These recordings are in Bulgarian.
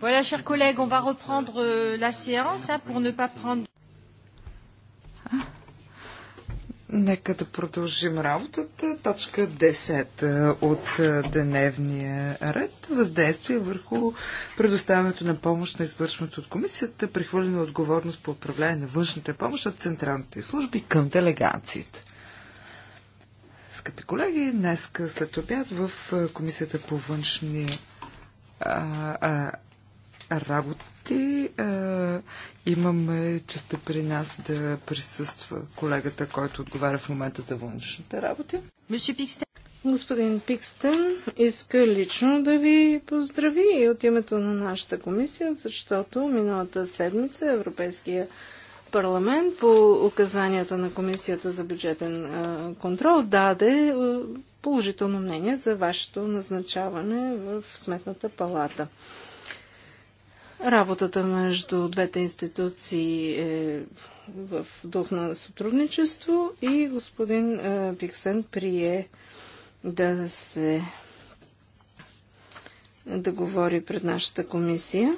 Voilà, chers collègues, on va reprendre euh, la séance hein, pour ne pas prendre. Нека да продължим работата. Точка 10 е, от е, дневния ред. Въздействие върху предоставянето на помощ на извършването от комисията, прехвърлена отговорност по управление на външната помощ от централните служби към делегациите. Скъпи колеги, днес след обяд в е, Комисията по външни работи. А, имаме честа при нас да присъства колегата, който отговаря в момента за външните работи. Господин Пикстен иска лично да ви поздрави от името на нашата комисия, защото миналата седмица Европейския парламент по указанията на Комисията за бюджетен контрол даде положително мнение за вашето назначаване в Сметната палата. Работата между двете институции е в дух на сътрудничество и господин Пиксен е, прие да се да говори пред нашата комисия.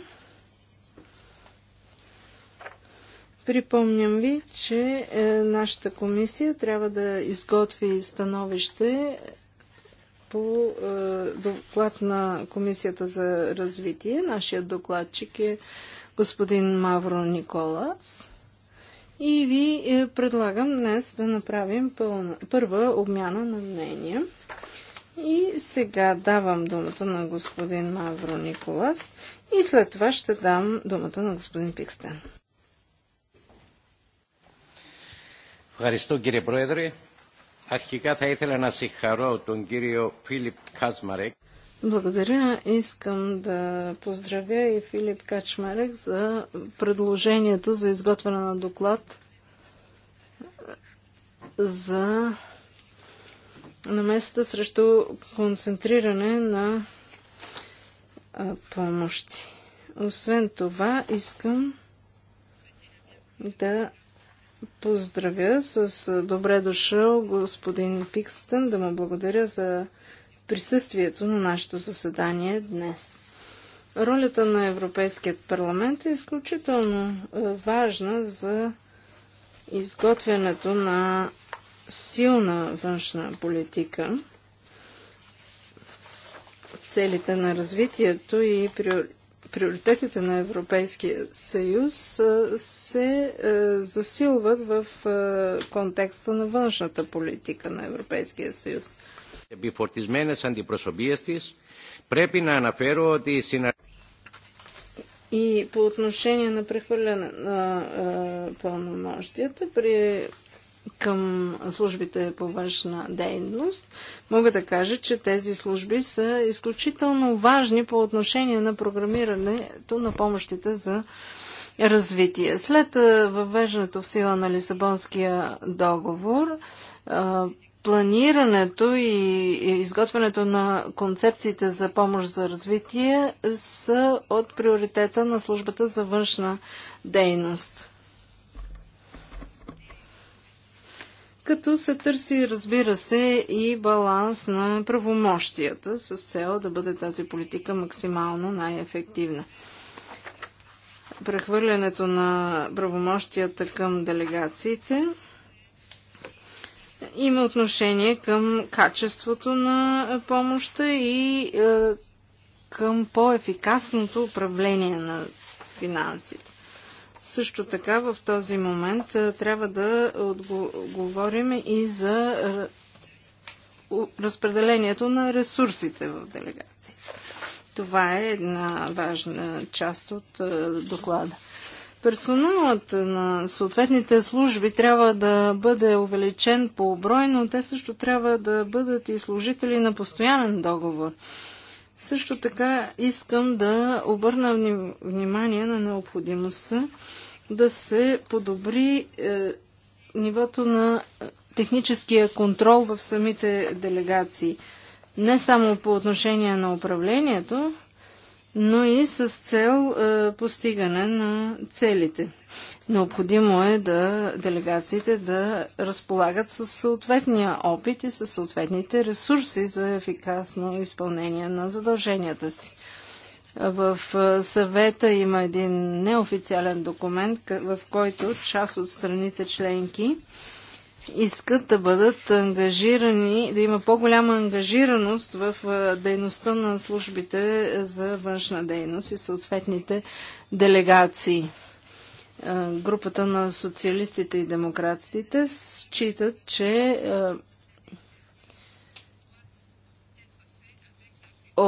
Припомням ви, че е, нашата комисия трябва да изготви становище по е, доклад на Комисията за развитие. Нашият докладчик е господин Мавро Николас. И ви е, предлагам днес да направим пълна, първа обмяна на мнения. И сега давам думата на господин Мавро Николас и след това ще дам думата на господин Пикстен. Ευχαριστώ κύριε Πρόεδρε. Αρχικά θα ήθελα να συγχαρώ τον κύριο Φίλιπ Κάσμαρεκ. Благодаря. Искам да поздравя и Филип Качмарек за предложението за изготвяне на доклад за намесата срещу концентриране на помощи. Освен това, искам да поздравя с добре дошъл господин Пикстън, да му благодаря за присъствието на нашето заседание днес. Ролята на Европейският парламент е изключително важна за изготвянето на силна външна политика, целите на развитието и приоритетите приоритетите на Европейския съюз се засилват в контекста на външната политика на Европейския съюз. Επιφορτισμένες αντιπροσωπείες της, πρέπει να αναφέρω ότι η и по отношение на прехвърляне на пълномощията, при към службите по външна дейност, мога да кажа, че тези служби са изключително важни по отношение на програмирането на помощите за развитие. След въвеждането в сила на Лисабонския договор, планирането и изготвянето на концепциите за помощ за развитие са от приоритета на службата за външна дейност. като се търси, разбира се, и баланс на правомощията с цел да бъде тази политика максимално най-ефективна. Прехвърлянето на правомощията към делегациите има отношение към качеството на помощта и е, към по-ефикасното управление на финансите. Също така в този момент трябва да говорим и за разпределението на ресурсите в делегации. Това е една важна част от доклада. Персоналът на съответните служби трябва да бъде увеличен по брой, но те също трябва да бъдат и служители на постоянен договор. Също така искам да обърна внимание на необходимостта да се подобри е, нивото на е, техническия контрол в самите делегации. Не само по отношение на управлението, но и с цел е, постигане на целите. Необходимо е да делегациите да разполагат с съответния опит и със съответните ресурси за ефикасно изпълнение на задълженията си. В съвета има един неофициален документ, в който част от страните членки искат да бъдат ангажирани, да има по-голяма ангажираност в дейността на службите за външна дейност и съответните делегации. Групата на социалистите и демократите считат, че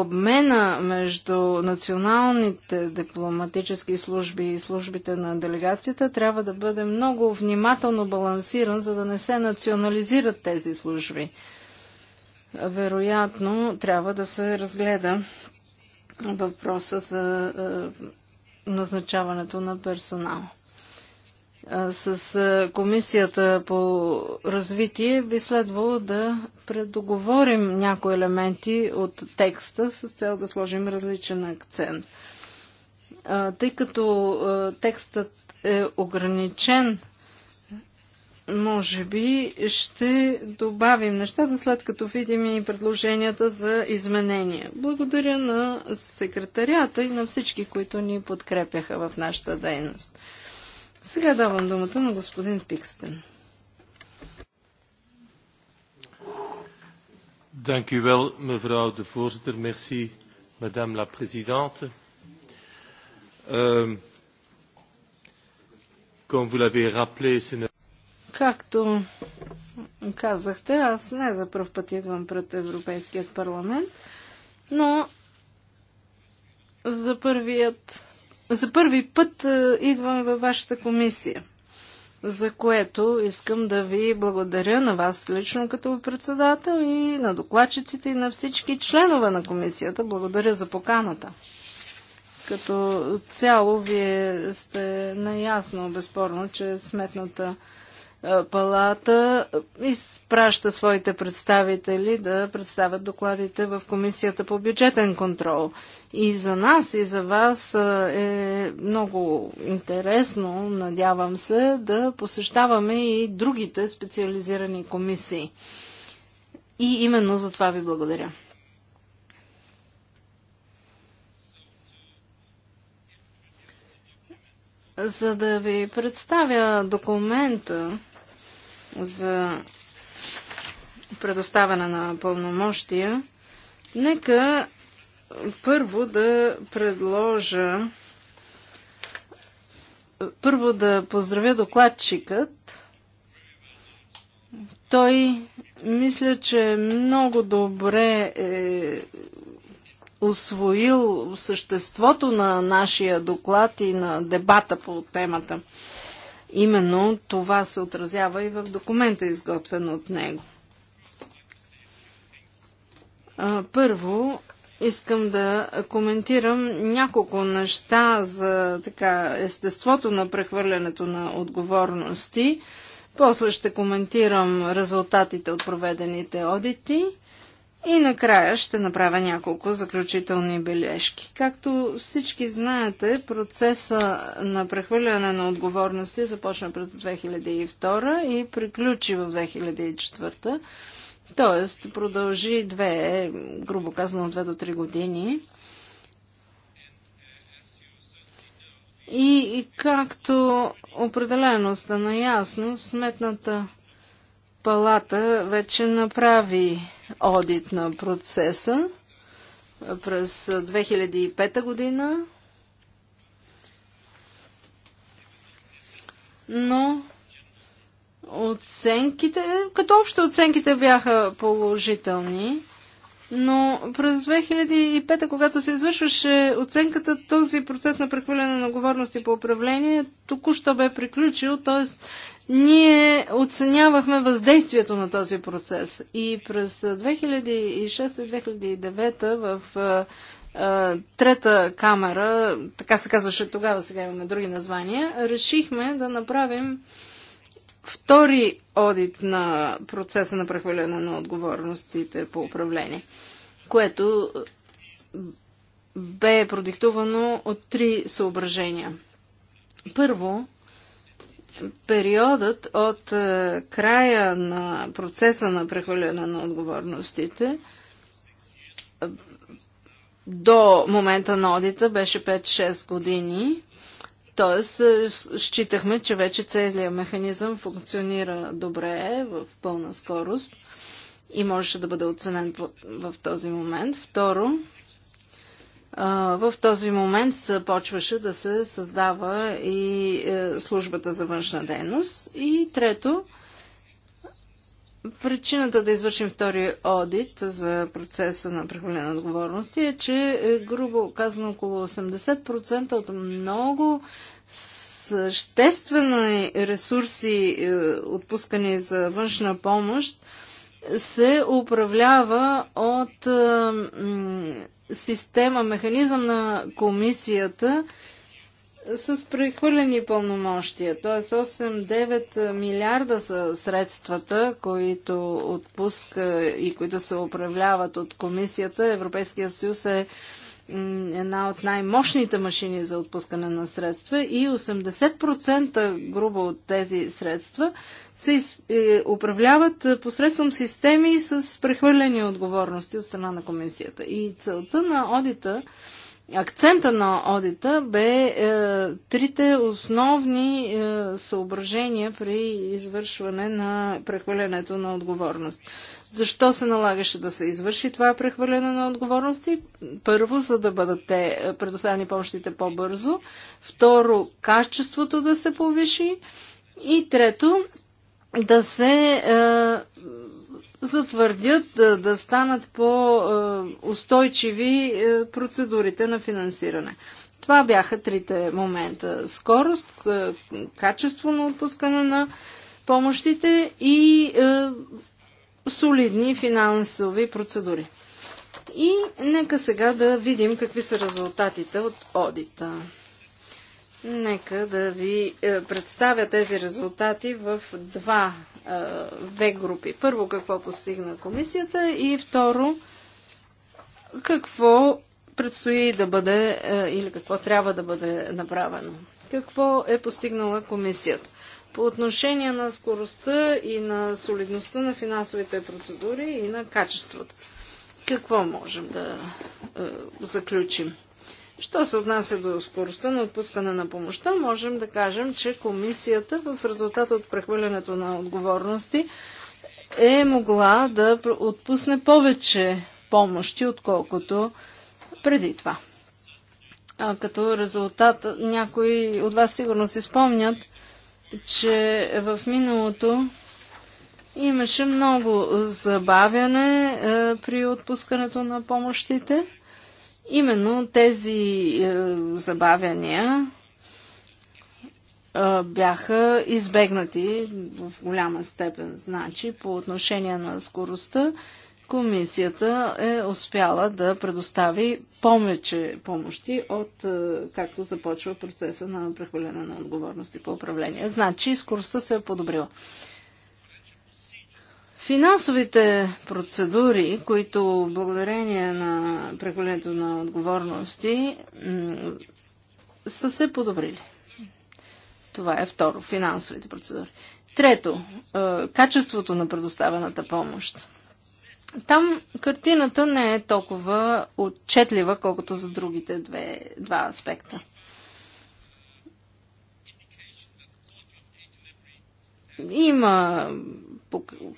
обмена между националните дипломатически служби и службите на делегацията трябва да бъде много внимателно балансиран, за да не се национализират тези служби. Вероятно, трябва да се разгледа въпроса за е, назначаването на персонала с Комисията по развитие, би следвало да предоговорим някои елементи от текста с цел да сложим различен акцент. Тъй като текстът е ограничен, може би ще добавим нещата, след като видим и предложенията за изменения. Благодаря на секретарията и на всички, които ни подкрепяха в нашата дейност. Сега давам думата на господин Пикстен. Dank u wel, mevrouw de voorzitter. Merci, madame la présidente. Ehm, comme vous l'avez rappelé, Както казахте, аз не за първ път идвам пред Европейският парламент, но за първият за първи път е, идвам във вашата комисия, за което искам да ви благодаря на вас лично като председател и на докладчиците и на всички членове на комисията. Благодаря за поканата. Като цяло, вие сте наясно, безспорно, че сметната е, палата е, изпраща своите представители да представят докладите в Комисията по бюджетен контрол. И за нас, и за вас е, е много интересно, надявам се, да посещаваме и другите специализирани комисии. И именно за това ви благодаря. За да ви представя документа, за предоставяне на пълномощия, нека първо да предложа първо да поздравя докладчикът. Той мисля, че много добре е освоил съществото на нашия доклад и на дебата по темата. Именно това се отразява и в документа, изготвен от него. Първо, искам да коментирам няколко неща за така, естеството на прехвърлянето на отговорности. После ще коментирам резултатите от проведените одити и накрая ще направя няколко заключителни бележки. Както всички знаете, процеса на прехвърляне на отговорности започна през 2002 и приключи в 2004. Тоест продължи две, грубо казано, две до три години. И, и както определено стана ясно, сметната палата вече направи одит на процеса през 2005 година, но оценките, като общо оценките бяха положителни, но през 2005, когато се извършваше оценката, този процес на прехвърляне на отговорности по управление току-що бе приключил, т.е ние оценявахме въздействието на този процес. И през 2006-2009 в трета камера, така се казваше тогава, сега имаме други названия, решихме да направим втори одит на процеса на прехвърляне на отговорностите по управление, което бе продиктувано от три съображения. Първо, периодът от е, края на процеса на прехвърляне на отговорностите е, до момента на одита беше 5-6 години. Тоест, е, считахме, че вече целият механизъм функционира добре, в пълна скорост и можеше да бъде оценен в този момент. Второ, в този момент започваше да се създава и е, службата за външна дейност. И трето, причината да извършим втори одит за процеса на прехвърляне на отговорности е, че е, грубо казано около 80% от много съществени ресурси, е, отпускани за външна помощ, се управлява от система, механизъм на комисията с прехвърлени пълномощия. Т.е. 8-9 милиарда са средствата, които отпуска и които се управляват от комисията. Европейския съюз е една от най-мощните машини за отпускане на средства и 80% грубо от тези средства се е, управляват е, посредством системи с прехвърлени отговорности от страна на комисията. И целта на одита, акцента на одита бе е, трите основни е, съображения при извършване на прехвърлянето на отговорност. Защо се налагаше да се извърши това прехвърляне на отговорности? Първо, за да бъдат те е, предоставени помощите по-бързо. Второ, качеството да се повиши. И трето, да се е, затвърдят, да станат по-устойчиви е, процедурите на финансиране. Това бяха трите момента. Скорост, е, качество на отпускане на помощите и е, солидни финансови процедури. И нека сега да видим какви са резултатите от одита. Нека да ви е, представя тези резултати в два, е, две групи. Първо, какво постигна комисията и второ, какво предстои да бъде е, или какво трябва да бъде направено. Какво е постигнала комисията? По отношение на скоростта и на солидността на финансовите процедури и на качеството. Какво можем да е, заключим? Що се отнася до скоростта на отпускане на помощта, можем да кажем, че комисията в резултат от прехвърлянето на отговорности е могла да отпусне повече помощи, отколкото преди това. А като резултат, някои от вас сигурно си спомнят, че в миналото имаше много забавяне е, при отпускането на помощите Именно тези е, забавяния е, бяха избегнати в голяма степен. Значи, по отношение на скоростта, комисията е успяла да предостави повече помощи от е, както започва процеса на прехвърляне на отговорности по управление. Значи, скоростта се е подобрила. Финансовите процедури, които благодарение на прехвърлянето на отговорности са се подобрили. Това е второ, финансовите процедури. Трето, е, качеството на предоставената помощ. Там картината не е толкова отчетлива, колкото за другите две, два аспекта. Има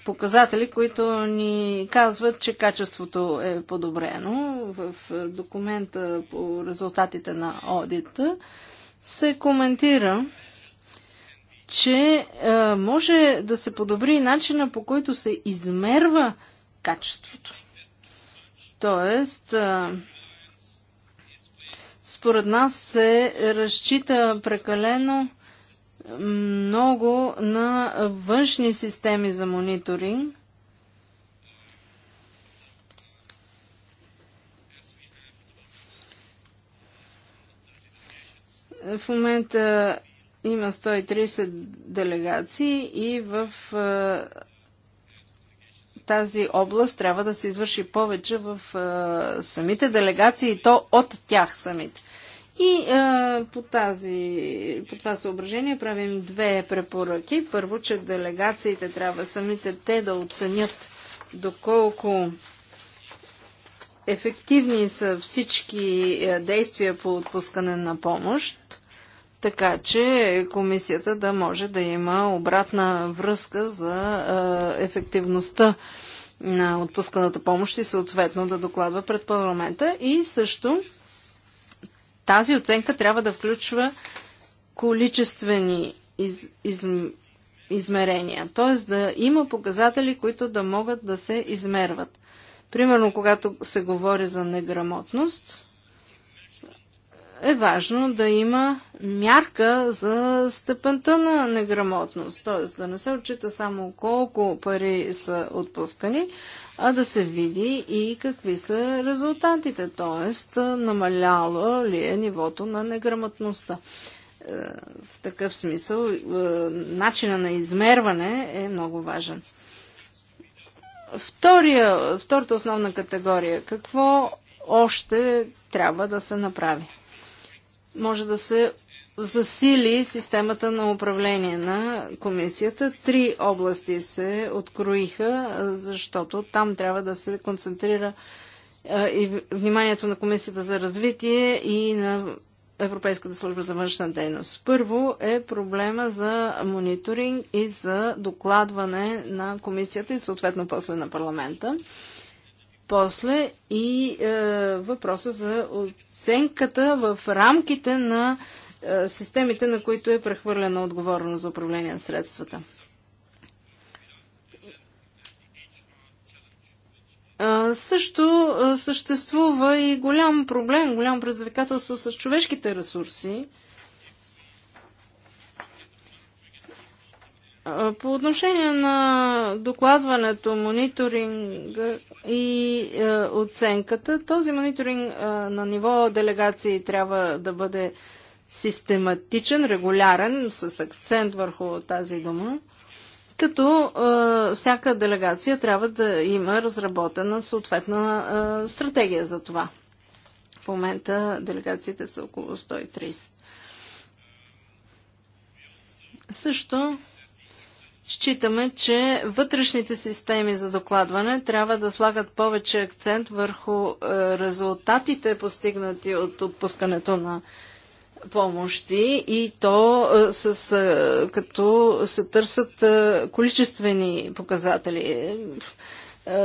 показатели, които ни казват, че качеството е подобрено. В документа по резултатите на одита се коментира, че е, може да се подобри начина по който се измерва качеството. Тоест, е, според нас се разчита прекалено много на външни системи за мониторинг. В момента има 130 делегации и в тази област трябва да се извърши повече в самите делегации и то от тях самите. И а, е, по, тази, по това съображение правим две препоръки. Първо, че делегациите трябва самите те да оценят доколко ефективни са всички е, действия по отпускане на помощ, така че комисията да може да има обратна връзка за а, е, ефективността на отпусканата помощ и съответно да докладва пред парламента. И също тази оценка трябва да включва количествени из, из, измерения. Т.е. да има показатели, които да могат да се измерват. Примерно, когато се говори за неграмотност, е важно да има мярка за степента на неграмотност. Т.е. да не се отчита само колко пари са отпускани, а да се види и какви са резултатите, т.е. намаляло ли е нивото на неграмотността. Е, в такъв смисъл е, начина на измерване е много важен. Втория, втората основна категория. Какво още трябва да се направи? Може да се засили системата на управление на комисията. Три области се откроиха, защото там трябва да се концентрира и вниманието на комисията за развитие и на Европейската служба за външна дейност. Първо е проблема за мониторинг и за докладване на комисията и съответно после на парламента. После и е, въпроса за оценката в рамките на е, системите, на които е прехвърлена отговорност за управление на средствата. Също съществува и голям проблем, голям предизвикателство с човешките ресурси. По отношение на докладването, мониторинг и е, оценката, този мониторинг е, на ниво делегации трябва да бъде систематичен, регулярен, с акцент върху тази дума, като е, всяка делегация трябва да има разработена съответна е, стратегия за това. В момента делегациите са около 130. Също Считаме, че вътрешните системи за докладване трябва да слагат повече акцент върху резултатите, постигнати от отпускането на помощи и то е, с, е, като се търсят е, количествени показатели.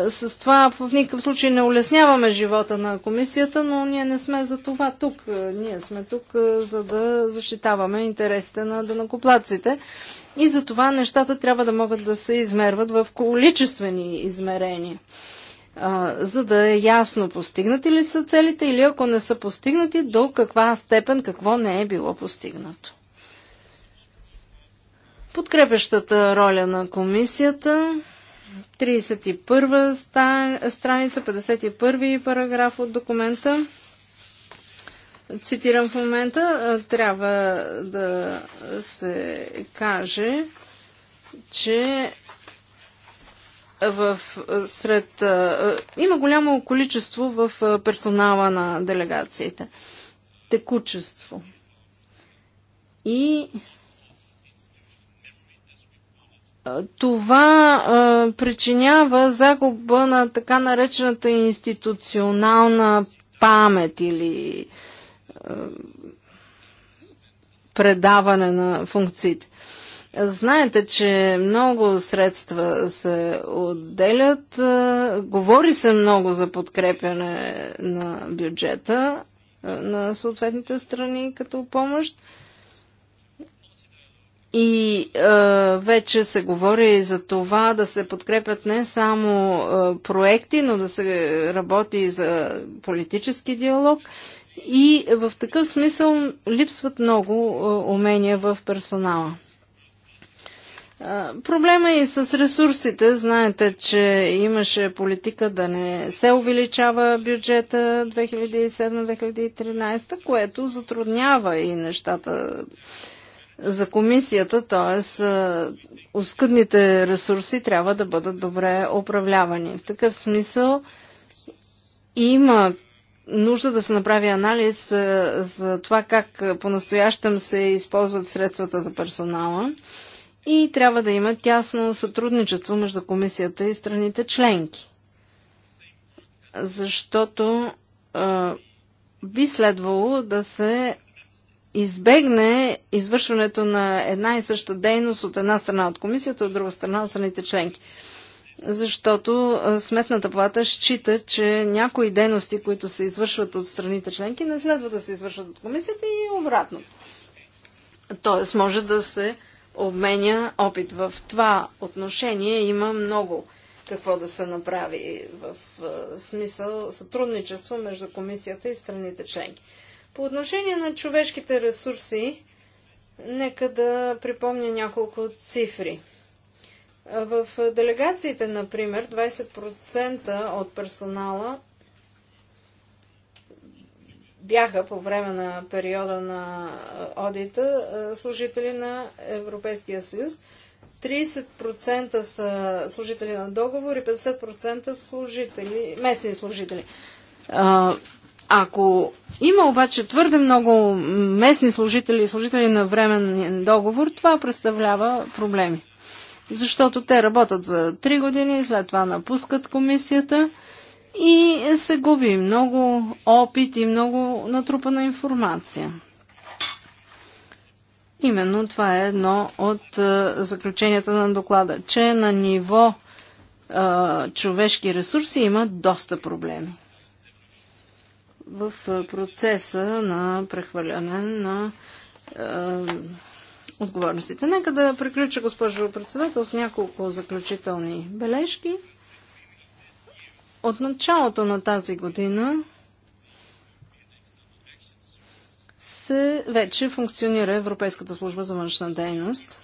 С това в никакъв случай не улесняваме живота на комисията, но ние не сме за това тук. Ние сме тук за да защитаваме интересите на дънакоплаците. и за това нещата трябва да могат да се измерват в количествени измерения за да е ясно постигнати ли са целите или ако не са постигнати, до каква степен какво не е било постигнато. Подкрепещата роля на комисията 31 страница, 51 параграф от документа. Цитирам в момента, трябва да се каже, че в, сред, има голямо количество в персонала на делегациите. Текучество. И това а, причинява загуба на така наречената институционална памет или а, предаване на функциите. Знаете, че много средства се отделят. Е, говори се много за подкрепяне на бюджета е, на съответните страни като помощ. И е, вече се говори за това да се подкрепят не само е, проекти, но да се работи за политически диалог. И в такъв смисъл липсват много е, умения в персонала. Проблема е и с ресурсите. Знаете, че имаше политика да не се увеличава бюджета 2007-2013, което затруднява и нещата за комисията, т.е. оскъдните ресурси трябва да бъдат добре управлявани. В такъв смисъл има нужда да се направи анализ за това как по-настоящем се използват средствата за персонала и трябва да има тясно сътрудничество между комисията и страните членки. Защото а, би следвало да се избегне извършването на една и съща дейност от една страна от комисията, от друга страна от страните членки. Защото Сметната плата счита, че някои дейности, които се извършват от страните членки, не следва да се извършват от комисията и обратно. Тоест, може да се обменя опит. В това отношение има много какво да се направи в смисъл сътрудничество между комисията и страните членки. По отношение на човешките ресурси, нека да припомня няколко цифри. В делегациите, например, 20% от персонала бяха по време на периода на одита служители на Европейския съюз. 30% са служители на договор и 50% служители, местни служители. Ако има обаче твърде много местни служители и служители на временен договор, това представлява проблеми. Защото те работят за 3 години, след това напускат комисията – и се губи много опит и много натрупана информация. Именно това е едно от е, заключенията на доклада, че на ниво а, е, човешки ресурси има доста проблеми в е, процеса на прехвърляне на е, отговорностите. Нека да приключа, госпожо председател, с няколко заключителни бележки. От началото на тази година се вече функционира Европейската служба за външна дейност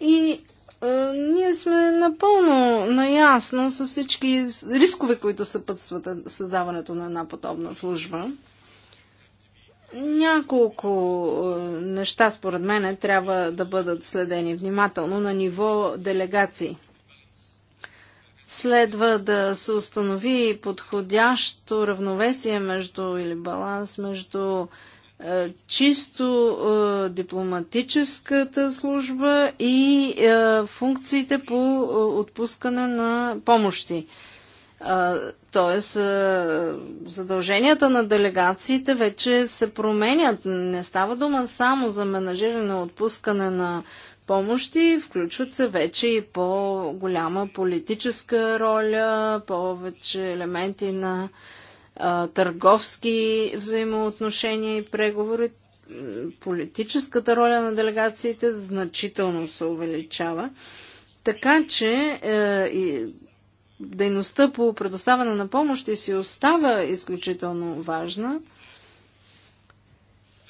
и е, ние сме напълно наясно с всички рискове, които съпътстват създаването на една подобна служба. Няколко неща, според мен, трябва да бъдат следени внимателно на ниво делегации – Следва да се установи подходящо равновесие между или баланс между е, чисто е, дипломатическата служба и е, функциите по е, отпускане на помощи. Е, тоест, е, задълженията на делегациите вече се променят. Не става дума само за менажиране, отпускане на помощи, включват се вече и по-голяма политическа роля, повече елементи на а, търговски взаимоотношения и преговори. Политическата роля на делегациите значително се увеличава. Така че е, и дейността по предоставяне на помощи си остава изключително важна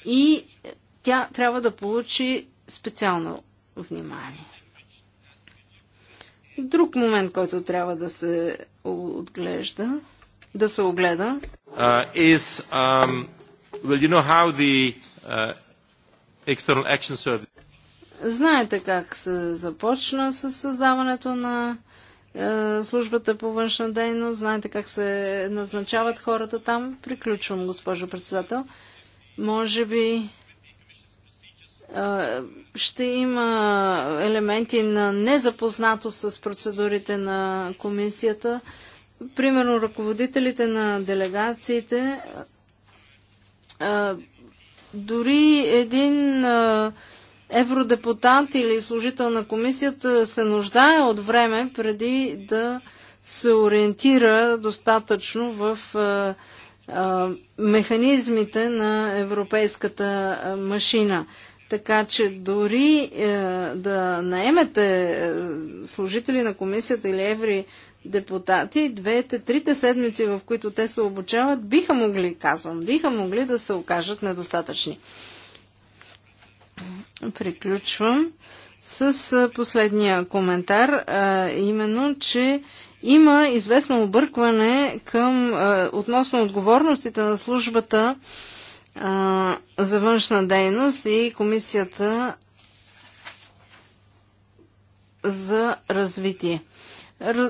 и тя трябва да получи специално внимание. Друг момент, който трябва да се отглежда, да се огледа. Uh, is, um, well, you know how the uh, External Action Service Знаете как се започна с създаването на е, службата по външна дейност, знаете как се назначават хората там. Приключвам, госпожо председател. Може би ще има елементи на незапознато с процедурите на комисията. Примерно, ръководителите на делегациите дори един евродепутат или служител на комисията се нуждае от време преди да се ориентира достатъчно в механизмите на европейската машина. Така че дори е, да наемете е, служители на комисията или еври депутати, двете, трите седмици, в които те се обучават, биха могли, казвам, биха могли да се окажат недостатъчни. Приключвам с е, последния коментар, е, именно, че има известно объркване към, е, относно отговорностите на службата за външна дейност и Комисията за развитие.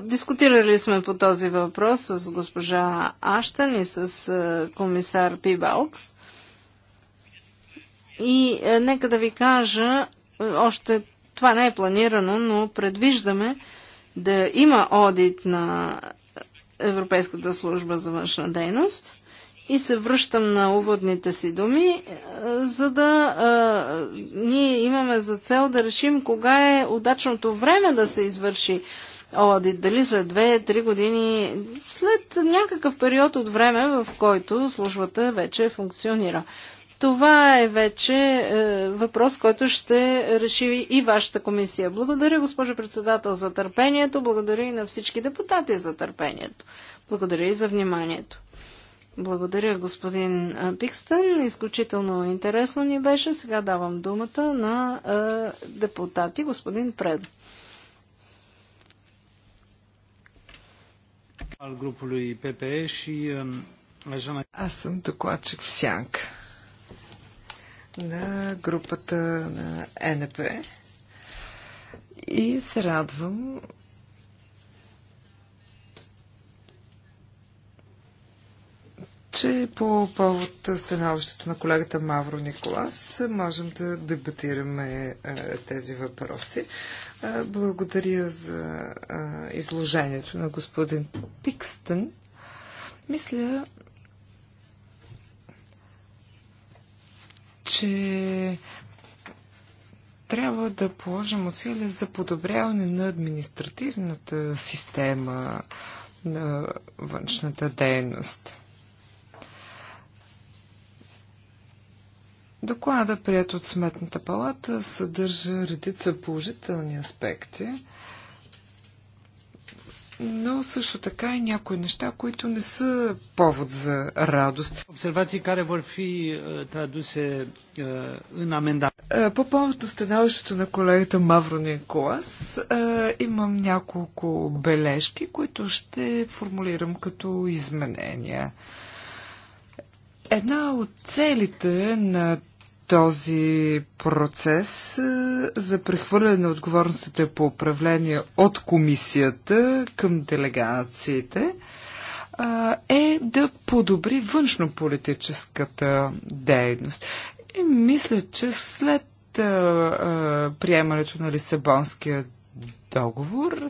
Дискутирали сме по този въпрос с госпожа Аштан и с комисар Пибалкс. И нека да ви кажа, още това не е планирано, но предвиждаме да има одит на Европейската служба за външна дейност. И се връщам на уводните си думи, е, за да а, е, ние имаме за цел да решим кога е удачното време да се извърши одит. Дали след 2-3 години, след някакъв период от време, в който службата вече функционира. Това е вече е, въпрос, който ще реши и вашата комисия. Благодаря, госпожо председател, за търпението. Благодаря и на всички депутати за търпението. Благодаря и за вниманието. Благодаря, господин Пикстън. Изключително интересно ни беше. Сега давам думата на депутати, господин Пред. Аз съм докладчик в Сянка на групата на НП и се радвам, че по повод становището на колегата Мавро Николас можем да дебатираме е, тези въпроси. Е, благодаря за е, изложението на господин Пикстън. Мисля, че трябва да положим усилия за подобряване на административната система на външната дейност. Доклада, прият от Сметната палата, съдържа редица положителни аспекти, но също така и някои неща, които не са повод за радост. Обсервации, care vor fi traduse е, е, în amendament. Е, по повод на становището на колегата Мавро Николас, имам няколко бележки, които ще формулирам като изменения. Една от целите на този процес е, за прехвърляне на отговорностите по управление от комисията към делегациите е, е да подобри външнополитическата дейност. И мисля, че след е, приемането на Лисабонския договор,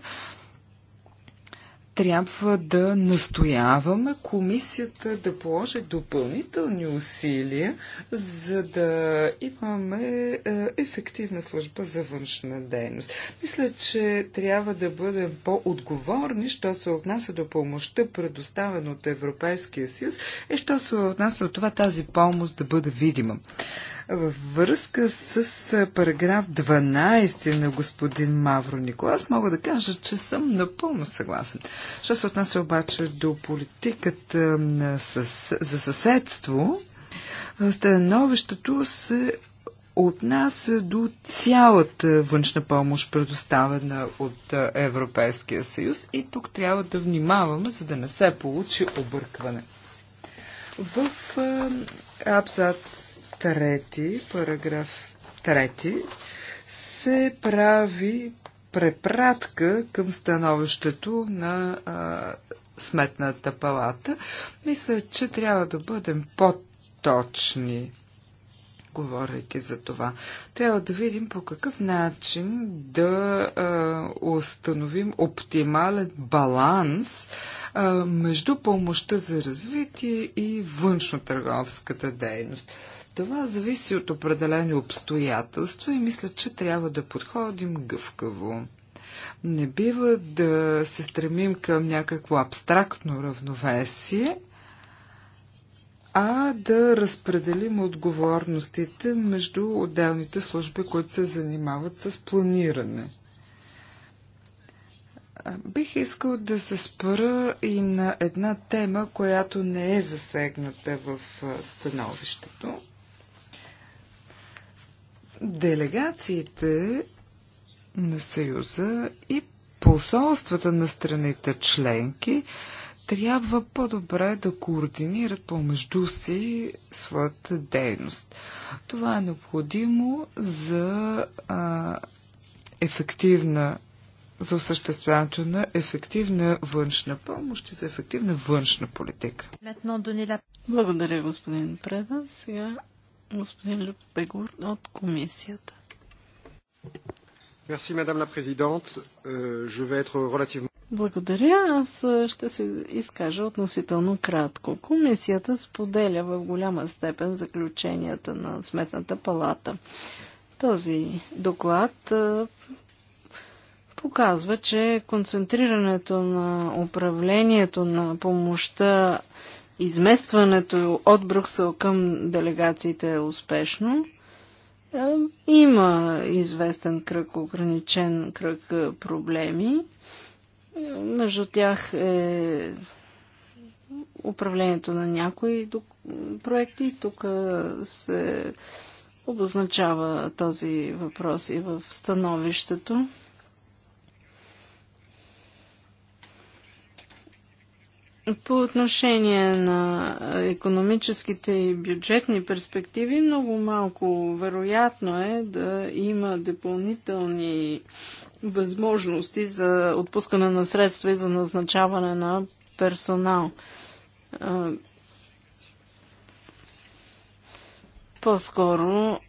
трябва да настояваме комисията да положи допълнителни усилия, за да имаме е, ефективна служба за външна дейност. Мисля, че трябва да бъдем по-отговорни, що се отнася до помощта, предоставена от Европейския съюз и що се отнася от това тази помощ да бъде видима. Във връзка с параграф 12 на господин Мавро Николас мога да кажа, че съм напълно съгласен. Що се отнася обаче до политиката със... за съседство, становището се отнася до цялата външна помощ, предоставена от Европейския съюз и тук трябва да внимаваме, за да не се получи объркване. В абзац трети, параграф трети, се прави препратка към становището на а, Сметната палата. Мисля, че трябва да бъдем по-точни, говорейки за това. Трябва да видим по какъв начин да а, установим оптимален баланс а, между помощта за развитие и външно-търговската дейност. Това зависи от определени обстоятелства и мисля, че трябва да подходим гъвкаво. Не бива да се стремим към някакво абстрактно равновесие, а да разпределим отговорностите между отделните служби, които се занимават с планиране. Бих искал да се спра и на една тема, която не е засегната в становището. Делегациите на Съюза и посолствата на страните членки трябва по-добре да координират помежду си своята дейност. Това е необходимо за а, ефективна за осъществяването на ефективна външна помощ и за ефективна външна политика. Благодаря, господин Преда. Сега господин Люк Пегур от комисията. Merci, madame la présidente. Euh, je vais être relativement... Благодаря. Аз ще се изкажа относително кратко. Комисията споделя в голяма степен заключенията на Сметната палата. Този доклад показва, че концентрирането на управлението на помощта изместването от Брюксел към делегациите е успешно. Е, има известен кръг, ограничен кръг е, проблеми. Е, между тях е управлението на някои проекти. Тук се обозначава този въпрос и в становището. По отношение на економическите и бюджетни перспективи, много малко вероятно е да има допълнителни възможности за отпускане на средства и за назначаване на персонал. По-скоро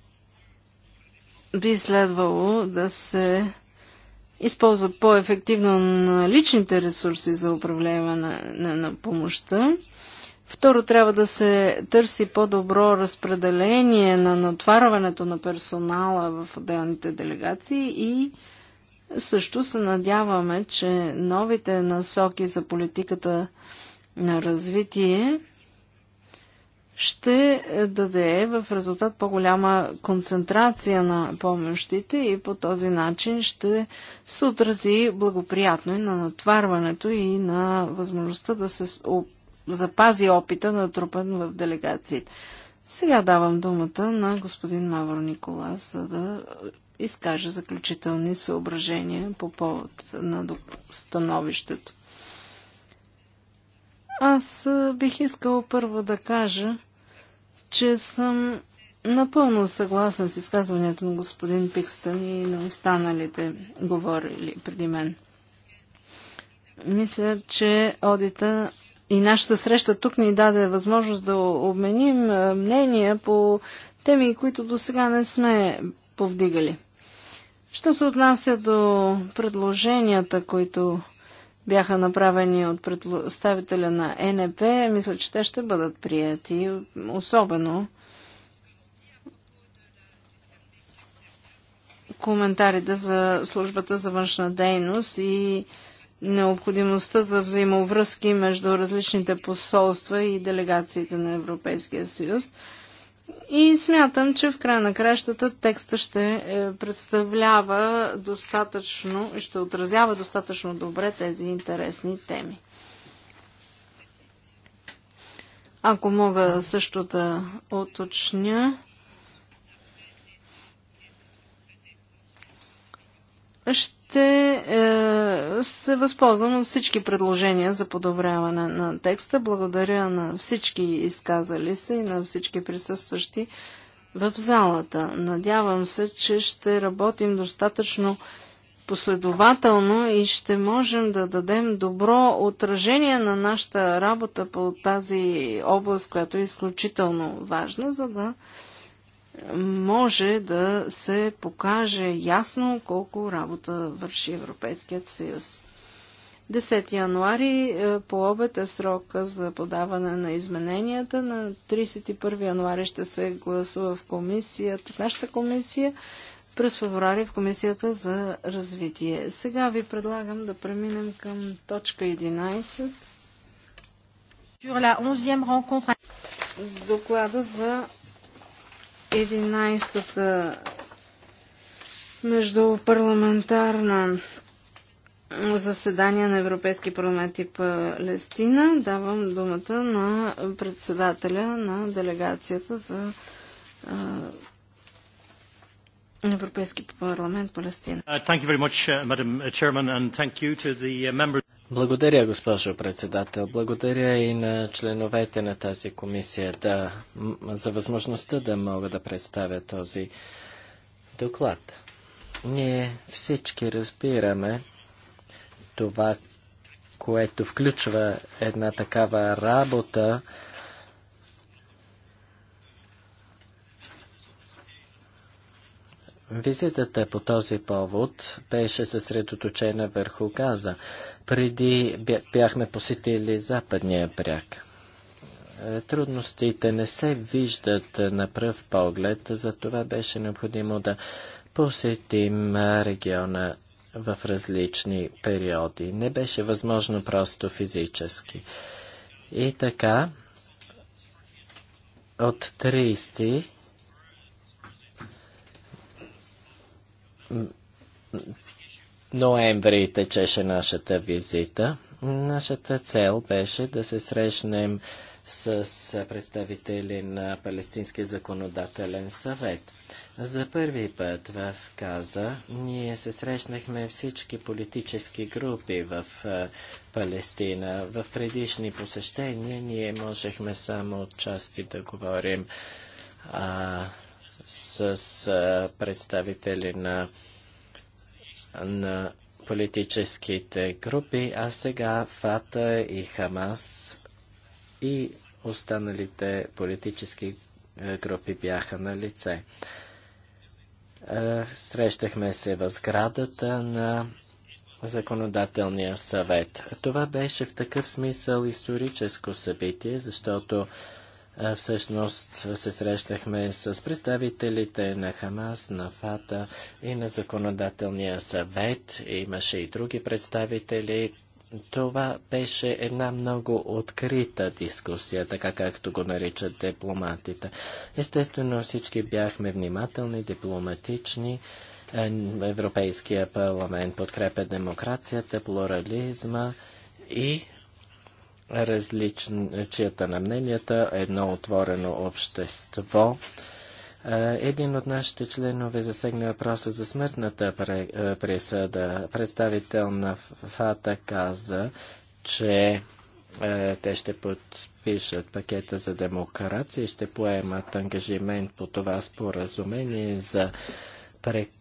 би следвало да се използват по-ефективно личните ресурси за управление на, на, на помощта. Второ, трябва да се търси по-добро разпределение на натварването на персонала в отделните делегации и също се надяваме, че новите насоки за политиката на развитие ще даде в резултат по-голяма концентрация на помощите и по този начин ще се отрази благоприятно и на натварването и на възможността да се запази опита на трупен в делегациите. Сега давам думата на господин Мавро Николас, за да изкаже заключителни съображения по повод на становището. Аз бих искал първо да кажа, че съм напълно съгласен с изказването на господин Пикстън и на останалите говорили преди мен. Мисля, че одита и нашата среща тук ни даде възможност да обменим мнения по теми, които до сега не сме повдигали. Що се отнася до предложенията, които бяха направени от представителя на НП, мисля, че те ще бъдат прияти, особено коментарите за службата за външна дейност и необходимостта за взаимовръзки между различните посолства и делегациите на Европейския съюз. И смятам, че в края на кращата текста ще е, представлява достатъчно и ще отразява достатъчно добре тези интересни теми. Ако мога също да оточня, ще ще е, се възползвам от всички предложения за подобряване на текста. Благодаря на всички изказали се и на всички присъстващи в залата. Надявам се, че ще работим достатъчно последователно и ще можем да дадем добро отражение на нашата работа по тази област, която е изключително важна, за да може да се покаже ясно колко работа върши Европейският съюз. 10 януари е, по обед е срока за подаване на измененията. На 31 януари ще се гласува в комисията, в нашата комисия, през феврари в комисията за развитие. Сега ви предлагам да преминем към точка 11. Доклада за 11-та междупарламентарна заседание на Европейски парламент и Палестина. Давам думата на председателя на делегацията за Европейски парламент Палестина. Благодаря, госпожо председател. Благодаря и на членовете на тази комисия да, за възможността да мога да представя този доклад. Ние всички разбираме това, което включва една такава работа Визитата по този повод беше съсредоточена върху Газа. Преди бяхме посетили западния бряг. Е, трудностите не се виждат е, на пръв поглед, затова беше необходимо да посетим е, региона в различни периоди. Не беше възможно просто физически. И така, от 30 ноември течеше нашата визита. Нашата цел беше да се срещнем с представители на Палестинския законодателен съвет. За първи път в Каза ние се срещнахме всички политически групи в Палестина. В предишни посещения ние можехме само отчасти да говорим а, с представители на, на политическите групи, а сега Фата и Хамас и останалите политически е, групи бяха на лице. Е, срещахме се в сградата на законодателния съвет. Това беше в такъв смисъл историческо събитие, защото Всъщност се срещахме с представителите на Хамас, на ФАТА и на Законодателния съвет. Имаше и други представители. Това беше една много открита дискусия, така както го наричат дипломатите. Естествено, всички бяхме внимателни, дипломатични. Е, Европейския парламент подкрепя демокрацията, плурализма и различията на мненията, едно отворено общество. Е, един от нашите членове засегна въпроса за смъртната е, присъда. Представител на ФАТА каза, че е, те ще подпишат пакета за демокрация и ще поемат ангажимент по това споразумение за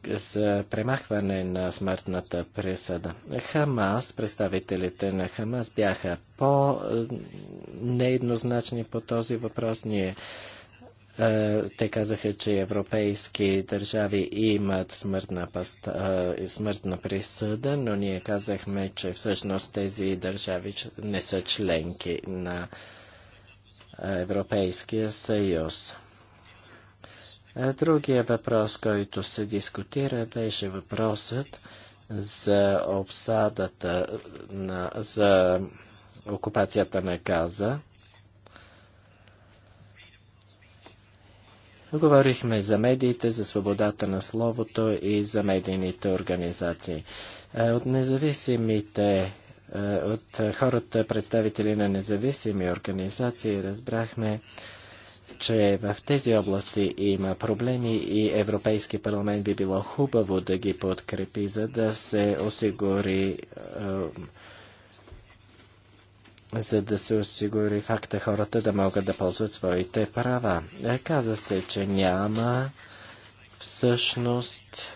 за премахване на смъртната присъда. Хамас, представителите на Хамас бяха по-нееднозначни по този въпрос. Ние е, те казаха, че европейски държави имат смъртна, паста, е, смъртна присъда, но ние казахме, че всъщност тези държави не са членки на е, Европейския съюз. Другия въпрос, който се дискутира, беше въпросът за обсадата, на, за окупацията на Газа. Говорихме за медиите, за свободата на словото и за медийните организации. Е, от независимите, е, от хората, представители на независими организации, разбрахме, че в тези области има проблеми и Европейски парламент би било хубаво да ги подкрепи, за да се осигури за да се осигури факта хората да могат да ползват своите права. Е, каза се, че няма всъщност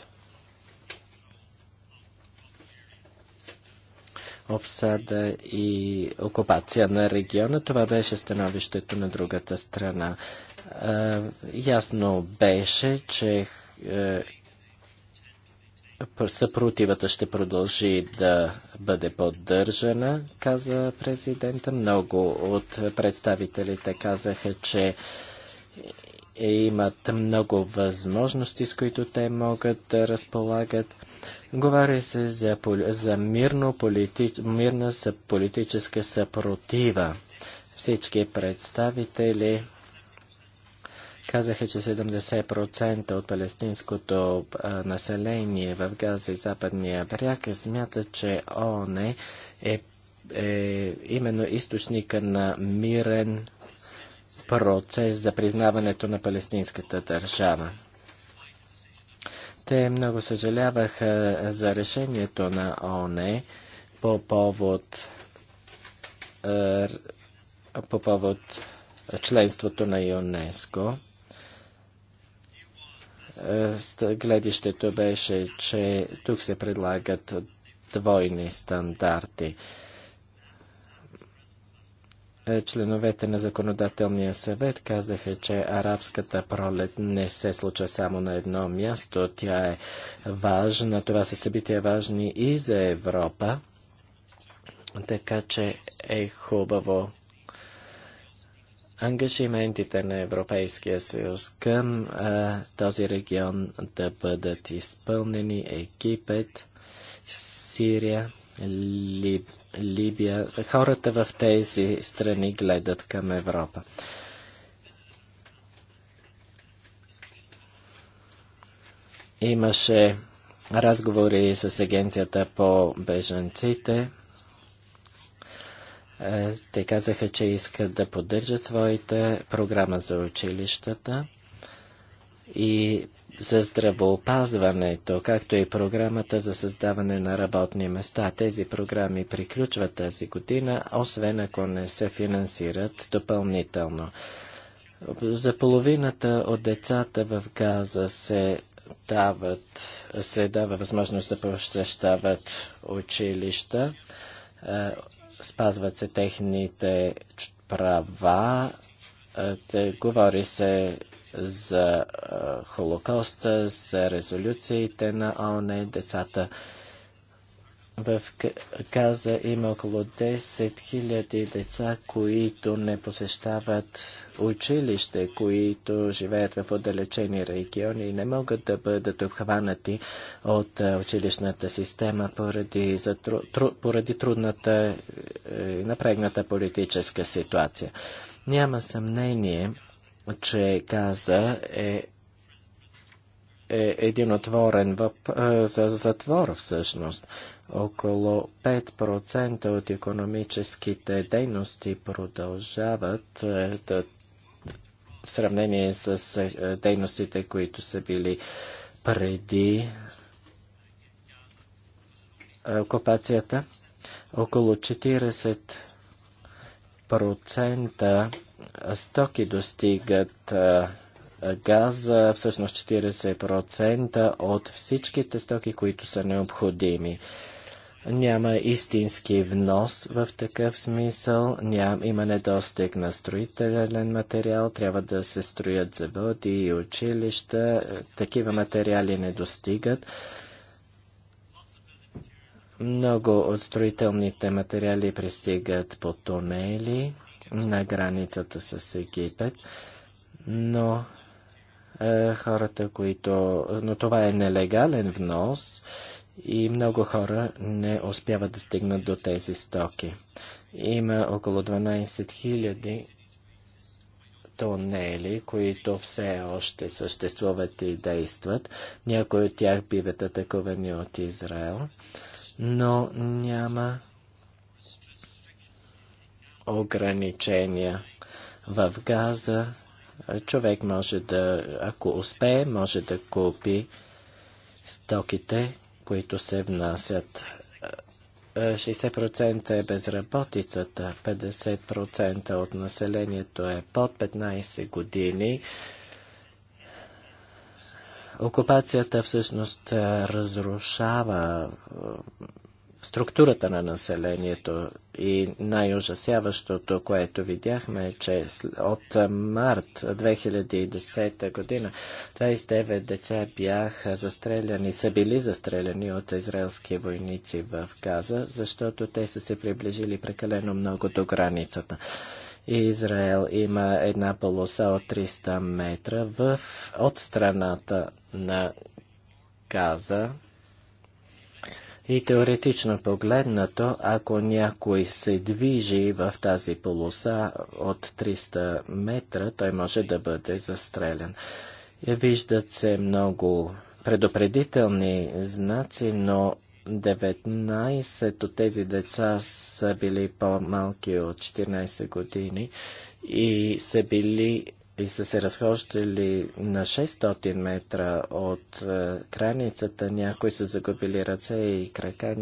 обсада и окупация на региона. Това беше становището на другата страна. ясно беше, че е, съпротивата ще продължи да бъде поддържана, каза президента. Много от представителите казаха, че имат много възможности, с които те могат да разполагат. Говори се за, за мирно полити, мирна политическа съпротива. Всички представители казаха, че 70% от палестинското население в Газа и Западния бряг смятат, че ООН е, е, е именно източника на мирен процес за признаването на палестинската държава. Те много съжаляваха за решението на ОНЕ по повод е, по повод членството на ЮНЕСКО. Е, гледището беше, че тук се предлагат двойни стандарти. Е, членовете на законодателния съвет казаха, че арабската пролет не се случва само на едно място. Тя е важна. Това са събития важни и за Европа. Така че е хубаво ангажиментите на Европейския съюз към а, е, този регион да бъдат изпълнени Египет, Сирия, Либия Либия, хората в тези страни гледат към Европа. Имаше разговори с агенцията по бежанците. Е, те казаха, че искат да поддържат своите програма за училищата и за здравоопазването, както и програмата за създаване на работни места. Тези програми приключват тази година, освен ако не се финансират допълнително. За половината от децата в Газа се дават, се дава възможност да посещават училища, спазват се техните права, говори се за Холокоста, за резолюциите на ООН, децата в Каза има около 10 000 деца, които не посещават училище, които живеят в отдалечени региони и не могат да бъдат обхванати от училищната система поради, затру, тру, поради трудната е, и напрегната политическа ситуация. Няма съмнение, че Газа е, е един отворен въп, е, за затвор всъщност. Около 5% от економическите дейности продължават е, да, в сравнение с е, дейностите, които са били преди е, окупацията. Около 40% стоки достигат газа, всъщност 40% от всичките стоки, които са необходими. Няма истински внос в такъв смисъл, ням, има недостиг на строителен материал, трябва да се строят заводи и училища, такива материали не достигат. Много от строителните материали пристигат по тунели на границата с Египет, но е, хората, които... Но това е нелегален внос и много хора не успяват да стигнат до тези стоки. Има около 12 000 тунели, които все още съществуват и действат. Някои от тях биват атакувани от Израел, но няма ограничения в газа. Човек може да, ако успее, може да купи стоките, които се внасят. 60% е безработицата, 50% от населението е под 15 години. Окупацията всъщност разрушава структурата на населението и най-ужасяващото, което видяхме, е, че от март 2010 година 29 деца бяха застреляни, са били застреляни от израелски войници в Газа, защото те са се приближили прекалено много до границата. Израел има една полоса от 300 метра в, от страната на Газа, и теоретично погледнато, ако някой се движи в тази полоса от 300 метра, той може да бъде застрелян. Е, виждат се много предупредителни знаци, но 19 от тези деца са били по-малки от 14 години и са били и са се разхождали на 600 метра от е, границата. Някои са загубили ръце и крака,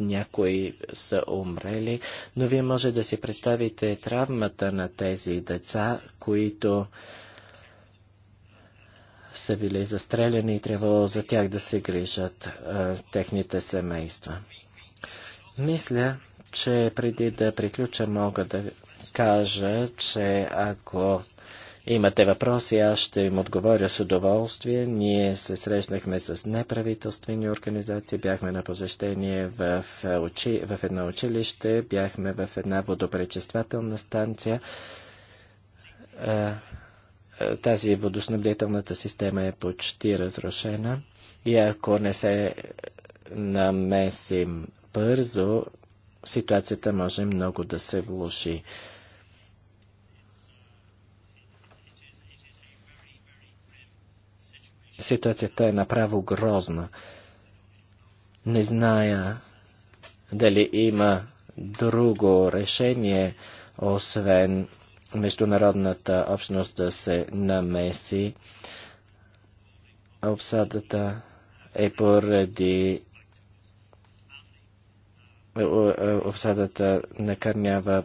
някои са умрели, но вие може да си представите травмата на тези деца, които са били застреляни и трябвало за тях да се грижат а, е, техните семейства. Мисля, че преди да приключа мога да кажа, че ако имате въпроси, аз ще им отговоря с удоволствие. Ние се срещнахме с неправителствени организации, бяхме на посещение в, учи, в едно училище, бяхме в една водопречествателна станция. Тази водоснабдителната система е почти разрушена и ако не се намесим бързо, ситуацията може много да се влуши. Ситуацията е направо грозна. Не зная дали има друго решение, освен международната общност да се намеси. Обсадата е поради е, е, е, обсадата накърнява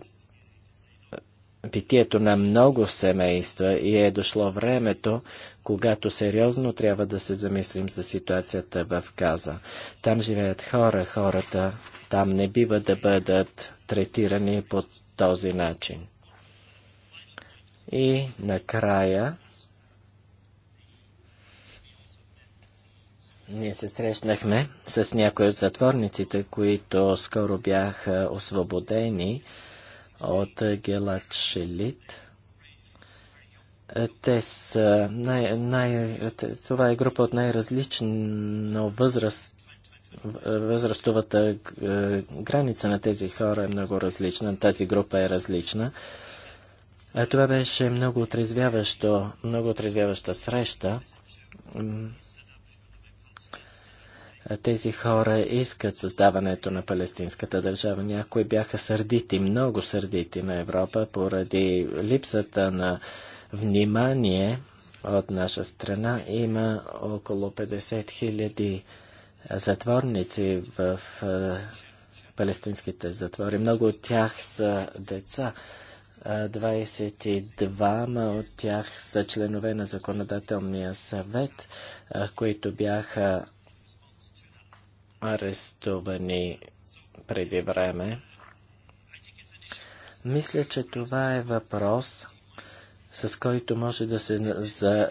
битието на много семейства и е дошло времето, когато сериозно трябва да се замислим за ситуацията в Газа. Там живеят хора, хората там не бива да бъдат третирани по този начин. И накрая ние се срещнахме с някои от затворниците, които скоро бяха освободени от Гелат Шелит. Те са най, най, това е група от най-различно възраст възрастовата е, граница на тези хора е много различна, тази група е различна. Е, това беше много отрезвяващо, много отрезвяваща среща. Тези хора искат създаването на палестинската държава. Някои бяха сърдити, много сърдити на Европа поради липсата на внимание от наша страна. Има около 50 хиляди затворници в палестинските затвори. Много от тях са деца. 22 от тях са членове на Законодателния съвет, които бяха арестувани преди време. Мисля, че това е въпрос, с който може да се, за,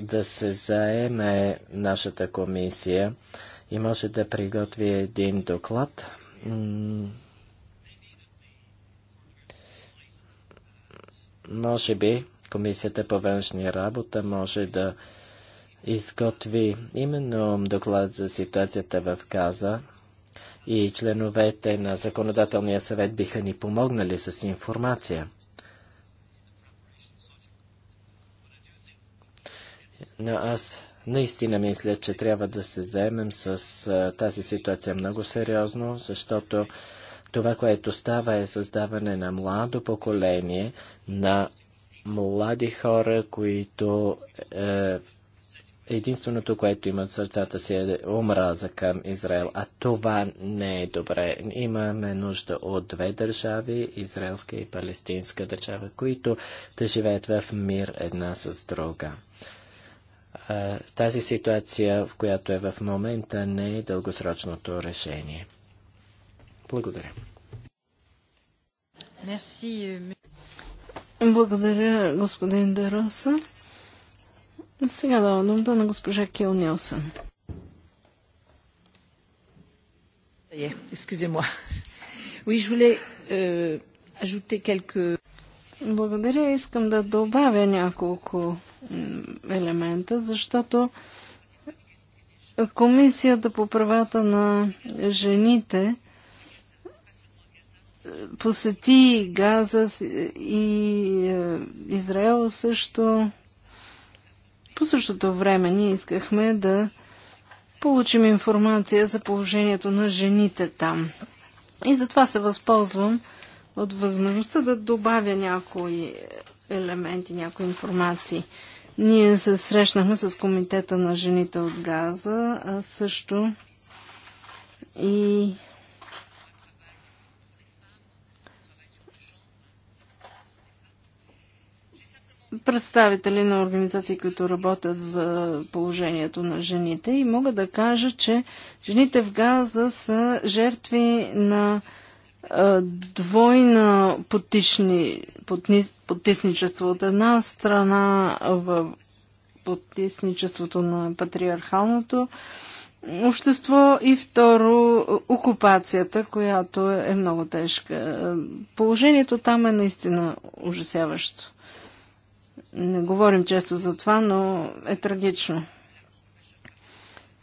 да се заеме нашата комисия и може да приготви един доклад. Може би комисията по външни работа може да изготви именно доклад за ситуацията в Каза и членовете на Законодателния съвет биха ни помогнали с информация. Но аз наистина мисля, че трябва да се заемем с тази ситуация много сериозно, защото това, което става е създаване на младо поколение, на млади хора, които е, единственото, което имат сърцата си е омраза към Израел, а това не е добре. Имаме нужда от две държави, израелска и палестинска държава, които да живеят в мир една с друга. тази ситуация, в която е в момента, не е дългосрочното решение. Благодаря. Euh, Благодаря, господин Дароса. Сега дава думата на госпожа Кил Нилсън. Е, euh, Благодаря. Искам да добавя няколко елемента, защото Комисията по правата на жените е, посети Газа и е, Израел също по същото време ние искахме да получим информация за положението на жените там. И затова се възползвам от възможността да добавя някои елементи, някои информации. Ние се срещнахме с Комитета на жените от Газа, а също и представители на организации, които работят за положението на жените и мога да кажа, че жените в Газа са жертви на двойна потишни, потни, потисничество. От една страна в потисничеството на патриархалното общество и второ окупацията, която е много тежка. Положението там е наистина ужасяващо. Не говорим често за това, но е трагично.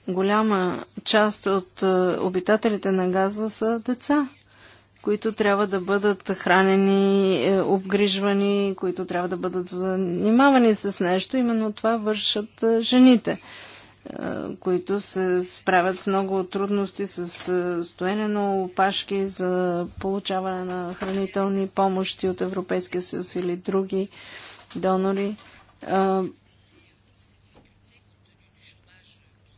Голяма част от е, обитателите на Газа са деца, които трябва да бъдат хранени, е, обгрижвани, които трябва да бъдат занимавани с нещо. Именно това вършат е, жените които се справят с много трудности с стоене на опашки за получаване на хранителни помощи от Европейския съюз или други донори. А,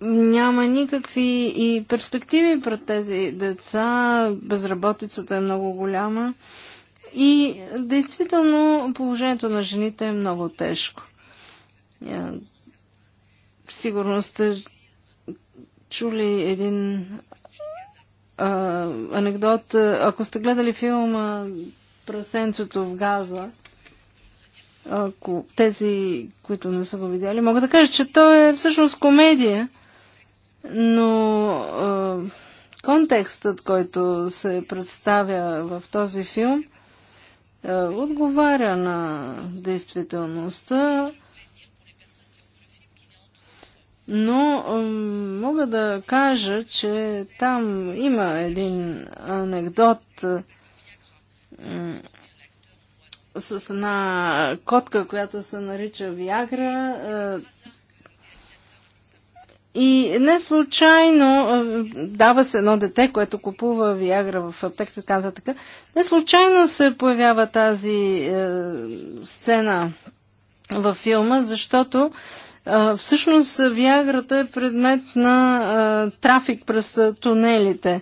няма никакви и перспективи пред тези деца. Безработицата е много голяма. И действително положението на жените е много тежко. сигурно сте чули един а, анекдот. Ако сте гледали филма Прасенцето в Газа, ако тези, които не са го видяли, мога да кажа, че то е всъщност комедия, но а, контекстът, който се представя в този филм, а, отговаря на действителността, но а, мога да кажа, че там има един анекдот. А, с една котка, която се нарича Виагра. Е, и не случайно е, дава се едно дете, което купува Виагра в аптека, така така. Не случайно се появява тази е, сцена във филма, защото всъщност Виаграта е предмет на трафик през тунелите.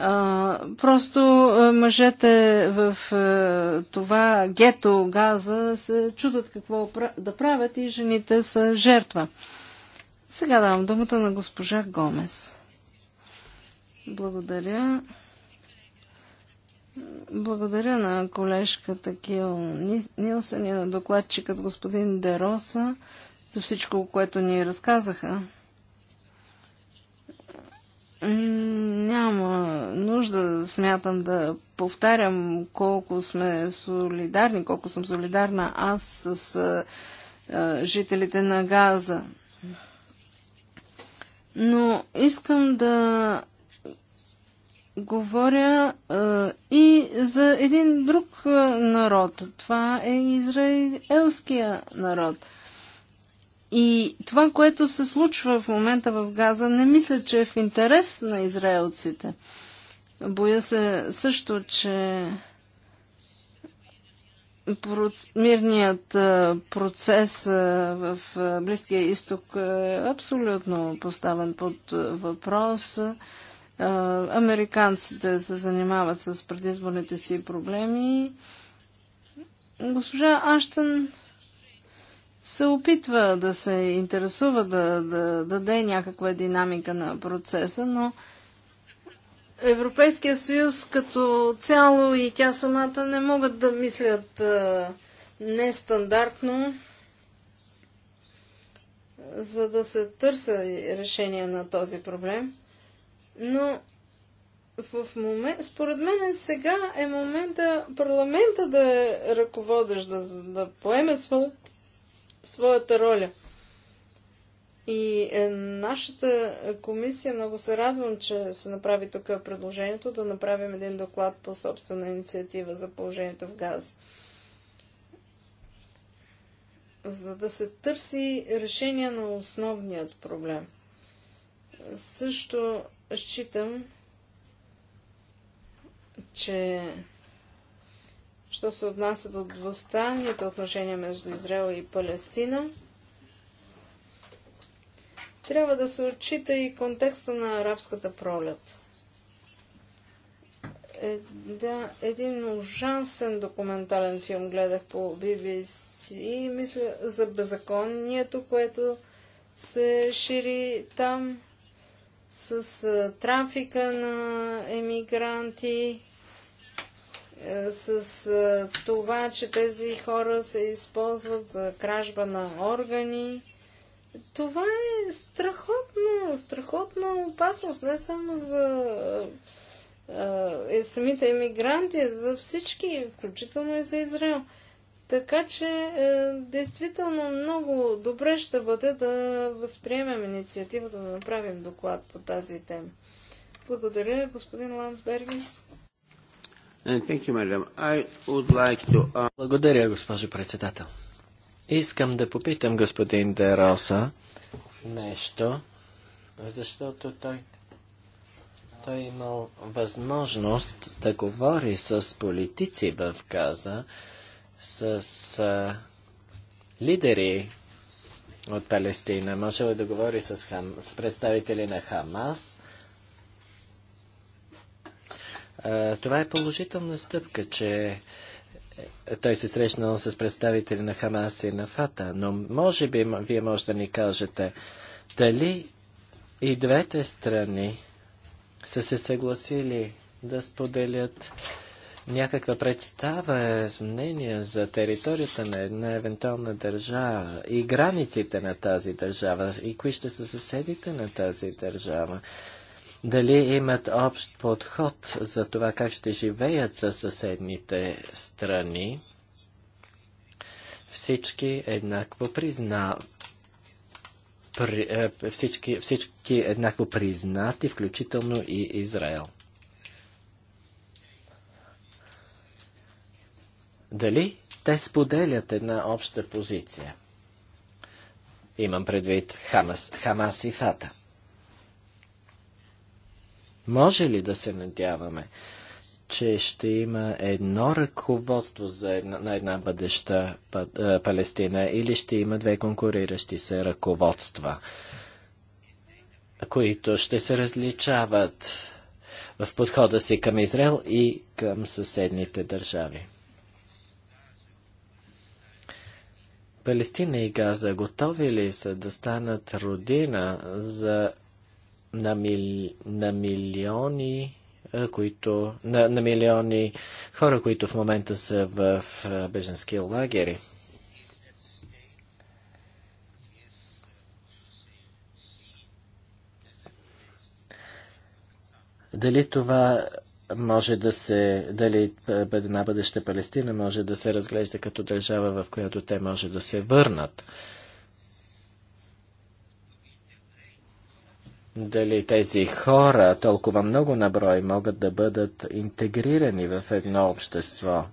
А, просто мъжете в а, това гето газа се чудат какво да правят и жените са жертва. Сега давам думата на госпожа Гомес. Благодаря. Благодаря на колежката Кил Нилсен и на докладчикът господин Дероса за всичко, което ни разказаха. Няма нужда, смятам да повтарям колко сме солидарни, колко съм солидарна аз с а, жителите на Газа. Но искам да говоря а, и за един друг народ. Това е израелския народ – и това, което се случва в момента в Газа, не мисля, че е в интерес на израелците. Боя се също, че мирният процес в Близкия изток е абсолютно поставен под въпрос. Американците се занимават с предизборните си проблеми. Госпожа Аштън се опитва да се интересува, да, да, да даде някаква динамика на процеса, но Европейския съюз като цяло и тя самата не могат да мислят а, нестандартно, за да се търса решение на този проблем. Но в момент, според мен сега е момента парламента да е ръководещ, да, да поеме своят своята роля. И е, нашата комисия, много се радвам, че се направи тук предложението да направим един доклад по собствена инициатива за положението в газ. За да се търси решение на основният проблем. Също считам, че Що се отнася до двустранните отношения между Израел и Палестина, трябва да се отчита и контекста на арабската пролет. Е, да, един ужасен документален филм гледах по BBC и мисля за беззаконието, което се шири там с трафика на емигранти, с това, че тези хора се използват за кражба на органи. Това е страхотно, страхотна опасност, не само за е, самите емигранти, за всички, включително и за Израел. Така че, е, действително много добре ще бъде да възприемем инициативата да направим доклад по тази тема. Благодаря, господин Ландсбергис. Uh, Благодаря, госпожо председател. Искам да попитам господин Дероса нещо, защото той, той имал възможност да говори с политици в Газа, с а, лидери от Палестина. Може е да говори с, хам, с представители на Хамас това е положителна стъпка, че е, той се срещнал с представители на Хамас и на Фата, но може би вие може да ни кажете дали и двете страни са се съгласили да споделят някаква представа, мнение за територията на една евентуална държава и границите на тази държава и кои ще са съседите на тази държава дали имат общ подход за това как ще живеят за съседните страни. Всички еднакво признават. Е, всички, всички еднакво признати, включително и Израел. Дали те споделят една обща позиция? Имам предвид Хамас, Хамас и Фата. Може ли да се надяваме, че ще има едно ръководство за една, на една бъдеща е, Палестина или ще има две конкуриращи се ръководства, които ще се различават в подхода си към Израел и към съседните държави? Палестина и Газа готови ли са да станат родина за на, мили, на милиони които, на, на милиони хора, които в момента са в, в беженски лагери. Дали това може да се, дали една бъдеща Палестина може да се разглежда като държава, в която те може да се върнат? дали тези хора, толкова много наброй, могат да бъдат интегрирани в едно общество.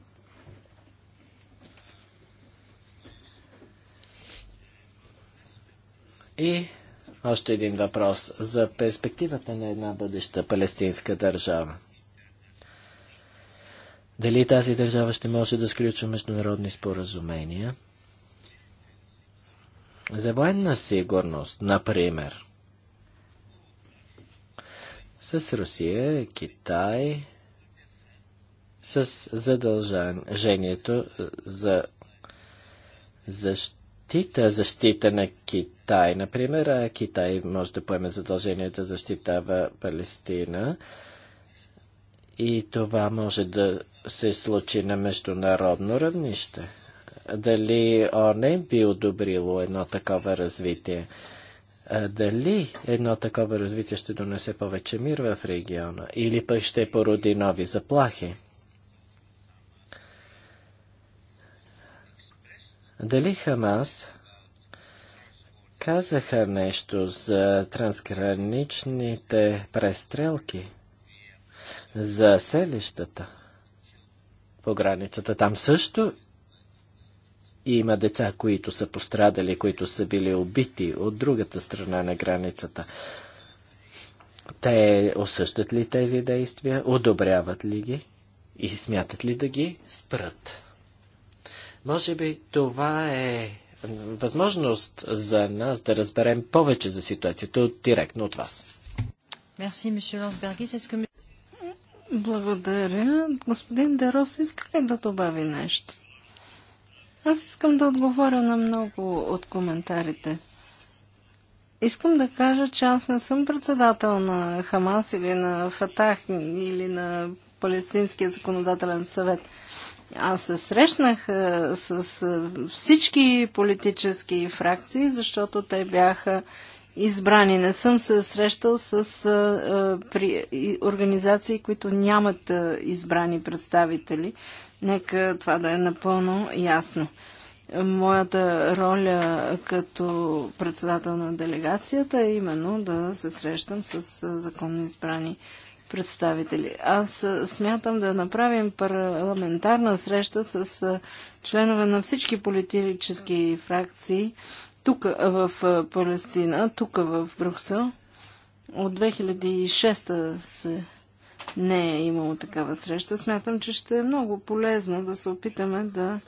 И още един въпрос за перспективата на една бъдеща палестинска държава. Дали тази държава ще може да сключва международни споразумения? За военна сигурност, например с Русия, Китай, с задължението е, за защита, защита на Китай. Например, а Китай може да поеме задължение да защитава Палестина и това може да се случи на международно равнище. Дали ОНЕ би одобрило едно такова развитие? дали едно такова развитие ще донесе повече мир в региона или пък ще породи нови заплахи. Дали Хамас казаха нещо за трансграничните престрелки, за селищата по границата? Там също има деца, които са пострадали, които са били убити от другата страна на границата. Те осъщат ли тези действия? Одобряват ли ги? И смятат ли да ги спрат? Може би това е възможност за нас да разберем повече за ситуацията от, директно от вас. Благодаря. Господин Дерос, иска ли да добави нещо? Аз искам да отговоря на много от коментарите. Искам да кажа, че аз не съм председател на Хамас или на Фатах или на Палестинския законодателен съвет. Аз се срещнах с всички политически фракции, защото те бяха избрани. Не съм се срещал с при, организации, които нямат избрани представители. Нека това да е напълно ясно. Моята роля като председател на делегацията е именно да се срещам с законно избрани представители. Аз смятам да направим парламентарна среща с членове на всички политически фракции тук в Палестина, тук в Брюксел. От 2006 се не е имало такава среща. Смятам, че ще е много полезно да се опитаме да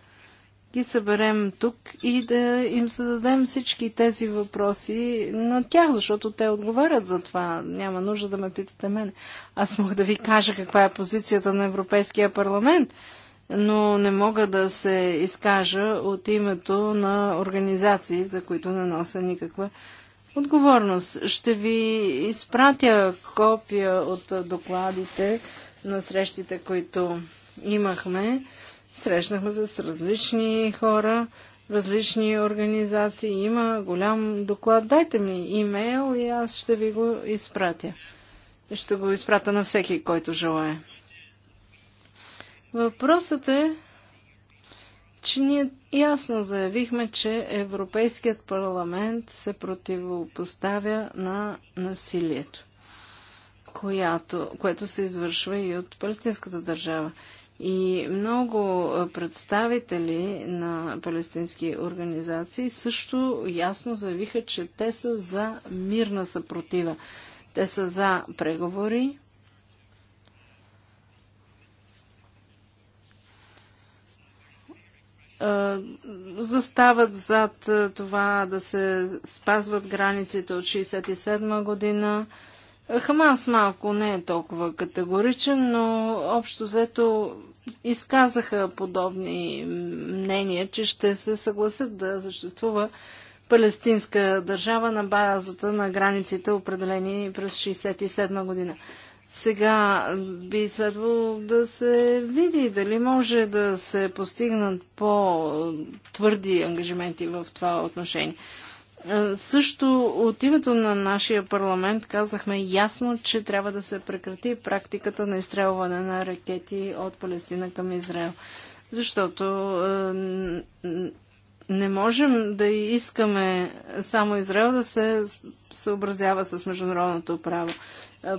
ги съберем тук и да им зададем всички тези въпроси на тях, защото те отговарят за това. Няма нужда да ме питате мен. Аз мога да ви кажа каква е позицията на Европейския парламент, но не мога да се изкажа от името на организации, за които не нося никаква отговорност. Ще ви изпратя копия от докладите на срещите, които имахме. Срещнахме се с различни хора, различни организации. Има голям доклад. Дайте ми имейл и аз ще ви го изпратя. Ще го изпратя на всеки, който желая. Въпросът е че ние ясно заявихме, че Европейският парламент се противопоставя на насилието, която, което се извършва и от палестинската държава. И много представители на палестински организации също ясно заявиха, че те са за мирна съпротива. Те са за преговори, застават зад това да се спазват границите от 67 година. Хамас малко не е толкова категоричен, но общо взето изказаха подобни мнения, че ще се съгласят да съществува палестинска държава на базата на границите, определени през 67 година. Сега би следвало да се види дали може да се постигнат по-твърди ангажименти в това отношение. Е, също от името на нашия парламент казахме ясно, че трябва да се прекрати практиката на изстрелване на ракети от Палестина към Израел. Защото е, не можем да искаме само Израел да се съобразява с международното право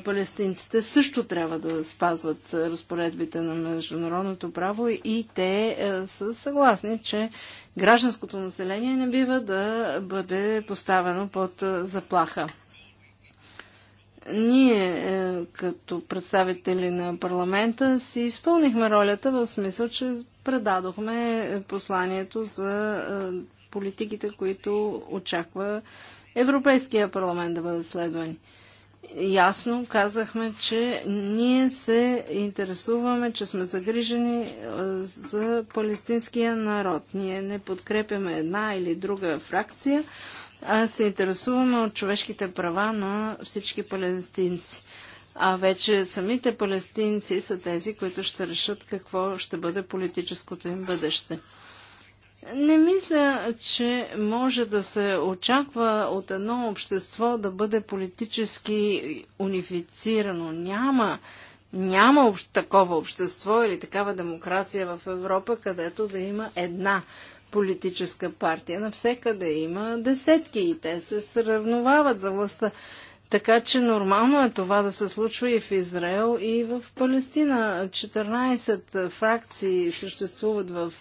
палестинците също трябва да спазват разпоредбите на международното право и те са съгласни, че гражданското население не бива да бъде поставено под заплаха. Ние, е, като представители на парламента, си изпълнихме ролята в смисъл, че предадохме посланието за е, политиките, които очаква Европейския парламент да бъдат следвани ясно казахме, че ние се интересуваме, че сме загрижени е, за палестинския народ. Ние не подкрепяме една или друга фракция, а се интересуваме от човешките права на всички палестинци. А вече самите палестинци са тези, които ще решат какво ще бъде политическото им бъдеще. Не мисля, че може да се очаква от едно общество да бъде политически унифицирано. Няма, няма общ, такова общество или такава демокрация в Европа, където да има една политическа партия. Навсекъде има десетки и те се сравновават за властта. Така че нормално е това да се случва и в Израел, и в Палестина. 14 фракции съществуват в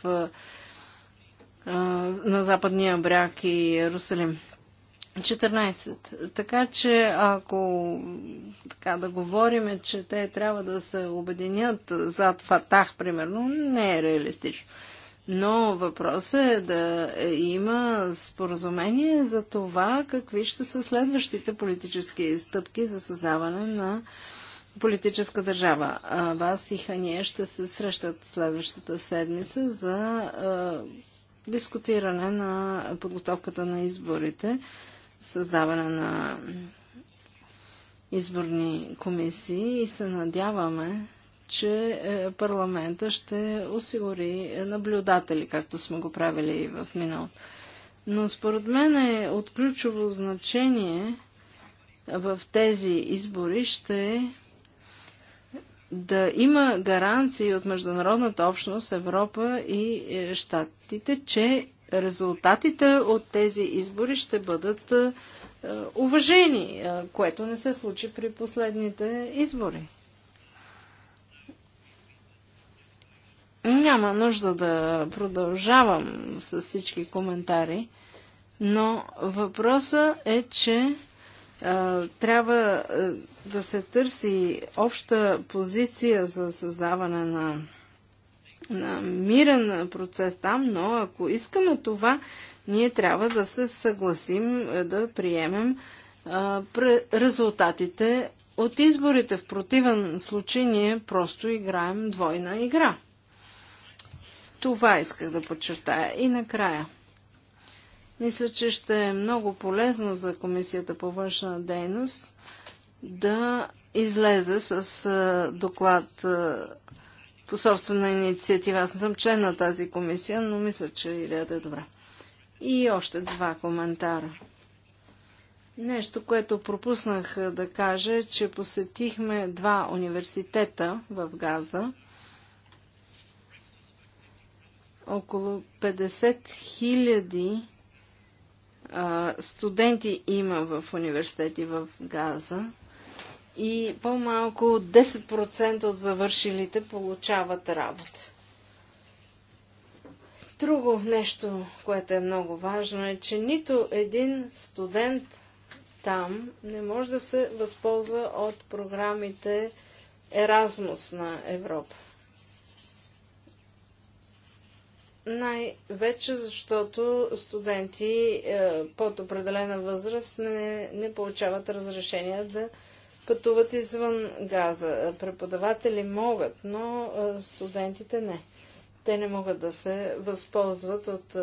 на западния бряг и Иерусалим. 14. Така че ако така да говорим, че те трябва да се обединят зад Фатах, примерно, не е реалистично. Но въпросът е да има споразумение за това какви ще са следващите политически стъпки за създаване на политическа държава. Вас и Хание ще се срещат следващата седмица за дискутиране на подготовката на изборите, създаване на изборни комисии и се надяваме, че е, парламента ще осигури наблюдатели, както сме го правили и в миналото. Но според мен е от ключово значение в тези избори ще да има гаранции от международната общност, Европа и Штатите, е, че резултатите от тези избори ще бъдат е, уважени, е, което не се случи при последните избори. Няма нужда да продължавам с всички коментари, но въпросът е, че а, трябва да се търси обща позиция за създаване на, на мирен процес там, но ако искаме това, ние трябва да се съгласим е, да приемем а, резултатите от изборите. В противен случай ние просто играем двойна игра. Това исках да подчертая. И накрая. Мисля, че ще е много полезно за Комисията по външна дейност да излезе с доклад по собствена инициатива. Аз не съм член на тази комисия, но мисля, че идеята е добра. И още два коментара. Нещо, което пропуснах да кажа, е, че посетихме два университета в Газа. Около 50 хиляди студенти има в университети в Газа и по-малко от 10% от завършилите получават работа. Друго нещо, което е много важно, е, че нито един студент там не може да се възползва от програмите Еразмус на Европа. Най-вече защото студенти е, под определена възраст не, не получават разрешение да пътуват извън Газа. Преподаватели могат, но студентите не. Те не могат да се възползват от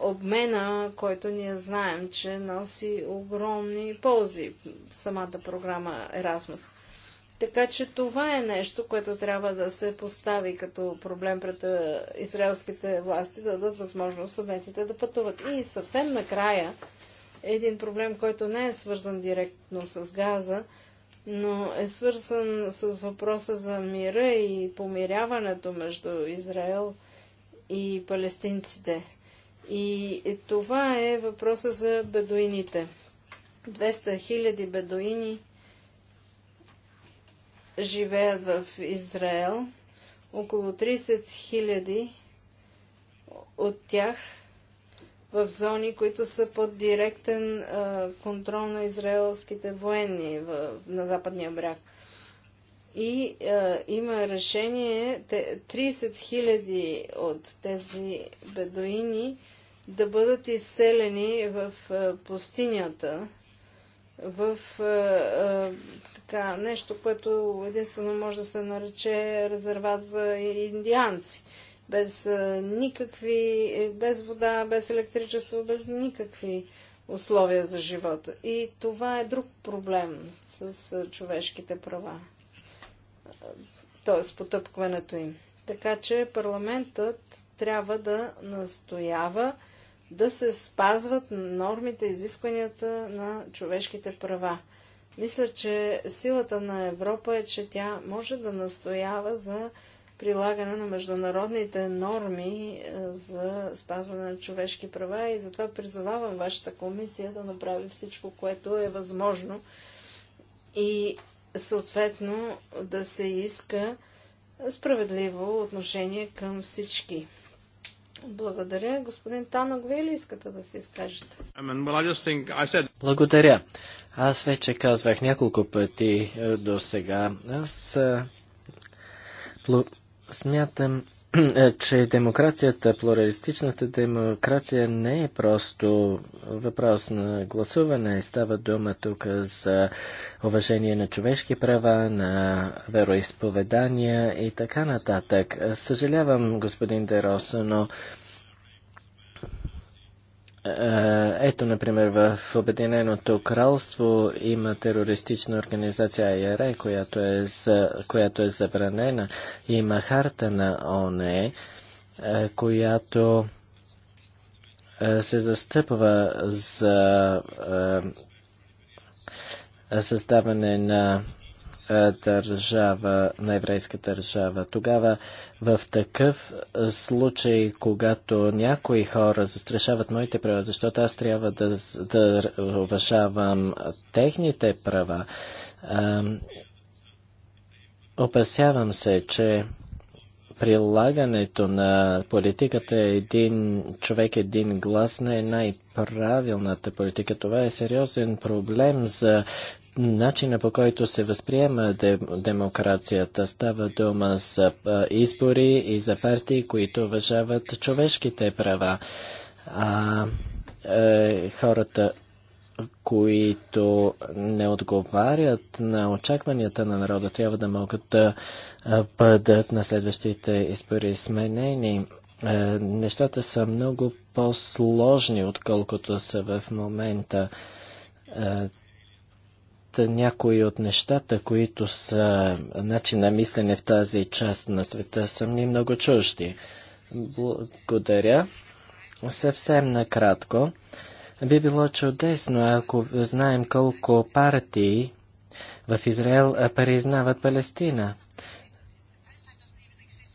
обмена, който ние знаем, че носи огромни ползи самата програма Erasmus. Така че това е нещо, което трябва да се постави като проблем пред израелските власти, да дадат възможност студентите да пътуват. И съвсем накрая, един проблем, който не е свързан директно с газа, но е свързан с въпроса за мира и помиряването между Израел и палестинците. И това е въпроса за бедуините. 200 хиляди бедуини живеят в Израел. Около 30 000 от тях в зони, които са под директен а, контрол на израелските военни в, на западния бряг. И а, има решение те, 30 000 от тези бедуини да бъдат изселени в а, пустинята, в а, а, така, нещо, което единствено може да се нарече резерват за индианци без никакви, е, без вода, без електричество, без никакви условия за живота. И това е друг проблем с човешките права, т.е. потъпкването им. Така че парламентът трябва да настоява да се спазват нормите, изискванията на човешките права. Мисля, че силата на Европа е, че тя може да настоява за прилагане на международните норми е, за спазване на човешки права и затова призовавам вашата комисия да направи всичко, което е възможно и съответно да се иска справедливо отношение към всички. Благодаря. Господин Танок, вие ли искате да се изкажете? Благодаря. Аз вече казвах няколко пъти е, до сега. Аз е, Смятам, е, че демокрацията, плуралистичната демокрация не е просто въпрос на гласуване. Става дума тук за уважение на човешки права, на вероисповедания и така нататък. Съжалявам, господин Деросо, но е, ето, например, в Обединеното кралство има терористична организация IRA, която е, за, която е забранена. Има харта на ОНЕ, която е, се застъпва за е, създаване на е, държава, на еврейска държава. Тогава в такъв случай, когато някои хора застрашават моите права, защото аз трябва да, да уважавам техните права, опасявам се, че прилагането на политиката един човек, един глас не е най-правилната политика. Това е сериозен проблем за начина по който се възприема демокрацията. Става дума за избори и за партии, които уважават човешките права. А е, хората, които не отговарят на очакванията на народа, трябва да могат да бъдат на следващите избори сменени. Е, нещата са много по-сложни, отколкото са в момента. Е, някои от нещата, които са начин на мислене в тази част на света, са ни много чужди. Благодаря. Съвсем накратко. Би било чудесно, ако знаем колко партии в Израел признават Палестина.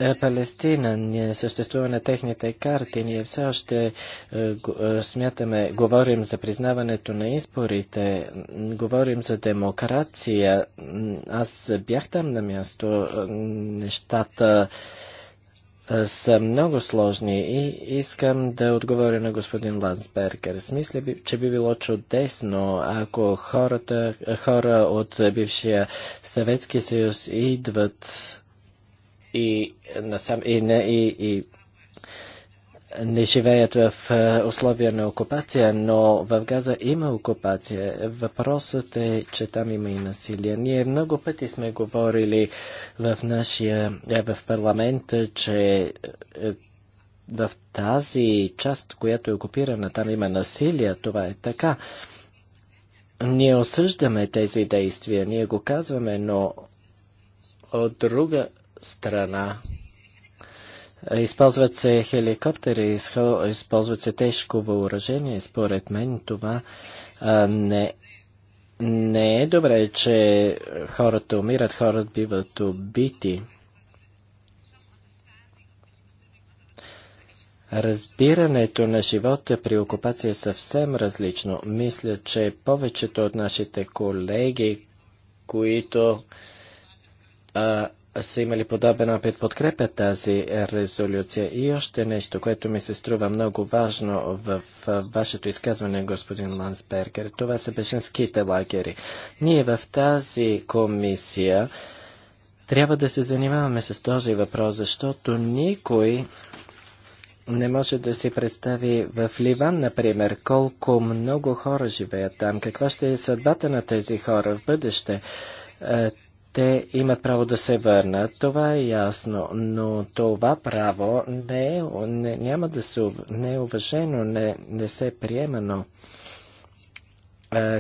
Е, Палестина, ние съществува на техните карти, ние все още е, е, смятаме, говорим за признаването на изборите, говорим за демокрация. Аз бях там на място, нещата са много сложни и искам да отговоря на господин Лансбергер. Смисля, че би било чудесно, ако хората, хора от бившия Съветски съюз идват и, насам, и, и, и не живеят в е, условия на окупация, но в Газа има окупация. Въпросът е, че там има и насилие. Ние много пъти сме говорили в нашия, е, в парламента, че е, в тази част, която е окупирана, там има насилие. Това е така. Ние осъждаме тези действия, ние го казваме, но от друга страна. Използват се хеликоптери, използват се тежко въоръжение. Според мен това а, не, не е добре, че хората умират, хората биват убити. Разбирането на живота при окупация е съвсем различно. Мисля, че повечето от нашите колеги, които а, са имали подобен опит, подкрепят тази резолюция. И още нещо, което ми се струва много важно в, вашето изказване, господин Лансбергер, това са бешенските лагери. Ние в тази комисия трябва да се занимаваме с този въпрос, защото никой не може да си представи в Ливан, например, колко много хора живеят там, каква ще е съдбата на тези хора в бъдеще е, те имат право да се върнат, това е ясно, но това право не е, не, няма да се, не е уважено, не, не се е приемано.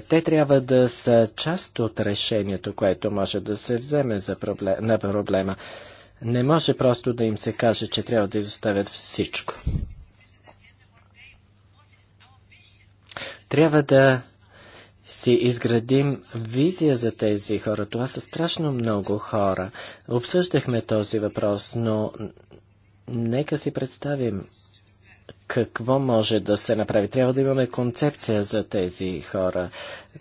Те трябва да са част от решението, което може да се вземе за проблем, на проблема. Не може просто да им се каже, че трябва да изоставят всичко. Трябва да си изградим визия за тези хора. Това са страшно много хора. Обсъждахме този въпрос, но нека си представим какво може да се направи. Трябва да имаме концепция за тези хора.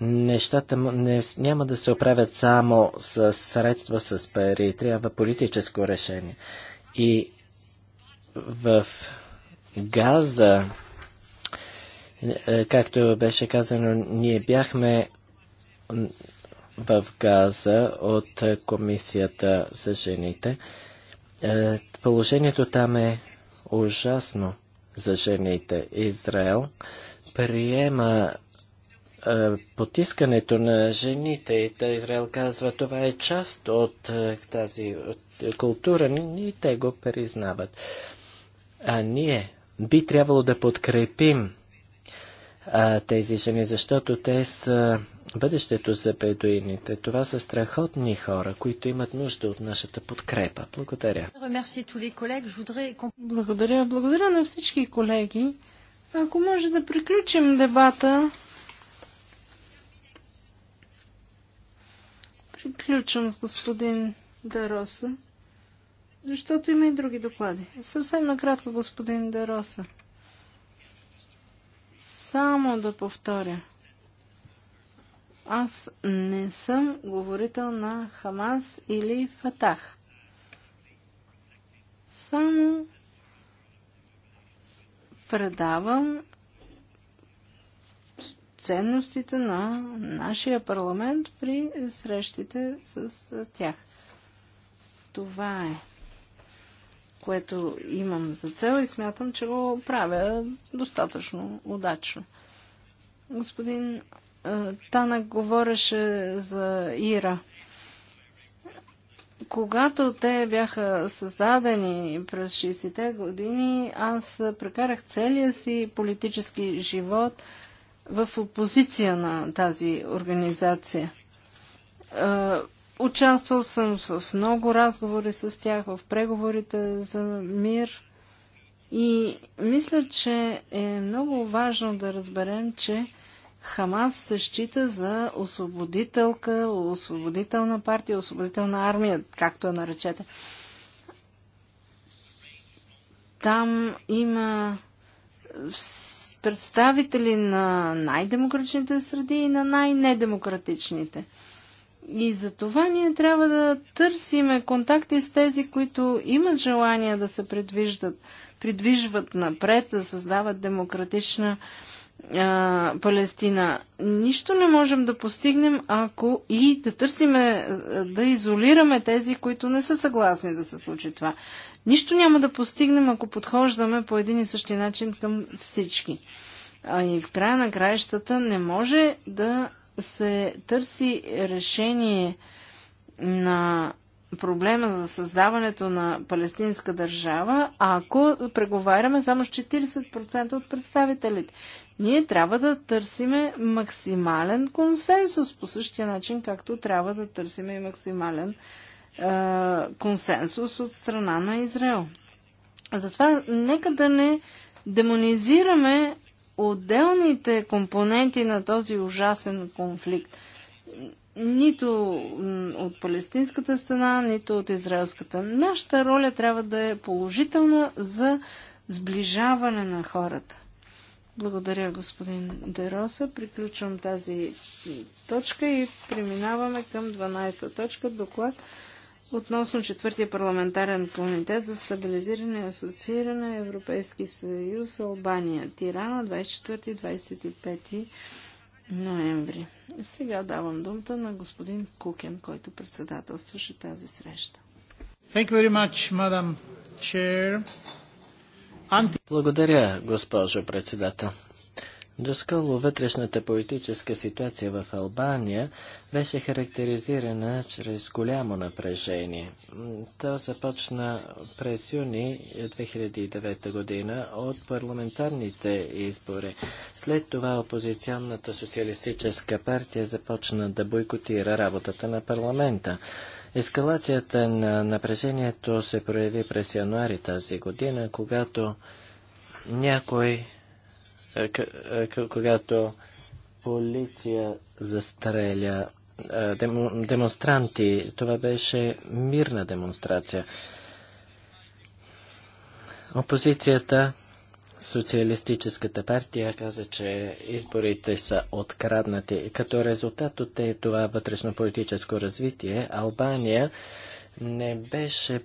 Нещата не, няма да се оправят само с средства, с пари. Трябва политическо решение. И в Газа е, както беше казано, ние бяхме в Газа от Комисията за жените. Е, положението там е ужасно за жените. Израел приема е, потискането на жените и Израел казва, това е част от тази култура и те го признават. А ние би трябвало да подкрепим а, тези жени, защото те са бъдещето за бедуините. Това са страхотни хора, които имат нужда от нашата подкрепа. Благодаря. Благодаря. Благодаря на всички колеги. Ако може да приключим дебата, приключвам с господин Дароса, защото има и други доклади. Съвсем накратко, господин Дароса. Само да повторя. Аз не съм говорител на Хамас или Фатах. Само предавам ценностите на нашия парламент при срещите с тях. Това е което имам за цел и смятам, че го правя достатъчно удачно. Господин Танък говореше за Ира. Когато те бяха създадени през 60-те години, аз прекарах целия си политически живот в опозиция на тази организация Участвал съм в много разговори с тях, в преговорите за мир. И мисля, че е много важно да разберем, че Хамас се счита за освободителка, освободителна партия, освободителна армия, както я наречете. Там има представители на най-демократичните среди и на най-недемократичните. И за това ние трябва да търсиме контакти с тези, които имат желание да се предвиждат, придвижват напред, да създават демократична а, Палестина. Нищо не можем да постигнем, ако и да търсиме, да изолираме тези, които не са съгласни да се случи това. Нищо няма да постигнем, ако подхождаме по един и същи начин към всички. А и в края на краищата не може да се търси решение на проблема за създаването на палестинска държава, ако преговаряме само с 40% от представителите. Ние трябва да търсиме максимален консенсус по същия начин, както трябва да търсиме и максимален е, консенсус от страна на Израел. Затова нека да не демонизираме отделните компоненти на този ужасен конфликт. Нито от палестинската страна, нито от израелската. Нашата роля трябва да е положителна за сближаване на хората. Благодаря, господин Дероса. Приключвам тази точка и преминаваме към 12-та точка. Доклад относно четвъртия парламентарен комитет за стабилизиране и асоцииране Европейски съюз Албания, Тирана, 24-25 ноември. Сега давам думата на господин Кукен, който председателстваше тази среща. Much, Благодаря, госпожо председател. Доскоро вътрешната политическа ситуация в Албания беше характеризирана чрез голямо напрежение. То започна през юни 2009 година от парламентарните избори. След това опозиционната социалистическа партия започна да бойкотира работата на парламента. Ескалацията на напрежението се прояви през януари тази година, когато някой. Е, е, когато полиция застреля е, демонстранти. Това беше мирна демонстрация. Опозицията, Социалистическата партия каза, че изборите са откраднати. Като резултат от е това вътрешно-политическо развитие, Албания не беше,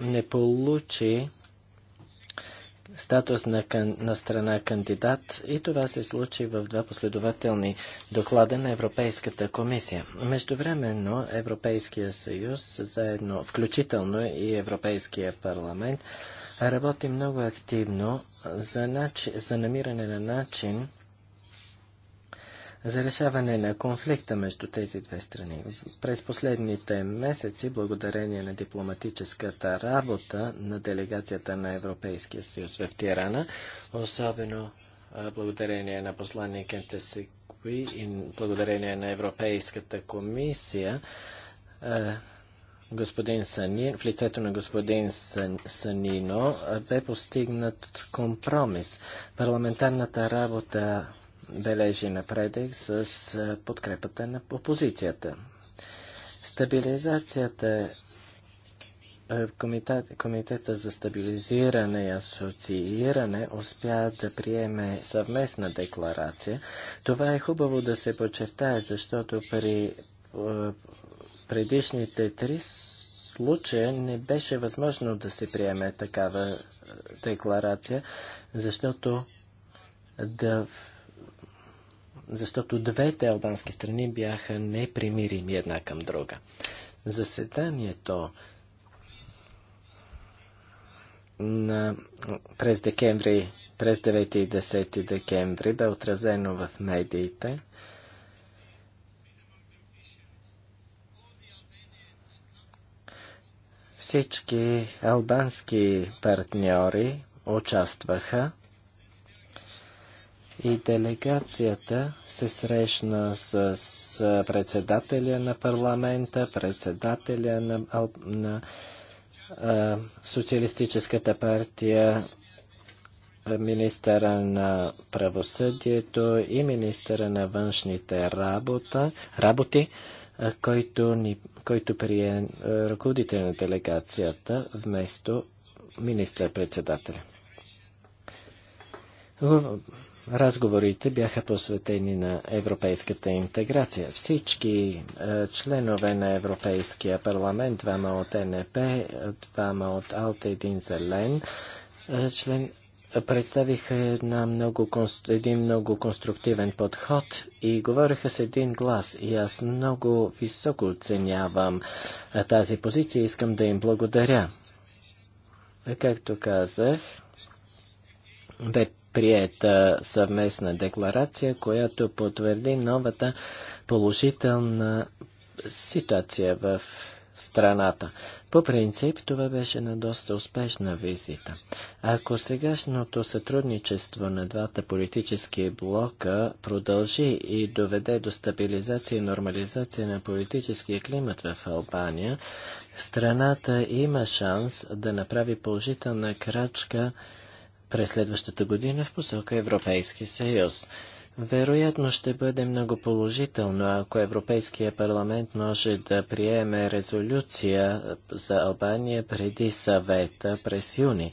не получи статус на, кан... на страна кандидат и това се случи в два последователни доклада на Европейската комисия. Междувременно Европейския съюз, заедно, включително и Европейския парламент, работи много активно за, нач... за намиране на начин за решаване на конфликта между тези две страни. През последните месеци, благодарение на дипломатическата работа на делегацията на Европейския съюз в Тирана, особено благодарение на посланник Ентесекуи и благодарение на Европейската комисия, господин Санин, в лицето на господин Санино бе постигнат компромис. Парламентарната работа бележи напредък с подкрепата на опозицията. Стабилизацията Комитет, комитета за стабилизиране и асоцииране успя да приеме съвместна декларация. Това е хубаво да се подчертае, защото при предишните три случая не беше възможно да се приеме такава декларация, защото да защото двете албански страни бяха непримирими една към друга. Заседанието на, през декември, през 9 и 10 декември бе отразено в медиите. Всички албански партньори участваха и делегацията се срещна с, с председателя на парламента, председателя на, на а, Социалистическата партия, министъра на правосъдието и министъра на външните работа, работи, а, който, ни, който прие ръководител на делегацията вместо министър-председателя. Разговорите бяха посветени на европейската интеграция. Всички е, членове на Европейския парламент, двама от НП, двама от Алта, един зелен е, член, представиха една много, един много конструктивен подход и говориха с един глас. И аз много високо оценявам е, тази позиция и искам да им благодаря. Е, както казах, бе приета съвместна декларация, която потвърди новата положителна ситуация в страната. По принцип, това беше на доста успешна визита. Ако сегашното сътрудничество на двата политически блока продължи и доведе до стабилизация и нормализация на политическия климат в Албания, страната има шанс да направи положителна крачка през следващата година в посока Европейски съюз. Вероятно ще бъде много положително, ако Европейския парламент може да приеме резолюция за Албания преди съвета през юни.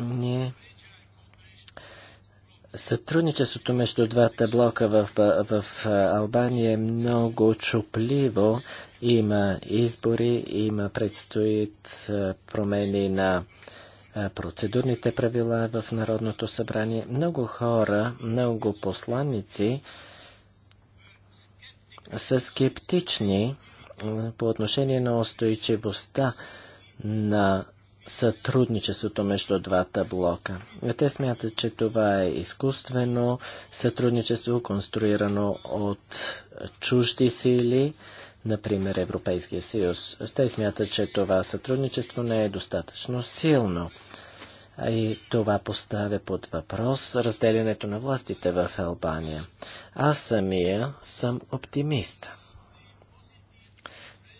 Ние Сътрудничеството между двата блока в, в Албания е много чупливо има избори, има предстоят промени на процедурните правила в Народното събрание. Много хора, много посланици са скептични по отношение на устойчивостта на сътрудничеството между двата блока. Те смятат, че това е изкуствено сътрудничество, конструирано от чужди сили, например Европейския съюз. Те смятат, че това сътрудничество не е достатъчно силно. И това поставя под въпрос разделянето на властите в Албания. Аз самия съм оптимист.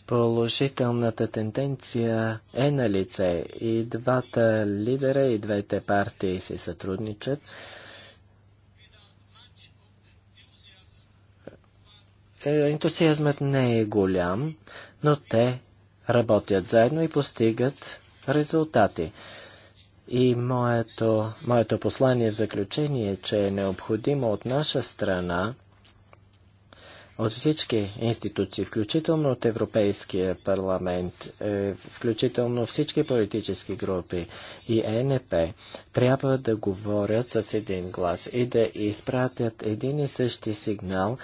Положителната тенденция е на лице. И двата лидера, и двете партии се сътрудничат. Е, ентусиазмът не е голям, но те работят заедно и постигат резултати. И моето, моето послание в заключение е, че е необходимо от наша страна, от всички институции, включително от Европейския парламент, е, включително всички политически групи и ЕНП, трябва да говорят с един глас и да изпратят един и същи сигнал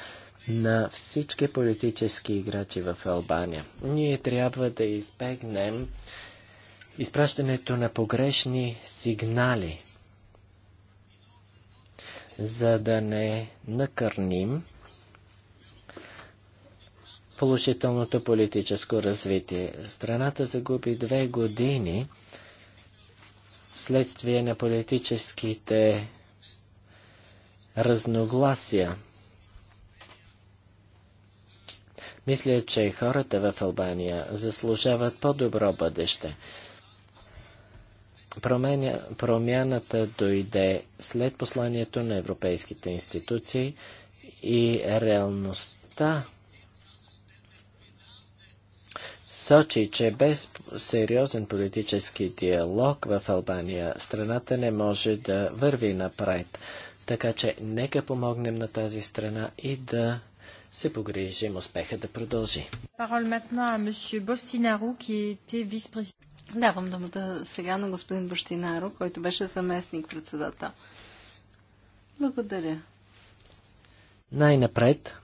на всички политически играчи в Албания. Ние трябва да избегнем изпращането на погрешни сигнали, за да не накърним положителното политическо развитие. Страната загуби две години вследствие на политическите разногласия. Мисля, че хората в Албания заслужават по-добро бъдеще. Променя, промяната дойде след посланието на европейските институции и реалността сочи, че без сериозен политически диалог в Албания страната не може да върви напред. Така че нека помогнем на тази страна и да се погрижим успеха да продължи. Давам думата сега на господин Бощинаро, който беше заместник председател. Благодаря. Най-напред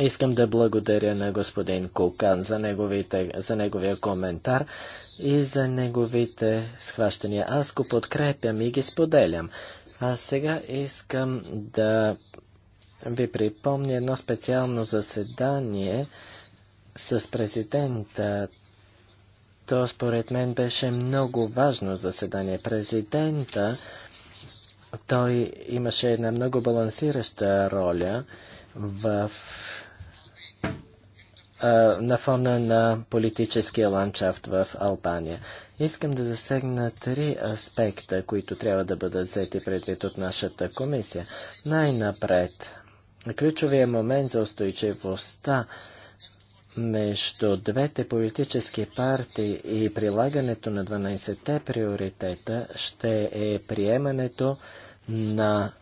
искам да благодаря на господин Кулкан за, неговите, за неговия коментар и за неговите схващания. Аз го подкрепям и ги споделям. А сега искам да ви припомня едно специално заседание с президента. То според мен беше много важно заседание. Президента, той имаше една много балансираща роля в на фона на политическия ландшафт в Албания. Искам да засегна три аспекта, които трябва да бъдат взети предвид от нашата комисия. Най-напред ключовия момент за устойчивостта между двете политически партии и прилагането на 12-те приоритета ще е приемането на,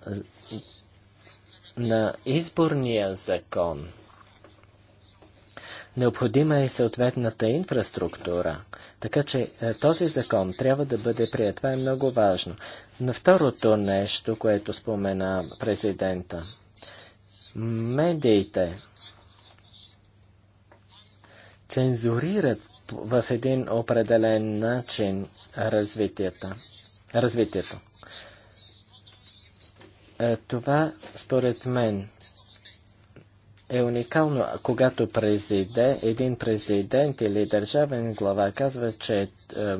на изборния закон. Необходима е съответната инфраструктура, така че е, този закон трябва да бъде прият. Това е много важно. На второто нещо, което спомена президента – Медиите цензурират в един определен начин развитието. развитието. Това, според мен, е уникално, когато президент, един президент или държавен глава казва, че е,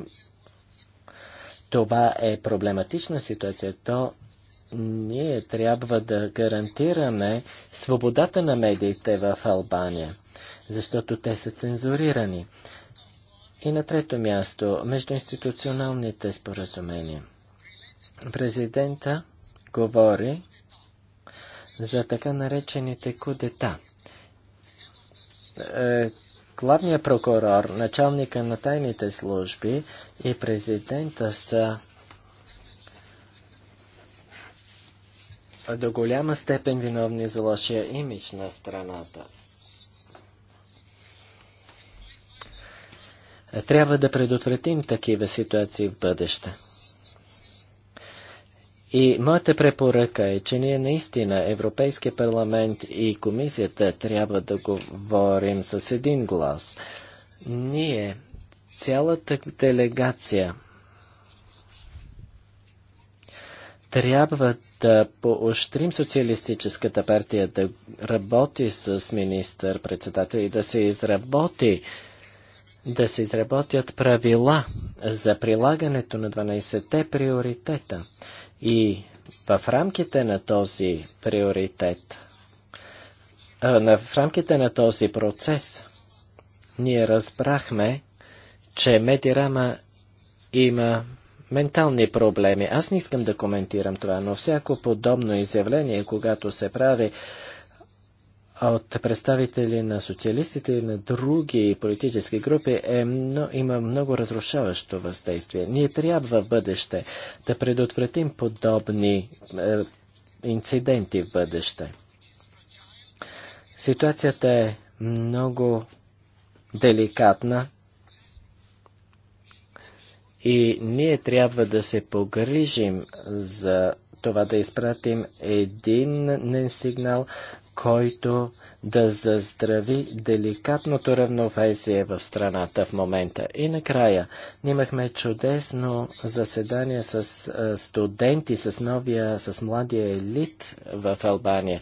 това е проблематична ситуация, то ние трябва да гарантираме свободата на медиите в Албания, защото те са цензурирани. И на трето място, междуинституционалните споразумения. Президента говори за така наречените кудета. Е, главният прокурор, началника на тайните служби и президента са до голяма степен виновни за лошия имидж на страната. Трябва да предотвратим такива ситуации в бъдеще. И моята препоръка е, че ние наистина, Европейския парламент и комисията, трябва да говорим с един глас. Ние, цялата делегация, трябва да поощрим социалистическата партия да работи с министър-председател и да се изработи да се изработят правила за прилагането на 12-те приоритета и в рамките на този приоритет, в рамките на този процес, ние разбрахме, че Медирама има ментални проблеми. Аз не искам да коментирам това, но всяко подобно изявление, когато се прави от представители на социалистите и на други политически групи е, но, има много разрушаващо въздействие. Ние трябва в бъдеще да предотвратим подобни е, инциденти в бъдеще. Ситуацията е много деликатна и ние трябва да се погрижим за това да изпратим един сигнал, който да заздрави деликатното равновесие в страната в момента. И накрая, имахме чудесно заседание с студенти, с новия, с младия елит в Албания.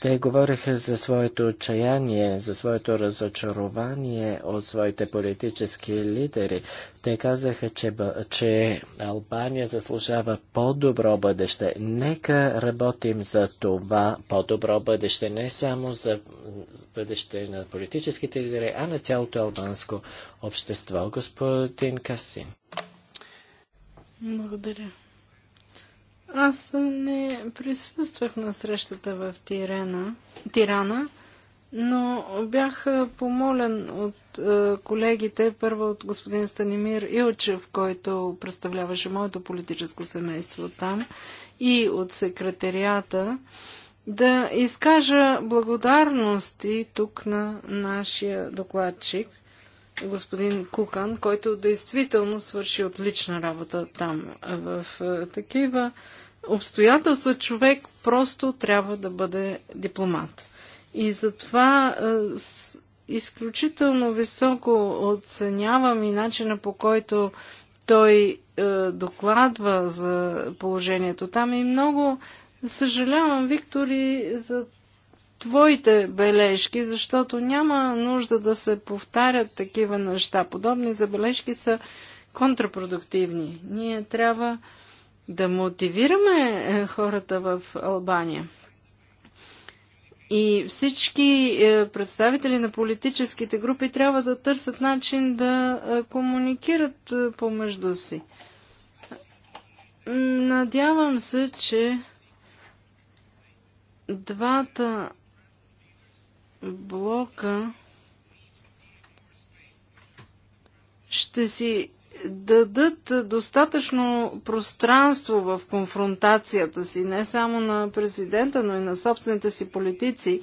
Те говориха за своето отчаяние, за своето разочарование от своите политически лидери. Те казаха, че, че Албания заслужава по-добро бъдеще. Нека работим за това по-добро бъдеще, не само за бъдеще на политическите лидери, а на цялото албанско общество. Господин Касин. Благодаря. Аз не присъствах на срещата в Тирена, Тирана, но бях помолен от колегите, първо от господин Станимир Илчев, който представляваше моето политическо семейство там, и от секретарията, да изкажа благодарности тук на нашия докладчик, господин Кукан, който действително свърши отлична работа там. В такива обстоятелства човек просто трябва да бъде дипломат. И затова е, изключително високо оценявам и начина по който той е, докладва за положението там и много съжалявам, Виктори, за твоите бележки, защото няма нужда да се повтарят такива неща. Подобни забележки са контрапродуктивни. Ние трябва да мотивираме е, хората в Албания. И всички е, представители на политическите групи трябва да търсят начин да е, комуникират помежду си. Надявам се, че двата блока ще си дадат достатъчно пространство в конфронтацията си, не само на президента, но и на собствените си политици,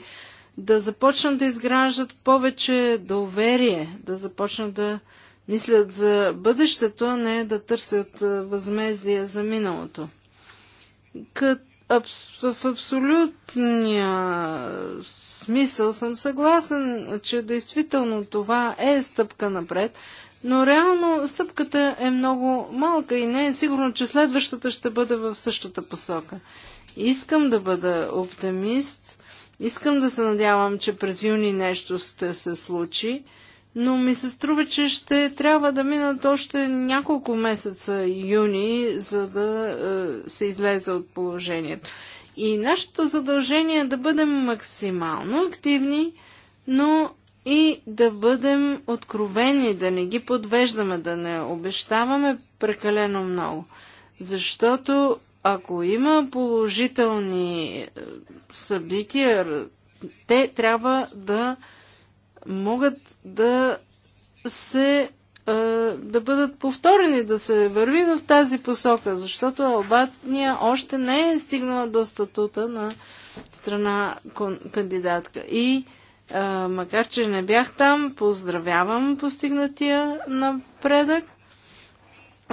да започнат да изграждат повече доверие, да започнат да мислят за бъдещето, а не да търсят възмездие за миналото. Кът в абсолютния смисъл съм съгласен, че действително това е стъпка напред, но реално стъпката е много малка и не е сигурно, че следващата ще бъде в същата посока. Искам да бъда оптимист, искам да се надявам, че през юни нещо ще се случи, но ми се струва, че ще трябва да минат още няколко месеца юни, за да е, се излезе от положението. И нашето задължение е да бъдем максимално активни, но и да бъдем откровени, да не ги подвеждаме, да не обещаваме прекалено много. Защото ако има положителни е, събития, те трябва да могат да се е, да бъдат повторени, да се върви в тази посока, защото Албатния още не е стигнала до статута на страна кандидатка. И а, макар, че не бях там, поздравявам постигнатия напредък.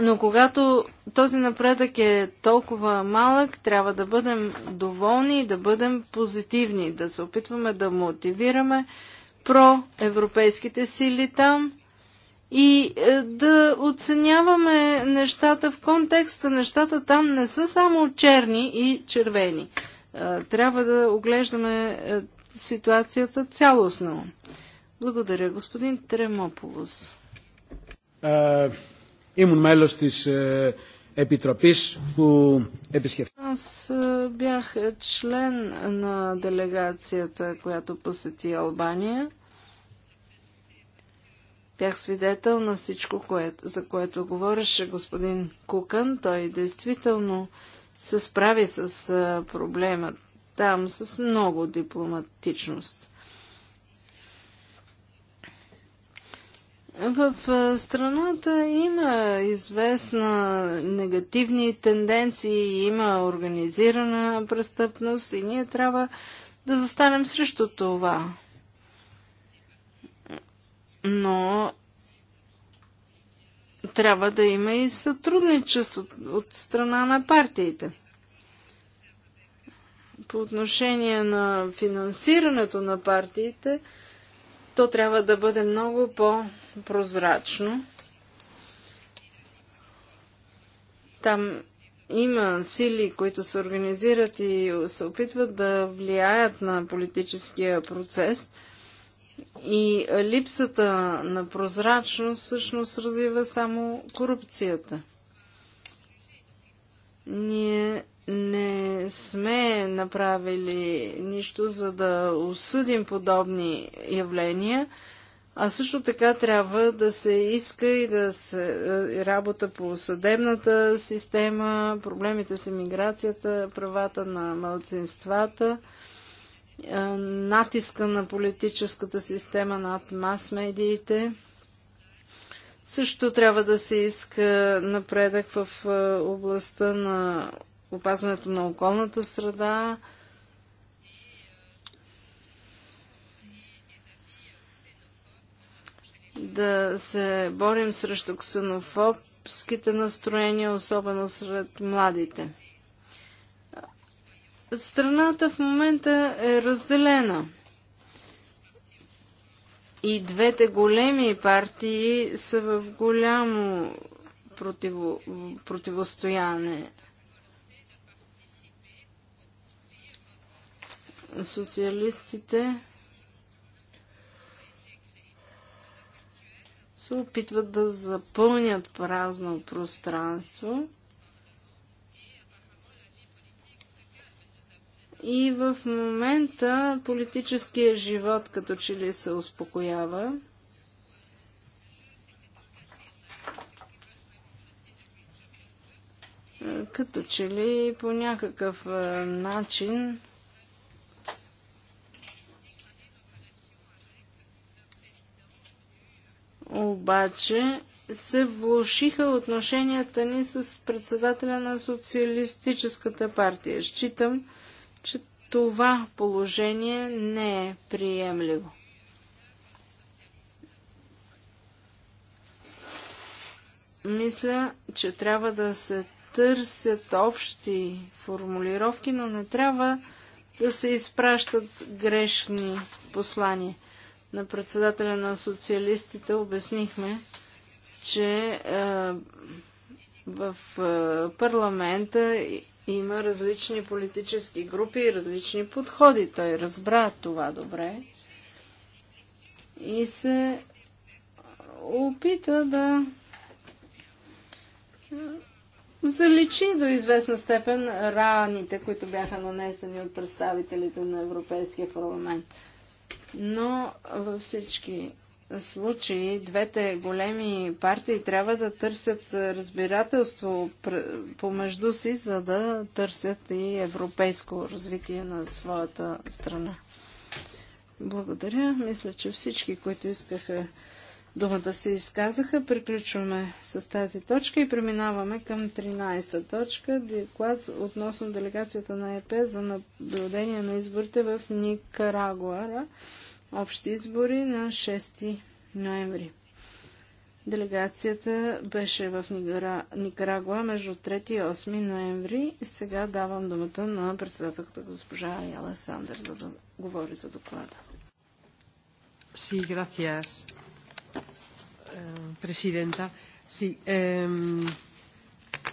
Но когато този напредък е толкова малък, трябва да бъдем доволни и да бъдем позитивни, да се опитваме да мотивираме проевропейските сили там и е, да оценяваме нещата в контекста. Нещата там не са само черни и червени. Е, трябва да оглеждаме е, ситуацията цялостно. Благодаря, господин Тремополос. Е, имам мелост της е, Епитропис, που επισκεφθήκαμε. Аз е, бях член на делегацията, която посети Албания. Бях свидетел на всичко, което, за което говореше господин Кукан. Той действително се справи с проблемът там с много дипломатичност. В страната има известна негативни тенденции, има организирана престъпност и ние трябва да застанем срещу това. Но трябва да има и сътрудничество от страна на партиите по отношение на финансирането на партиите, то трябва да бъде много по-прозрачно. Там има сили, които се организират и се опитват да влияят на политическия процес. И липсата на прозрачност всъщност развива само корупцията. Ние не сме направили нищо, за да осъдим подобни явления, а също така трябва да се иска и да се е, работа по съдебната система, проблемите с емиграцията, правата на малцинствата, е, натиска на политическата система над мас-медиите. Също трябва да се иска напредък в е, областта на опазването на околната среда. Да се борим срещу ксенофобските настроения, особено сред младите. Страната в момента е разделена. И двете големи партии са в голямо противо, противостояние. Социалистите се опитват да запълнят празно пространство. И в момента политическия живот като че ли се успокоява. Като че ли по някакъв начин обаче се влушиха отношенията ни с председателя на Социалистическата партия. Считам, че това положение не е приемливо. Мисля, че трябва да се търсят общи формулировки, но не трябва да се изпращат грешни послания – на председателя на социалистите обяснихме, че е, в е, парламента има различни политически групи и различни подходи. Той разбра това добре и се опита да е, заличи до известна степен раните, които бяха нанесени от представителите на Европейския парламент но във всички случаи двете големи партии трябва да търсят разбирателство помежду си, за да търсят и европейско развитие на своята страна. Благодаря. Мисля, че всички, които искаха думата се изказаха. Приключваме с тази точка и преминаваме към 13-та точка. Доклад относно делегацията на ЕП за наблюдение на изборите в Никарагуара. Общи избори на 6 ноември. Делегацията беше в Никарагуа между 3 и 8 ноември. Сега давам думата на председателката госпожа Аяла Сандер да говори за доклада. Sí, gracias. Eh, presidenta.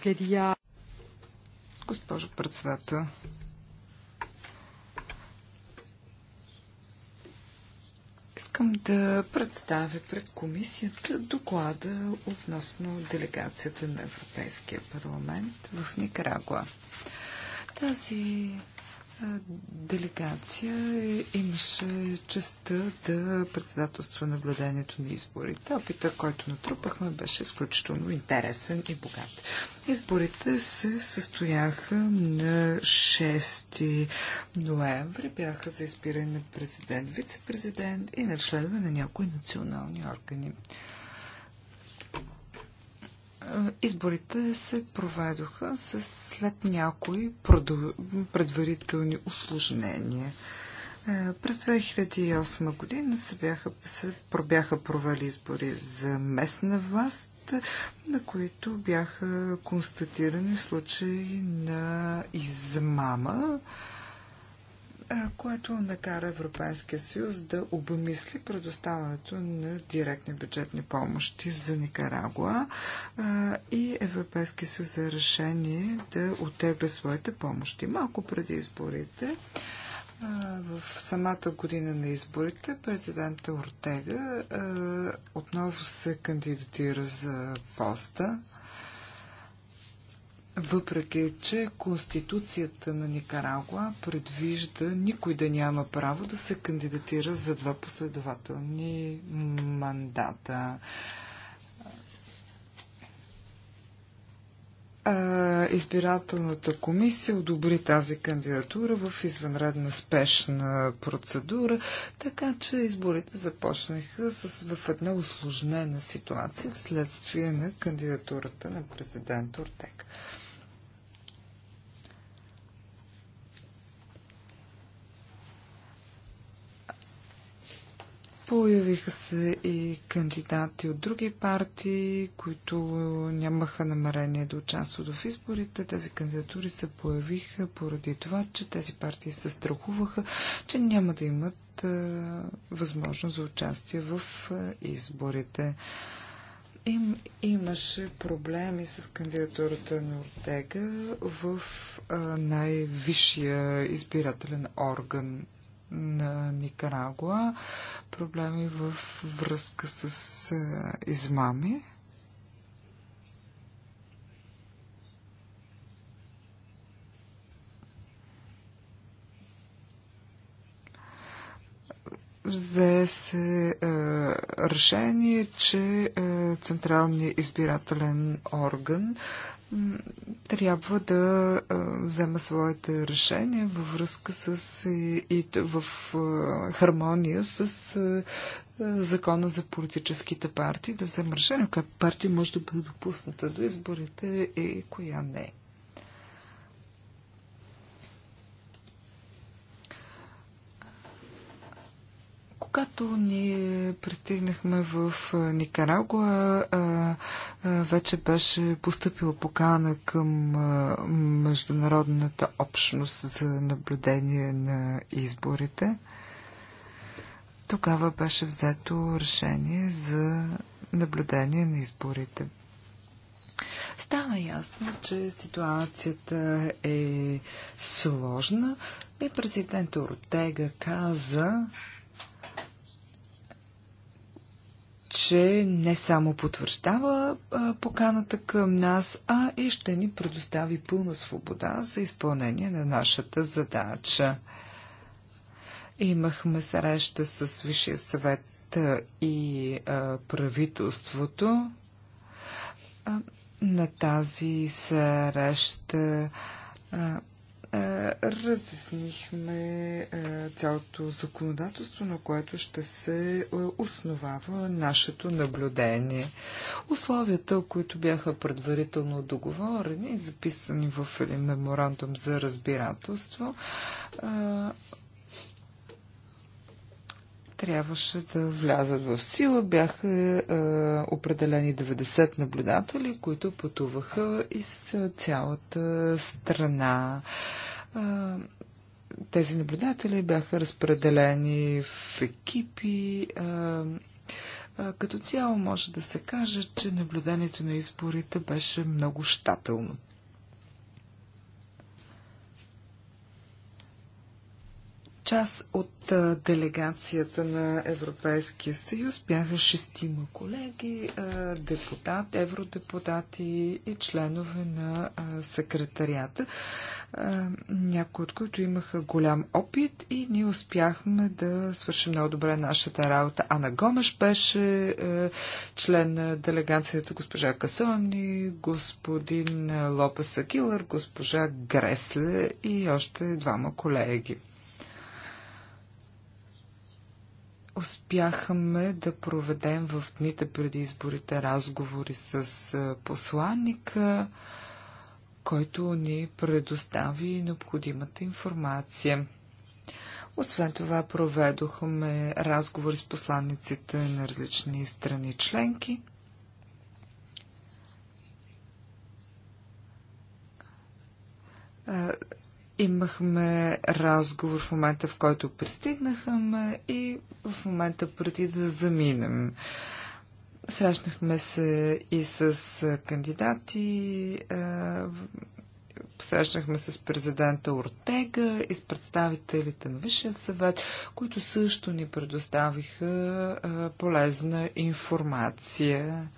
quería... Госпожо председател, Искам да представя пред комисията доклада относно делегацията на Европейския парламент в Никарагуа. Тази делегация имаше честа да председателства наблюдението на изборите. Опита, който натрупахме, беше изключително интересен и богат. Изборите се състояха на 6 ноември. Бяха за избиране на президент, вице-президент и на членове на някои национални органи. Изборите се проведоха след някои предварителни усложнения. Е, през 2008 година се, бяха, се бяха провели избори за местна власт, на които бяха констатирани случаи на измама което накара Европейския съюз да обмисли предоставането на директни бюджетни помощи за Никарагуа и Европейския съюз за решение да отегля своите помощи. Малко преди изборите, в самата година на изборите, президента Ортега отново се кандидатира за поста. Въпреки, че Конституцията на Никарагуа предвижда никой да няма право да се кандидатира за два последователни мандата. избирателната комисия одобри тази кандидатура в извънредна спешна процедура, така че изборите започнаха с, в една осложнена ситуация вследствие на кандидатурата на президент Ортега. Появиха се и кандидати от други партии, които нямаха намерение да участват в изборите. Тези кандидатури се появиха поради това, че тези партии се страхуваха, че няма да имат а, възможност за участие в а, изборите. Им, имаше проблеми с кандидатурата на Ортега в най-висшия избирателен орган на Никарагуа, проблеми в връзка с измами. взе се решение, че е, Централният избирателен орган трябва да взема своите решения във връзка с и, и в хармония с закона за политическите партии, да взема решение коя партия може да бъде допусната до изборите и коя не. Когато ние пристигнахме в Никарагуа, вече беше поступила покана към международната общност за наблюдение на изборите. Тогава беше взето решение за наблюдение на изборите. Стана ясно, че ситуацията е сложна и президент Ортега каза, че не само потвърждава поканата към нас, а и ще ни предостави пълна свобода за изпълнение на нашата задача. Имахме среща с Висшия съвет и правителството. На тази среща е, разяснихме е, цялото законодателство, на което ще се е, основава нашето наблюдение. Условията, които бяха предварително договорени, записани в един меморандум за разбирателство, трябваше да влязат в сила. Бяха е, определени 90 наблюдатели, които пътуваха из е, цялата страна. Е, тези наблюдатели бяха разпределени в екипи. Е, е, като цяло може да се каже, че наблюдението на изборите беше много щателно. част от делегацията на Европейския съюз бяха шестима колеги, депутат, евродепутати и членове на секретарията, някои от които имаха голям опит и ние успяхме да свършим много добре нашата работа. Ана Гомеш беше член на делегацията, госпожа Касони, господин Лопес Акилър, госпожа Гресле и още двама колеги. успяхме да проведем в дните преди изборите разговори с посланника, който ни предостави необходимата информация. Освен това проведохме разговори с посланниците на различни страни членки. Имахме разговор в момента, в който пристигнахме и в момента преди да заминем. Срещнахме се и с кандидати, е, срещнахме се с президента Ортега и с представителите на Висшия съвет, които също ни предоставиха е, полезна информация.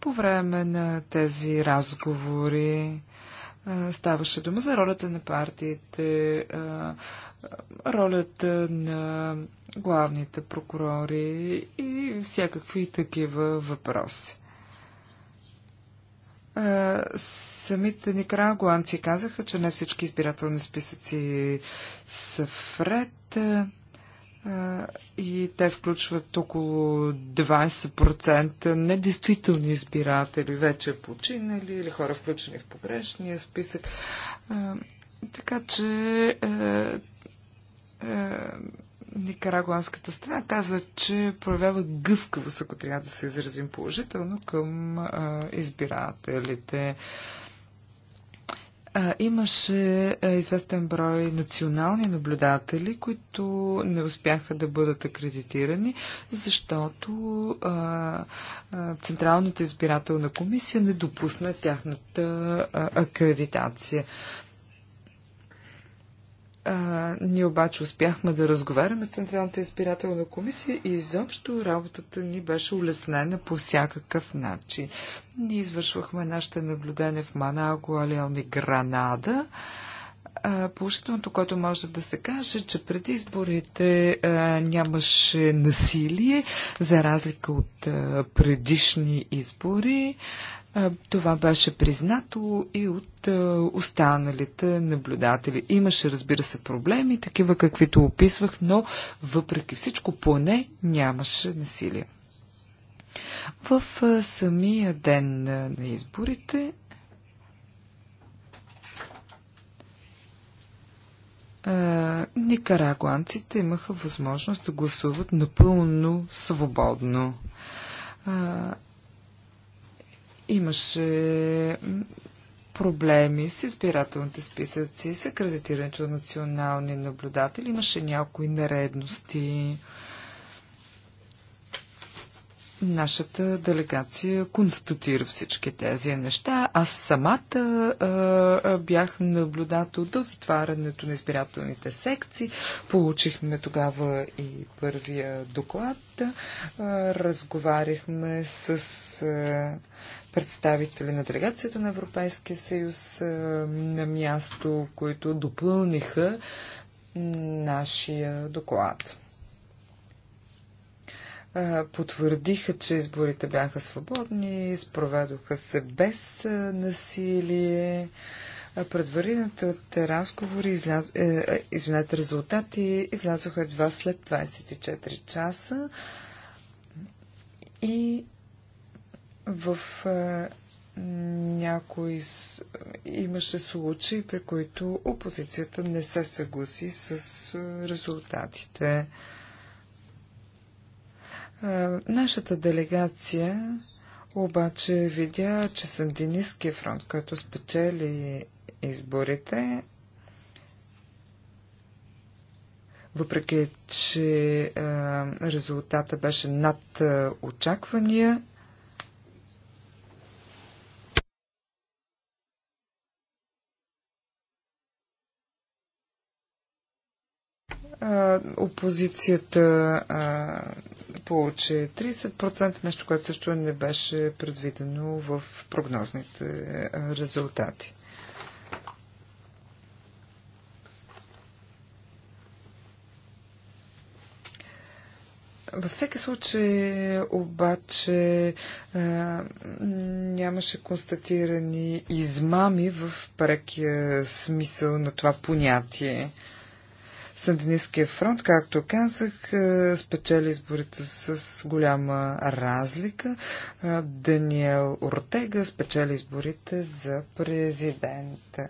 По време на тези разговори ставаше дума за ролята на партиите, ролята на главните прокурори и всякакви такива въпроси. Самите никарагуанци казаха, че не всички избирателни списъци са вред и те включват около 20% недействителни избиратели, вече починали или хора включени в погрешния списък. Така че е, е, никарагуанската страна каза, че проявява гъвкавост, ако трябва да се изразим положително, към избирателите. А, имаше а, известен брой национални наблюдатели, които не успяха да бъдат акредитирани, защото а, а, Централната избирателна комисия не допусна тяхната а, акредитация. А, ние обаче успяхме да разговаряме с Централната избирателна комисия и изобщо работата ни беше улеснена по всякакъв начин. Ние извършвахме нашите наблюдения в Манаго, алион и Гранада. Положителното, което може да се каже, че преди изборите а, нямаше насилие, за разлика от а, предишни избори. А, това беше признато и от останалите наблюдатели. Имаше, разбира се, проблеми, такива каквито описвах, но въпреки всичко поне нямаше насилие. В самия ден на изборите никарагуанците имаха възможност да гласуват напълно свободно. Имаше проблеми с избирателните списъци, с акредитирането на национални наблюдатели. Имаше някои наредности. Нашата делегация констатира всички тези неща. Аз самата а, а, бях наблюдател до затварянето на избирателните секции. Получихме тогава и първия доклад. А, разговаряхме с. А, представители на делегацията на Европейския съюз на място, които допълниха нашия доклад. Потвърдиха, че изборите бяха свободни, спроведоха се без насилие. Предварителните разговори, изляз... Е, е, извинете, резултати излязоха едва след 24 часа и в е, някои е, имаше случаи, при които опозицията не се съгласи с е, резултатите. Нашата делегация обаче видя, че Сандинистския фронт, който спечели изборите, въпреки че резултата беше над очаквания, опозицията а, получи 30%, нещо, което също не беше предвидено в прогнозните резултати. Във всеки случай обаче а, нямаше констатирани измами в прекия смисъл на това понятие. А, Сандинистския фронт, както казах, е, спечели изборите с голяма разлика. Е, Даниел Ортега спечели изборите за президента.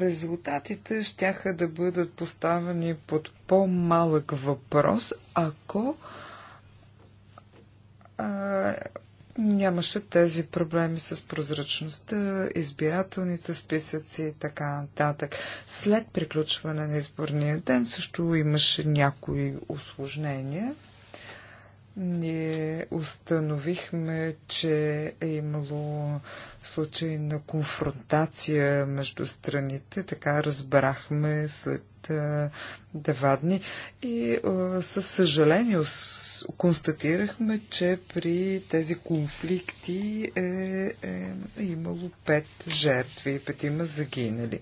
резултатите щяха да бъдат поставени под по-малък въпрос, ако нямаше тези проблеми с прозрачността, избирателните списъци и така нататък. След приключване на изборния ден също имаше някои осложнения. Ние установихме, че е имало случай на конфронтация между страните, така разбрахме след два дни и а, със съжаление констатирахме, че при тези конфликти е, е, е имало пет жертви, петима загинали.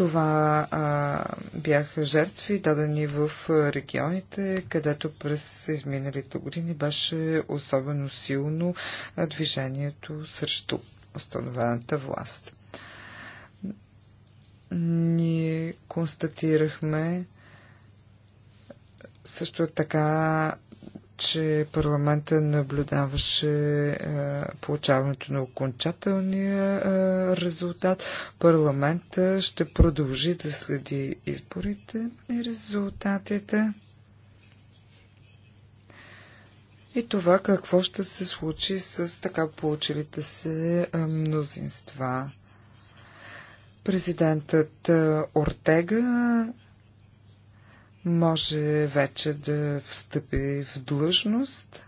Това а, бяха жертви, дадени в регионите, където през изминалите години беше особено силно движението срещу установената власт. Ние констатирахме също така че парламента наблюдаваше е, получаването на окончателния е, резултат. Парламента ще продължи да следи изборите и резултатите. И това какво ще се случи с така получилите се е, мнозинства. Президентът Ортега може вече да встъпи в длъжност.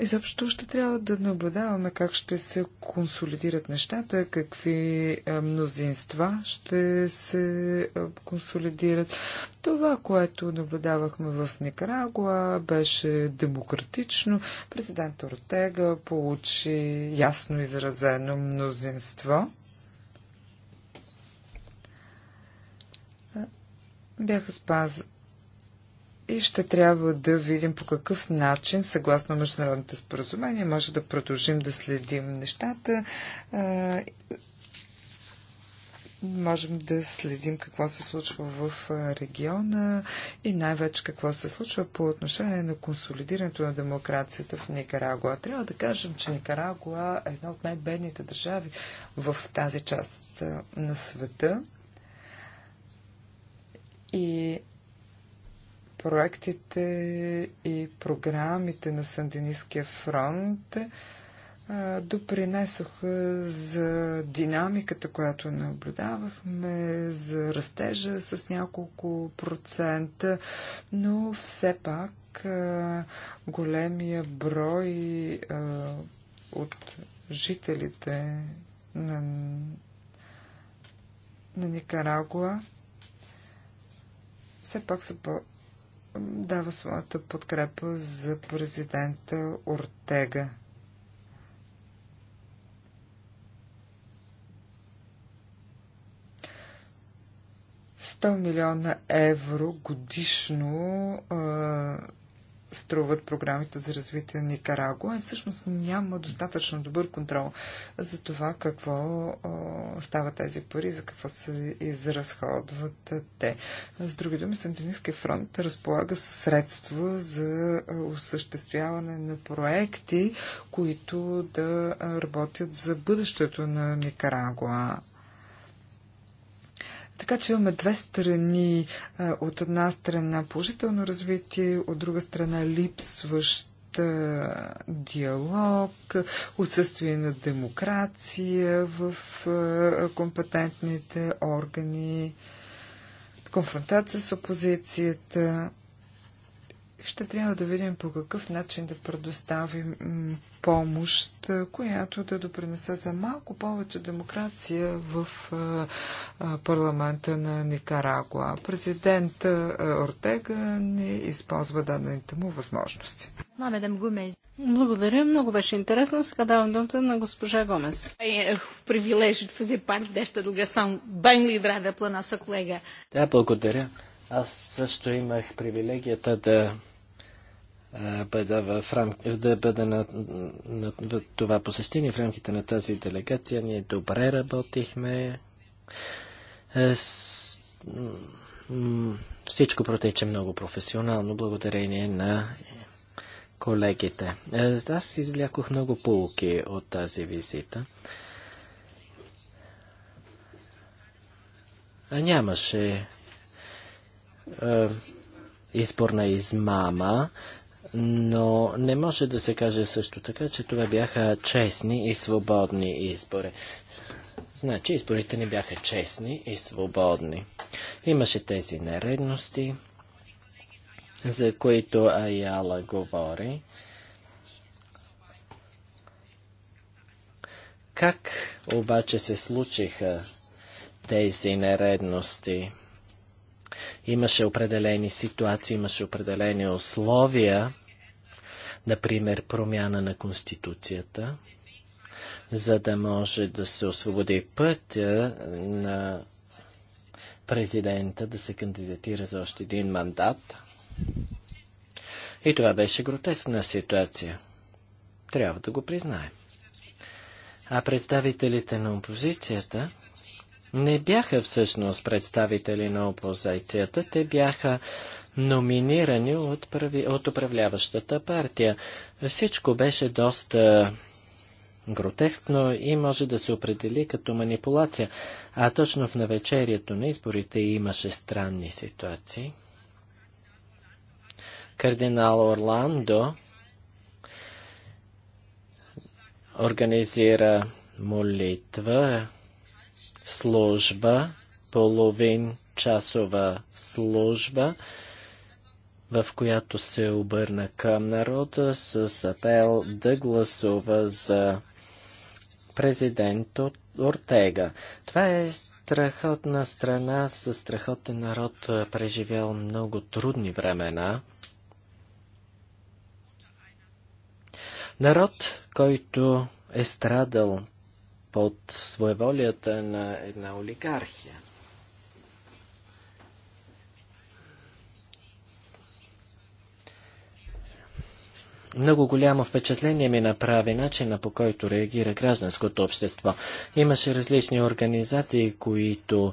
И заобщо ще трябва да наблюдаваме как ще се консолидират нещата, какви мнозинства ще се консолидират. Това, което наблюдавахме в Никарагуа, беше демократично. Президент Ортега получи ясно изразено мнозинство. Бяха спазани и ще трябва да видим по какъв начин, съгласно международните споразумения, може да продължим да следим нещата. Можем да следим какво се случва в региона и най-вече какво се случва по отношение на консолидирането на демокрацията в Никарагуа. Трябва да кажем, че Никарагуа е една от най-бедните държави в тази част на света. И проектите и програмите на Сандинистския фронт допринесоха за динамиката, която наблюдавахме, за растежа с няколко процента, но все пак големия брой от жителите на, на Никарагуа все пак са по дава своята подкрепа за президента Ортега. Сто милиона евро годишно а, струват програмите за развитие на Никарагуа, всъщност няма достатъчно добър контрол за това какво о, става тези пари, за какво се изразходват те. С други думи, Сантинийския фронт разполага със средства за осъществяване на проекти, които да работят за бъдещето на Никарагуа. Така че имаме две страни. От една страна положително развитие, от друга страна липсващ диалог, отсъствие на демокрация в компетентните органи, конфронтация с опозицията ще трябва да видим по какъв начин да предоставим помощ, която да допринесе за малко повече демокрация в парламента на Никарагуа. Президент Ортега не използва дадените му възможности. Благодаря, много беше интересно. Сега давам думата на госпожа Гомес. Е, е, привилежи да fazer parte сам delegação bem liderada плана са, колега. Да, благодаря. Аз също имах привилегията да бъда в рам... да бъда на... на това посещение в рамките на тази делегация. Ние добре работихме. С... Всичко протече много професионално, благодарение на колегите. Аз извлякох много полуки от тази визита. Нямаше е, избор на измама. Е, но не може да се каже също така, че това бяха честни и свободни избори. Значи, изборите не бяха честни и свободни. Имаше тези нередности, за които Аяла говори. Как обаче се случиха тези нередности? Имаше определени ситуации, имаше определени условия, например промяна на Конституцията, за да може да се освободи пътя на президента да се кандидатира за още един мандат. И това беше гротескна ситуация. Трябва да го признаем. А представителите на опозицията не бяха всъщност представители на опозицията, те бяха номинирани от, прави, от управляващата партия. Всичко беше доста гротескно и може да се определи като манипулация. А точно в навечерието на изборите имаше странни ситуации. Кардинал Орландо организира молитва, служба, половин часова служба, в която се обърна към народа с апел да гласува за президент Ортега. Това е страхотна страна с страхотен народ, преживял много трудни времена. Народ, който е страдал под своеволията на една олигархия. Много голямо впечатление ми направи начина по който реагира гражданското общество. Имаше различни организации, които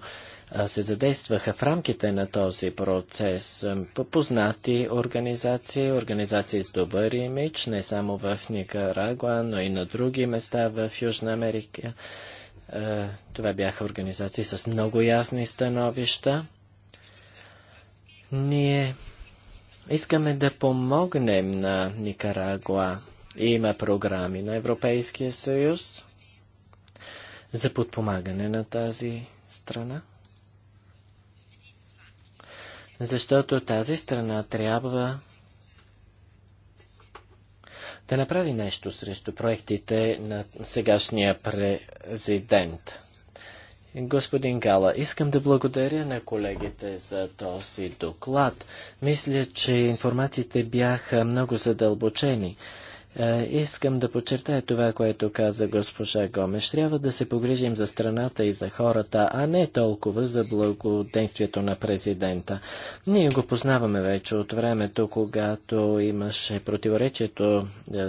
се задействаха в рамките на този процес. Познати организации, организации с добър имидж, не само в Никарагуа, но и на други места в Южна Америка. Това бяха организации с много ясни становища. Ние Искаме да помогнем на Никарагуа. Има програми на Европейския съюз за подпомагане на тази страна. Защото тази страна трябва да направи нещо срещу проектите на сегашния президент. Господин Гала, искам да благодаря на колегите за този доклад. Мисля, че информациите бяха много задълбочени. Е, искам да подчертая това, което каза госпожа Гомеш. Трябва да се погрижим за страната и за хората, а не толкова за благоденствието на президента. Ние го познаваме вече от времето, когато имаше противоречието е,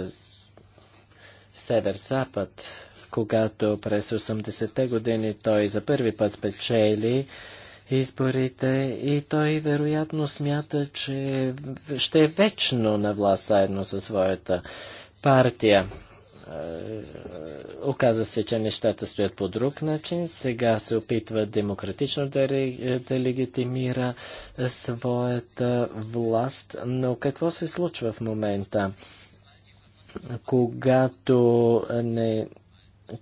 север-запад когато през 80-те години той за първи път спечели изборите и той вероятно смята, че ще е вечно на власт заедно със своята партия. Е, оказа се, че нещата стоят по друг начин. Сега се опитва демократично да, ре, да легитимира своята власт. Но какво се случва в момента? Когато не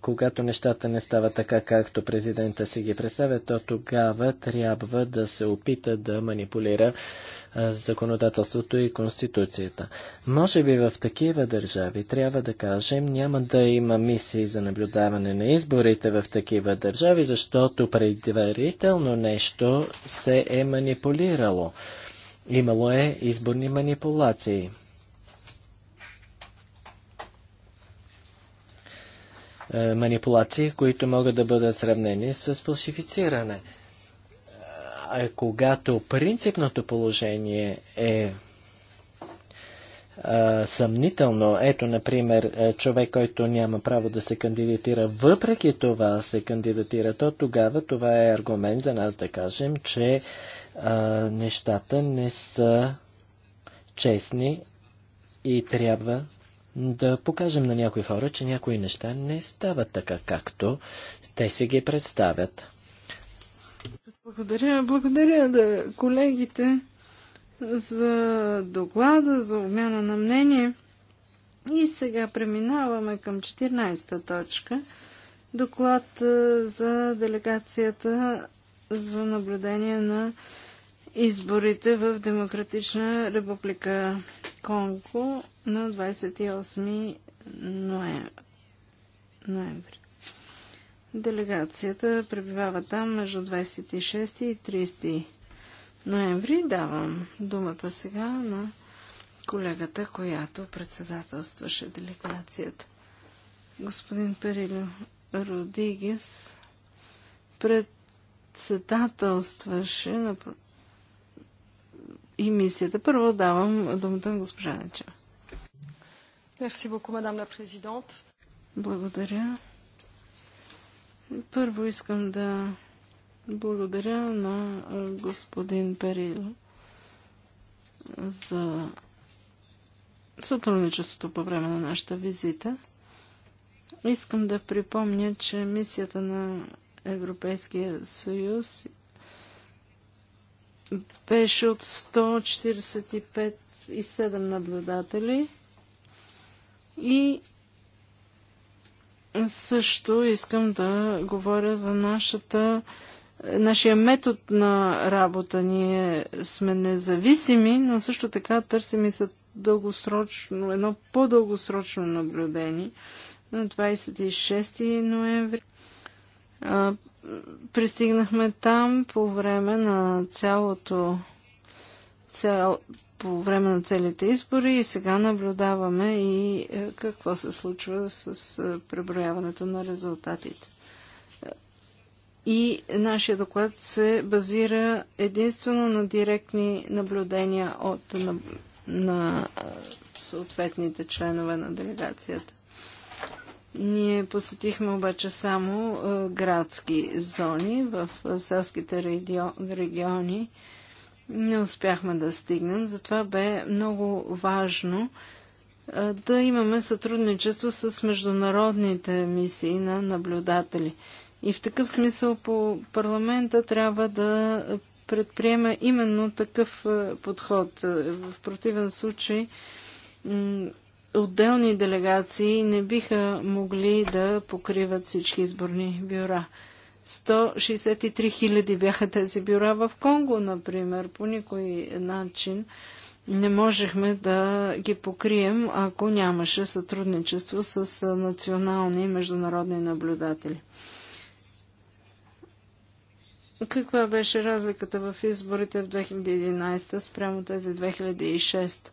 когато нещата не стават така, както президента си ги представя, то тогава трябва да се опита да манипулира законодателството и конституцията. Може би в такива държави трябва да кажем, няма да има мисии за наблюдаване на изборите в такива държави, защото предварително нещо се е манипулирало. Имало е изборни манипулации. Е, манипулации, които могат да бъдат сравнени с фалшифициране. Е, а когато принципното положение е, е съмнително. Ето, например, човек, който няма право да се кандидатира, въпреки това се кандидатира, то тогава това е аргумент за нас да кажем, че а, нещата не са честни и трябва да покажем на някои хора, че някои неща не стават така, както те се ги представят. Благодаря, благодаря да колегите за доклада, за обмяна на мнение. И сега преминаваме към 14-та точка. Доклад за делегацията за наблюдение на изборите в Демократична република Конго на 28 ноември. Делегацията пребивава там между 26 и 30 ноември. Давам думата сега на колегата, която председателстваше делегацията. Господин Перилю Родигес председателстваше на и мисията. Първо давам думата на госпожа Нечева. Мерси мадам ла президент. Благодаря. Първо искам да благодаря на господин Перил за сътрудничеството по време на нашата визита. Искам да припомня, че мисията на Европейския съюз беше от 145 и 7 наблюдатели. И също искам да говоря за нашата, нашия метод на работа. Ние сме независими, но също така търсим и дългосрочно, едно по-дългосрочно наблюдение на 26 ноември пристигнахме там по време на цялото цял, по време на целите избори и сега наблюдаваме и е, какво се случва с е, преброяването на резултатите. И нашия доклад се базира единствено на директни наблюдения от, на, на е, съответните членове на делегацията. Ние посетихме обаче само е, градски зони в е, селските региони. Не успяхме да стигнем, затова бе много важно е, да имаме сътрудничество с международните мисии на наблюдатели. И в такъв смисъл по парламента трябва да предприема именно такъв подход. В противен случай отделни делегации не биха могли да покриват всички изборни бюра. 163 хиляди бяха тези бюра в Конго, например. По никой начин не можехме да ги покрием, ако нямаше сътрудничество с национални и международни наблюдатели. Каква беше разликата в изборите в 2011 спрямо тези 2006?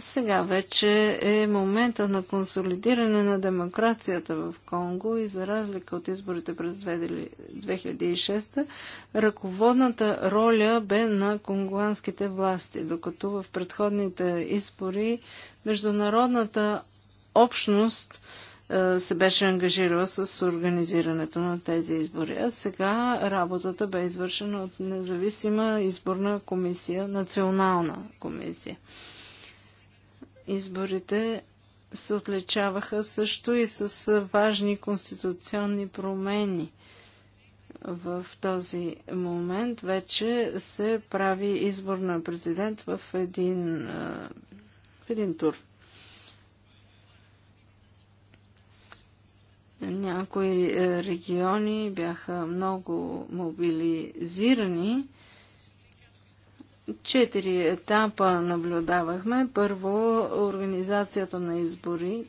Сега вече е момента на консолидиране на демокрацията в Конго и за разлика от изборите през 2006, ръководната роля бе на конгуанските власти, докато в предходните избори международната общност е, се беше ангажирала с организирането на тези избори. А сега работата бе извършена от независима изборна комисия, национална комисия изборите се отличаваха също и с важни конституционни промени. В този момент вече се прави избор на президент в един, в един тур. Някои е, региони бяха много мобилизирани Четири етапа наблюдавахме. Първо, организацията на избори.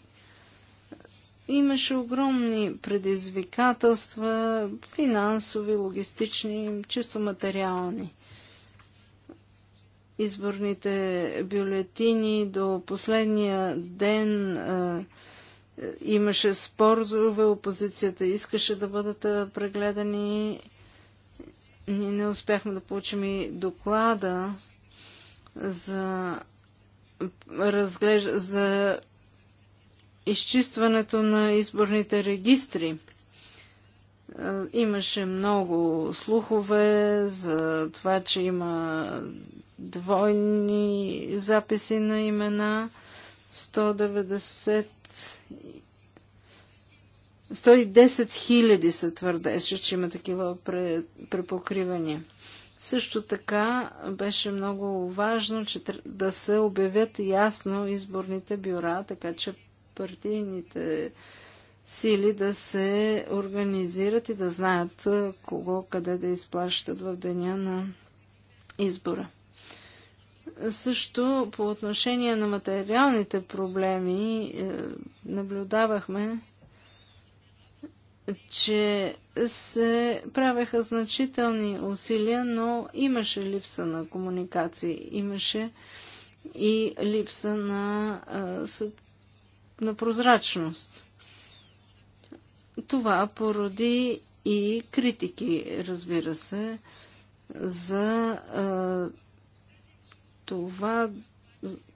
Имаше огромни предизвикателства, финансови, логистични, чисто материални. Изборните бюлетини до последния ден е, имаше спорзове, опозицията искаше да бъдат прегледани ние не успяхме да получим и доклада за, разглеж... за изчистването на изборните регистри. Имаше много слухове за това, че има двойни записи на имена. 190 110 хиляди се твърдеше, че има такива препокривания. Също така беше много важно че да се обявят ясно изборните бюра, така че партийните сили да се организират и да знаят кого къде да изплащат в деня на избора. Също по отношение на материалните проблеми е, наблюдавахме, че се правеха значителни усилия, но имаше липса на комуникации, имаше и липса на, на прозрачност. Това породи и критики, разбира се, за това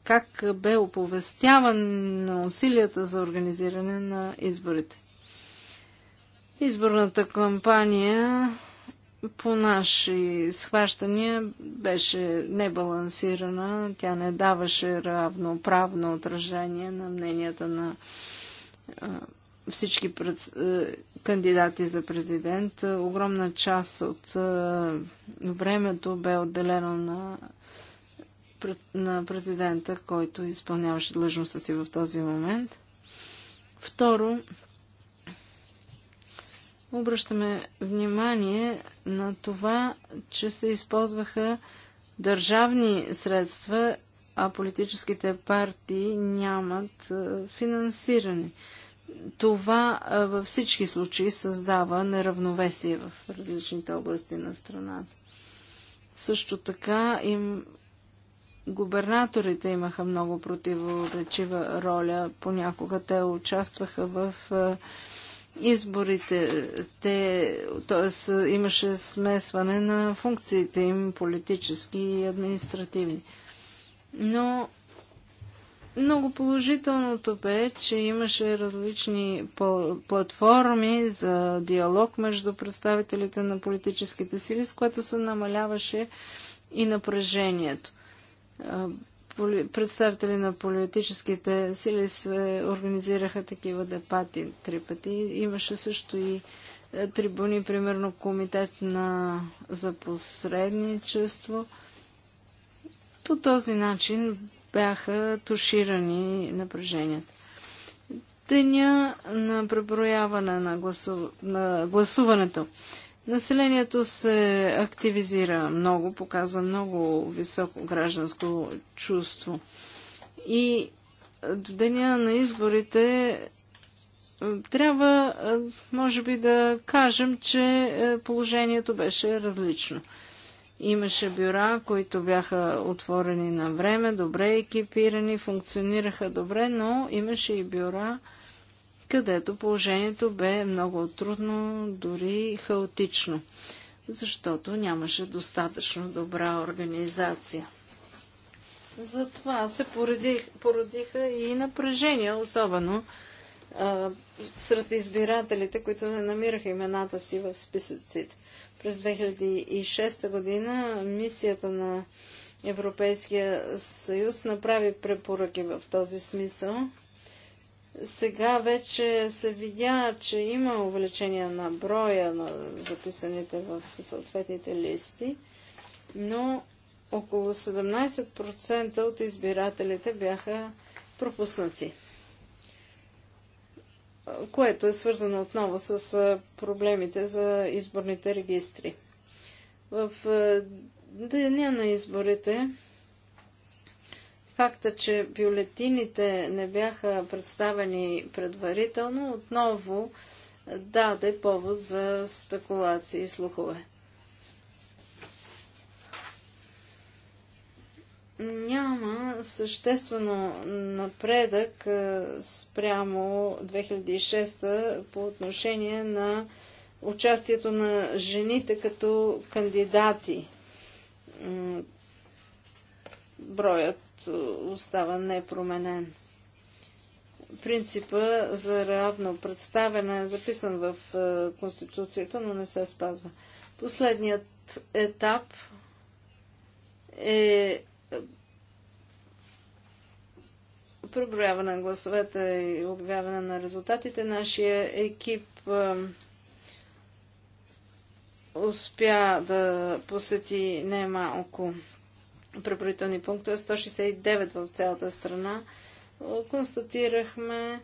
как бе оповестяван на усилията за организиране на изборите. Изборната кампания по наши схващания беше небалансирана. Тя не даваше равноправно отражение на мненията на всички пред... кандидати за президент. Огромна част от времето бе отделено на, на президента, който изпълняваше длъжността си в този момент. Второ, обръщаме внимание на това, че се използваха държавни средства, а политическите партии нямат финансиране. Това във всички случаи създава неравновесие в различните области на страната. Също така им губернаторите имаха много противоречива роля. Понякога те участваха в изборите. Те, т.е. имаше смесване на функциите им, политически и административни. Но много положителното бе, че имаше различни платформи за диалог между представителите на политическите сили, с което се намаляваше и напрежението представители на политическите сили се организираха такива депати. три пъти. Имаше също и е, трибуни, примерно комитет на, за посредничество. По този начин бяха туширани напреженията. Деня на преброяване на, гласу... на гласуването. Населението се активизира много, показва много високо гражданско чувство. И до деня на изборите е, трябва, е, може би, да кажем, че е, положението беше различно. Имаше бюра, които бяха отворени на време, добре екипирани, функционираха добре, но имаше и бюра, където положението бе много трудно, дори хаотично, защото нямаше достатъчно добра организация. Затова се породих, породиха и напрежения, особено а, сред избирателите, които не намираха имената си в списъците. През 2006 година мисията на Европейския съюз направи препоръки в този смисъл сега вече се видя, че има увеличение на броя на записаните в съответните листи, но около 17% от избирателите бяха пропуснати. Което е свързано отново с проблемите за изборните регистри. В деня на изборите Факта, че бюлетините не бяха представени предварително, отново даде повод за спекулации и слухове. Няма съществено напредък спрямо 2006 по отношение на участието на жените като кандидати. Броят остава непроменен. Принципа за равно представяне е записан в Конституцията, но не се спазва. Последният етап е преброяване на гласовете и обявяване на резултатите. Нашия екип успя да посети немалко преброителни пунктове, 169 в цялата страна, констатирахме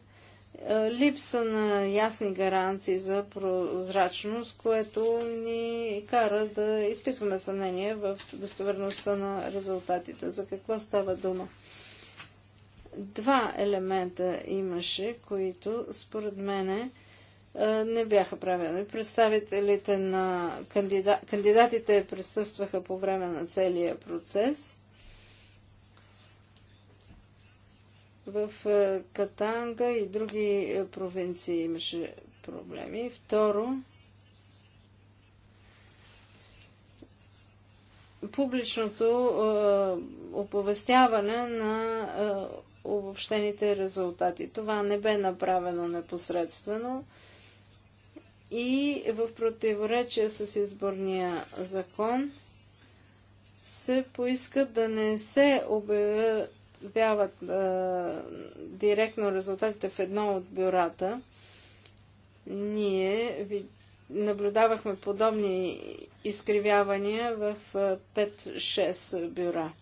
е, липса на ясни гаранции за прозрачност, което ни кара да изпитваме съмнение в достоверността на резултатите. За какво става дума? Два елемента имаше, които според мене не бяха правени. Представителите на кандида... кандидатите присъстваха по време на целия процес. В Катанга и други провинции имаше проблеми. Второ, публичното оповестяване на обобщените резултати. Това не бе направено непосредствено и в противоречие с изборния закон се поиска да не се обявяват е, директно резултатите в едно от бюрата. Ние ви, наблюдавахме подобни изкривявания в 5-6 бюра.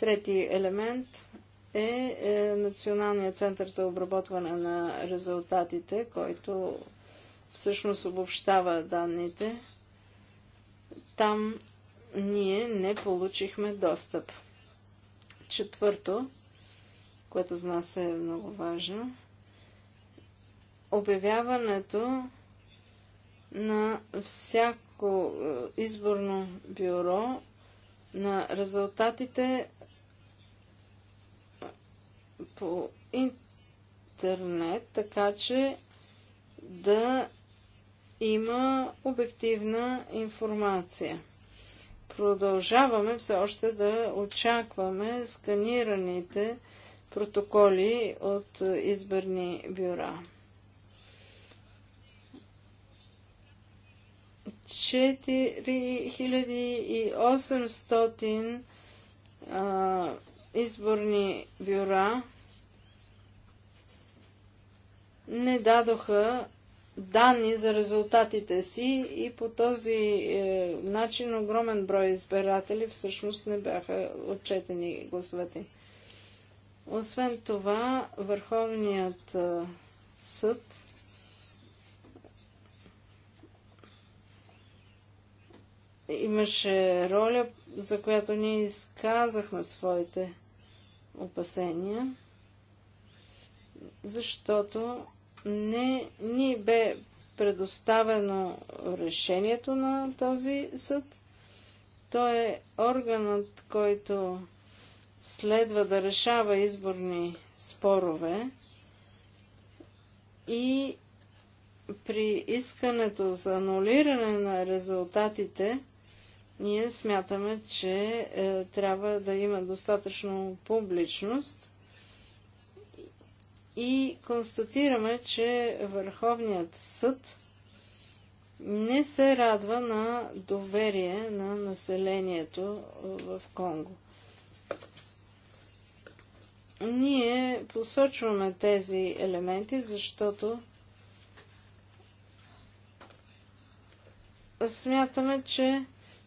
Трети елемент е, е Националният център за обработване на резултатите, който всъщност обобщава данните, там ние не получихме достъп. Четвърто, което за нас е много важно, обявяването на всяко е, изборно бюро на резултатите е, по интернет, така че да има обективна информация. Продължаваме все още да очакваме сканираните протоколи от изборни бюра. 4800 изборни бюра не дадоха данни за резултатите си и по този е, начин огромен брой избиратели всъщност не бяха отчетени гласовете. Освен това, Върховният е, съд имаше роля, за която ние изказахме своите опасения, защото не ни бе предоставено решението на този съд. Той е органът, който следва да решава изборни спорове и при искането за анулиране на резултатите, ние смятаме, че е, трябва да има достатъчно публичност и констатираме, че Върховният съд не се радва на доверие на населението в Конго. Ние посочваме тези елементи, защото смятаме, че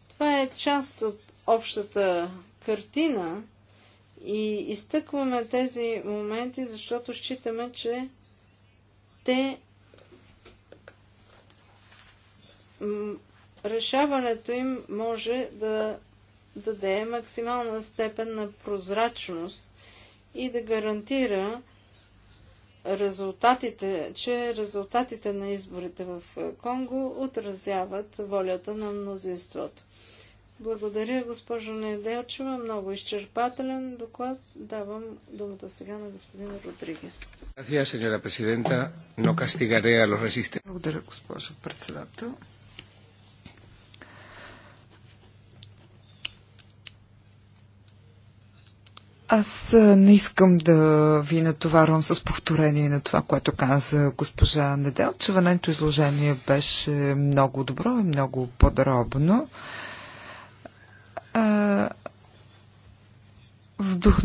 това е част от общата картина и изтъкваме тези моменти, защото считаме, че те решаването им може да даде максимална степен на прозрачност и да гарантира резултатите, че резултатите на изборите в Конго отразяват волята на мнозинството. Благодаря, госпожо Неделчева. Много изчерпателен доклад. Давам думата сега на господин Родригес. Благодаря, госпожо председател. Аз не искам да ви натоварвам с повторение на това, което каза госпожа Неделчева. Нейното изложение беше много добро и много подробно. А,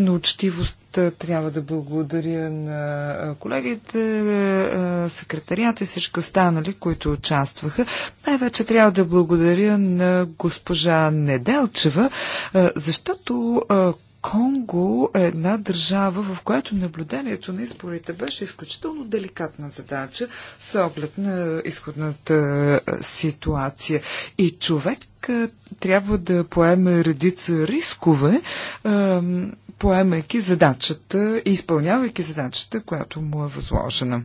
учтивост трябва да благодаря на колегите, секретарията и всички останали, които участваха. Най-вече трябва да благодаря на госпожа Неделчева, защото Конго е една държава, в която наблюдението на изборите беше изключително деликатна задача с оглед на изходната е, ситуация. И човек е, трябва да поеме редица рискове, е, поемайки задачата и изпълнявайки задачата, която му е възложена.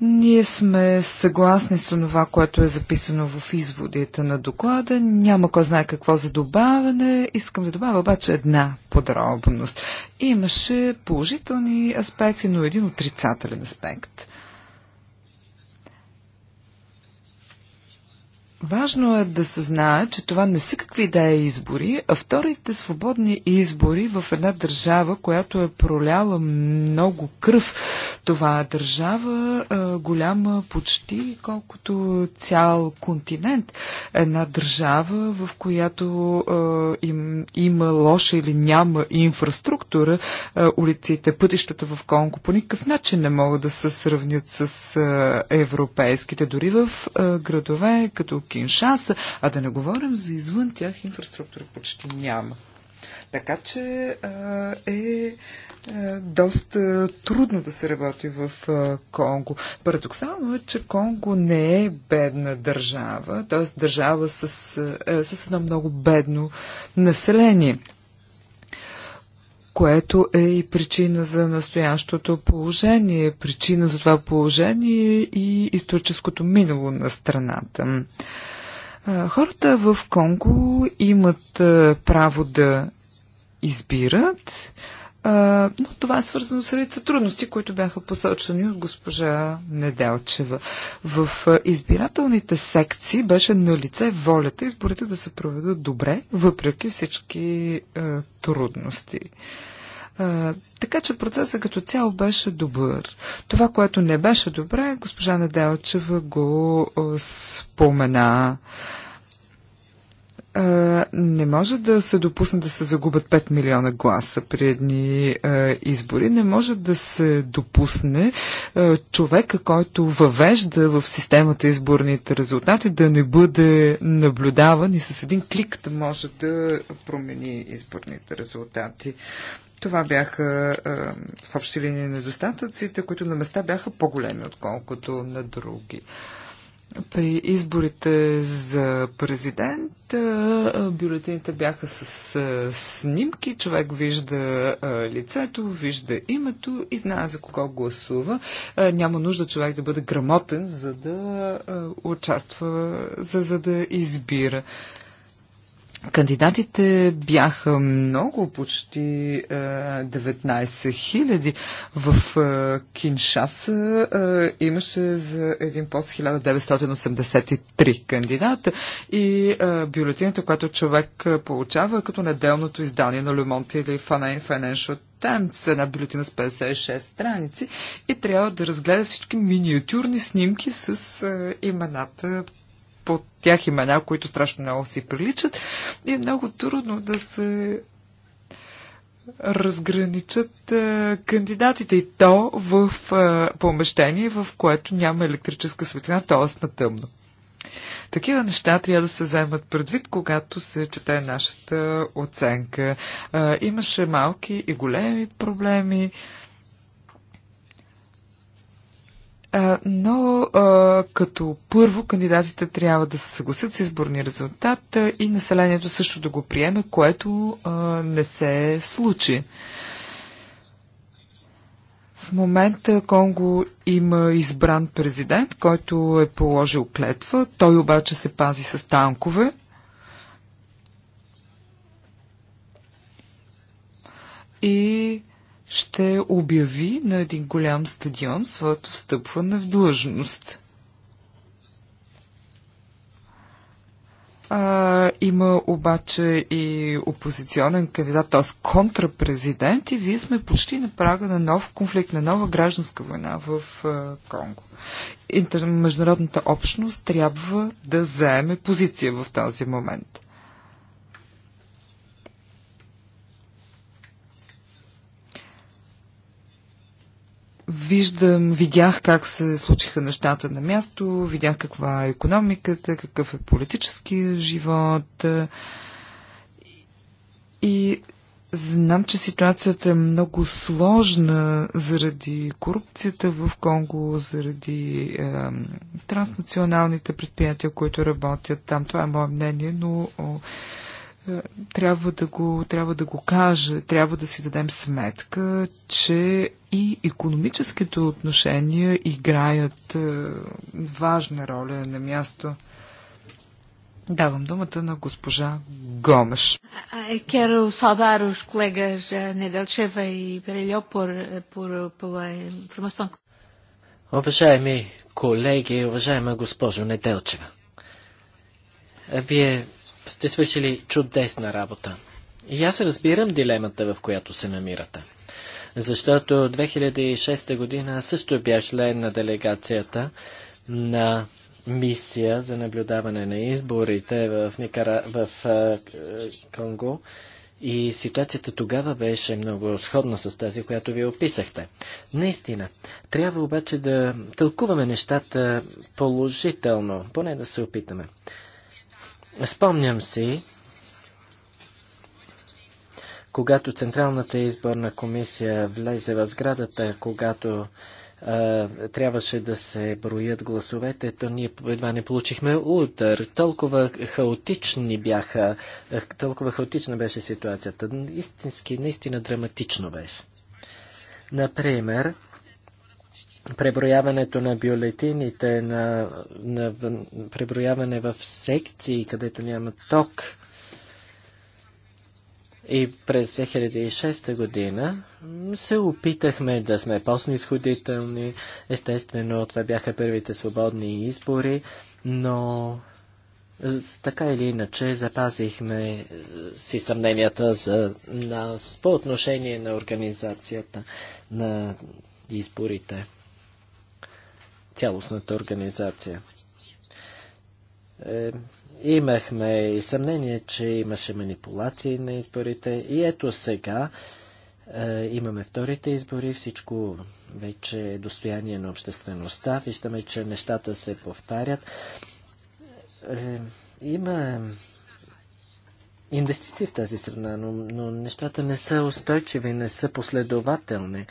Ние сме съгласни с това, което е записано в изводите на доклада. Няма кой знае какво за добавяне. Искам да добавя обаче една подробност. Имаше положителни аспекти, но един отрицателен аспект. Важно е да се знае, че това не са какви да е избори, а вторите свободни избори в една държава, която е проляла много кръв. Това е държава голяма почти колкото цял континент. Една държава, в която им, има лоша или няма инфраструктура, улиците, пътищата в Конго по никакъв начин не могат да се сравнят с европейските. Дори в градове като Киншаса, а да не говорим за извън тях инфраструктура почти няма. Така че а, е а, е, доста трудно да се работи в а, Конго. Парадоксално е, че Конго не е бедна държава, т.е. държава с, а, с едно много бедно население което е и причина за настоящото положение, причина за това положение и историческото минало на страната. Хората в Конго имат право да избират, но това е свързано с редица трудности, които бяха посочени от госпожа Неделчева. В избирателните секции беше на лице волята изборите да се проведат добре, въпреки всички трудности. А, така че процесът като цяло беше добър. Това, което не беше добре, госпожа Неделчева го а, спомена. А, не може да се допусне да се загубят 5 милиона гласа при едни избори. Не може да се допусне човека, който въвежда в системата изборните резултати, да не бъде наблюдаван и с един клик да може да промени изборните резултати. Това бяха а, в общи линии недостатъците, които на места бяха по-големи, отколкото на други. При изборите за президент бюлетините бяха с снимки. Човек вижда лицето, вижда името и знае за кого гласува. Няма нужда човек да бъде грамотен, за да участва, за, за да избира. Кандидатите бяха много, почти 19 е, хиляди. В е, Киншаса е, имаше за един пост 1983 кандидата и бюлетината, която човек получава като неделното издание на Люмонт или Financial Times, една бюлетина с 56 страници и трябва да разгледа всички миниатюрни снимки с имената по тях имена, които страшно много си приличат и е много трудно да се разграничат а, кандидатите и то в а, помещение, в което няма електрическа светлина, т.е. на тъмно. Такива неща трябва да се вземат предвид, когато се чете нашата оценка. А, имаше малки и големи проблеми. А, но като първо кандидатите трябва да се съгласят с изборния резултат и населението също да го приеме, което не се случи. В момента Конго има избран президент, който е положил клетва. Той обаче се пази с танкове. И ще обяви на един голям стадион своето встъпване в длъжност. А, има обаче и опозиционен кандидат, т.е. контрапрезидент и вие сме почти на прага на нов конфликт, на нова гражданска война в а, Конго. Интер... Международната общност трябва да заеме позиция в този момент. Виждам, видях как се случиха нещата на място, видях каква е економиката, какъв е политическия живот. И знам, че ситуацията е много сложна заради корупцията в Конго, заради е, транснационалните предприятия, които работят там. Това е мое мнение, но е, трябва да, го, трябва да го кажа, трябва да си дадем сметка, че и економическите отношения играят е, важна роля на място. Давам думата на госпожа Гомеш. Е, Керо saudar колега colegas и Перельо по информационка. Уважаеми колеги, уважаема госпожо Неделчева, вие сте свършили чудесна работа. И аз разбирам дилемата, в която се намирате. Защото 2006 година също бях член на делегацията на мисия за наблюдаване на изборите в, Никара... в Конго. И ситуацията тогава беше много сходна с тази, която ви описахте. Наистина, трябва обаче да тълкуваме нещата положително, поне да се опитаме. Спомням си, когато Централната изборна комисия влезе в сградата, когато а, трябваше да се броят гласовете, то ние едва не получихме удар. Толкова хаотични бяха, толкова хаотична беше ситуацията. Истински, наистина драматично беше. Например, преброяването на бюлетините, на, на, преброяване в секции, където няма ток. И през 2006 година се опитахме да сме по-снисходителни. Естествено, това бяха първите свободни избори, но така или иначе запазихме си съмненията за нас по отношение на организацията на изборите цялостната организация. Е, имахме и съмнение, че имаше манипулации на изборите и ето сега е, имаме вторите избори, всичко вече е достояние на обществеността, виждаме, че нещата се повтарят. Е, има инвестиции в тази страна, но, но нещата не са устойчиви, не са последователни. Е,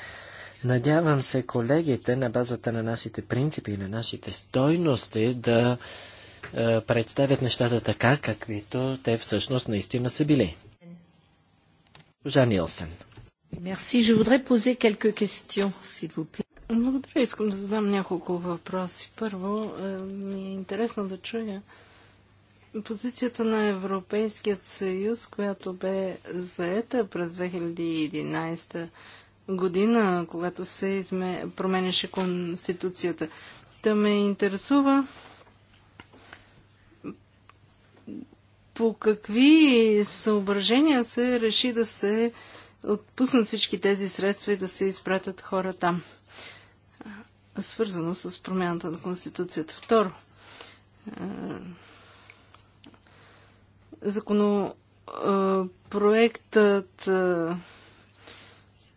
Надявам се колегите на базата на нашите принципи и на нашите стойности да е, представят нещата така, каквито те всъщност наистина са били. Жан Илсен. Merci. Je voudrais poser quelques questions, s'il vous plaît. Благодаря. Искам да задам няколко въпроси. Първо, е, ми е интересно да чуя позицията на Европейският съюз, която бе заета през 2011 година, когато се изме... променяше Конституцията. Та ме интересува по какви съображения се реши да се отпуснат всички тези средства и да се изпратят хора там. Свързано с промяната на Конституцията. Второ, е, законопроектът е, е,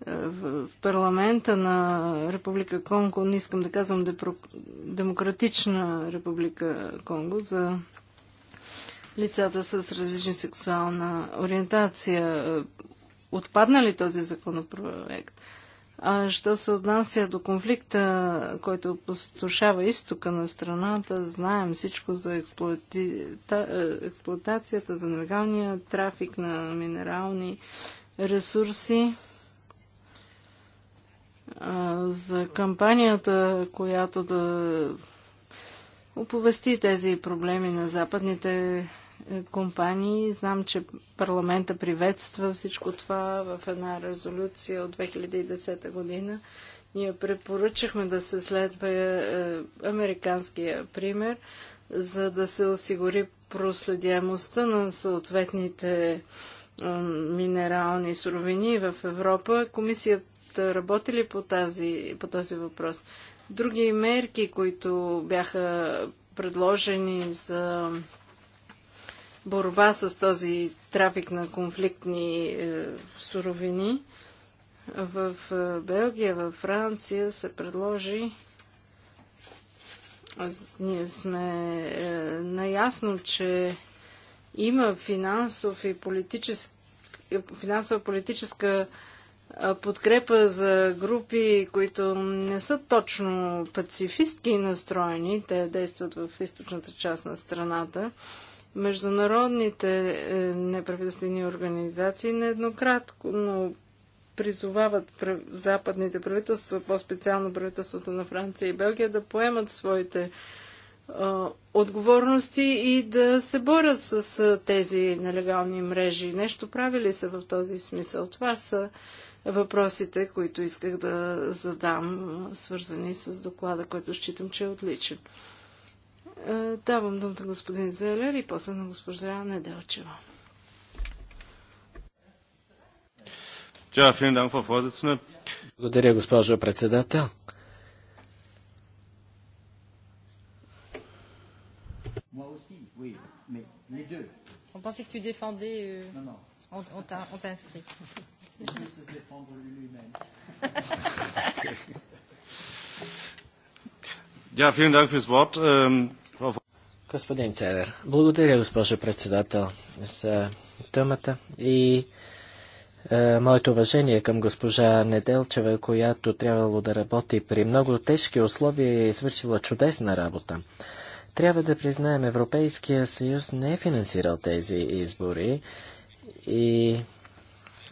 е, в парламента на Република Конго, не искам да казвам депро... демократична Република Конго, за лицата с различни сексуална ориентация. Отпадна ли този законопроект? А що се отнася до конфликта, който опустошава изтока на страната, знаем всичко за експлуати... Е, експлуатацията, за нелегалния трафик на минерални ресурси за кампанията, която да оповести тези проблеми на западните е, компании. Знам, че парламента приветства всичко това в една резолюция от 2010 година. Ние препоръчахме да се следва е, американския пример, за да се осигури проследяемостта на съответните минерални суровини в Европа. Комисията работили по, тази, по този въпрос. Други мерки, които бяха предложени за борба с този трафик на конфликтни е, суровини, в е, Белгия, в Франция се предложи. Ние сме е, наясно, че има финансов и политичес... финансова политическа подкрепа за групи, които не са точно пацифистки настроени, те действат в източната част на страната. Международните е, неправителствени организации нееднократно призовават западните правителства, по-специално правителството на Франция и Белгия, да поемат своите отговорности и да се борят с тези нелегални мрежи. Нещо правили са в този смисъл. Това са въпросите, които исках да задам, свързани с доклада, който считам, че е отличен. Е, давам думата господин Зелер и после на госпожа Неделчева. Благодаря, госпожо председател. On pensait que tu défendais. Euh... Non, non. On, on t'a inscrit. Ja, vielen Dank fürs Wort. Ähm, Господин Целер, благодаря, госпожо председател, за думата и е, моето уважение към госпожа Неделчева, която трябвало да работи при много тежки условия и е свършила чудесна работа. Трябва да признаем, Европейския съюз не е финансирал тези избори и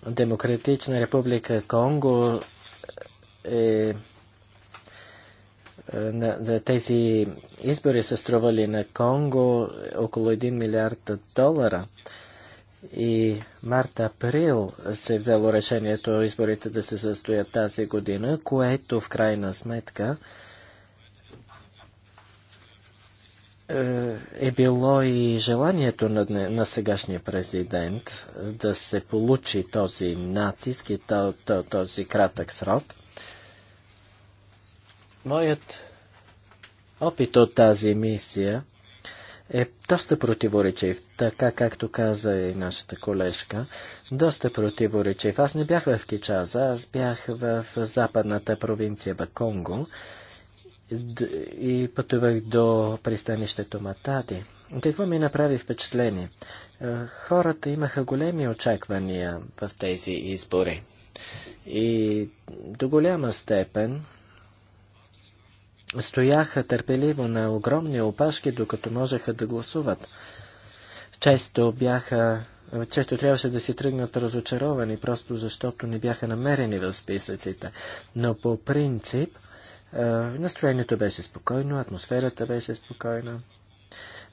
Демократична република Конго е, е на, на тези избори са стрували на Конго около 1 милиард долара. И март-април се е взело решението изборите да се състоят тази година, което в крайна сметка Е, е било и желанието на, на сегашния президент е, да се получи този натиск и този кратък срок. Моят опит от тази мисия е доста противоречив, така както каза и нашата колежка. Доста противоречив. Аз не бях в Кичаза, аз бях в западната провинция Баконго. Конго и пътувах до пристанището Матади. Какво ми направи впечатление? Е, хората имаха големи очаквания в тези избори. И до голяма степен стояха търпеливо на огромни опашки, докато можеха да гласуват. Често бяха често трябваше да си тръгнат разочаровани, просто защото не бяха намерени в списъците. Но по принцип, е, настроението беше спокойно, атмосферата беше спокойна.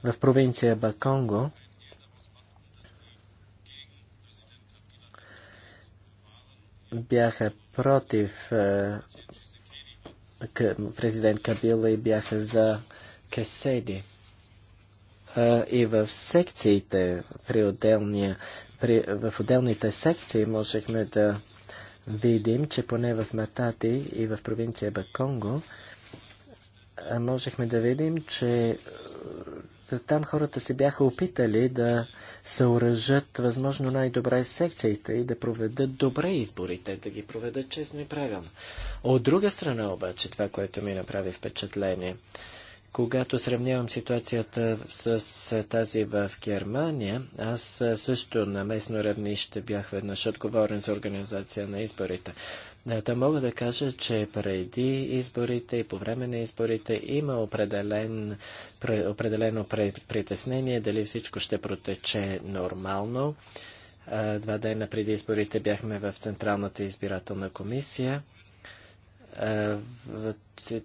В провинция Баконго бяха против е, президент Кабила и бяха за Кеседи. Е, и в секциите, при отделния, при, в отделните секции можехме да видим, че поне в Матати и в провинция Баконго можехме да видим, че е, там хората се бяха опитали да съоръжат възможно най-добре секциите и да проведат добре изборите, да ги проведат честно и правилно. От друга страна обаче, това, което ми направи впечатление – когато сравнявам ситуацията с тази в Германия, аз също на местно равнище бях веднъж отговорен за организация на изборите. Да мога да кажа, че преди изборите и по време на изборите има определен, определено притеснение дали всичко ще протече нормално. Два дена преди изборите бяхме в Централната избирателна комисия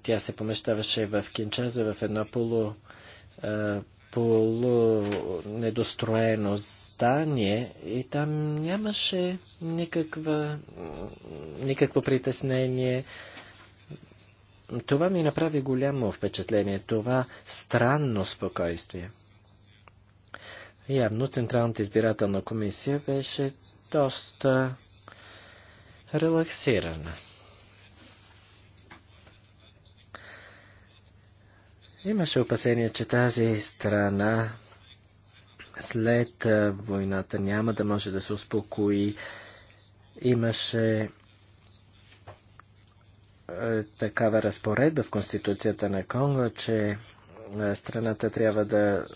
тя се помещаваше в Кинчаза, в едно полу, полу недостроено здание и там нямаше никаква, никакво притеснение. Това ми направи голямо впечатление, това странно спокойствие. Явно Централната избирателна комисия беше доста релаксирана. Имаше опасение, че тази страна след войната няма да може да се успокои. Имаше такава разпоредба в Конституцията на Конго, че страната трябва да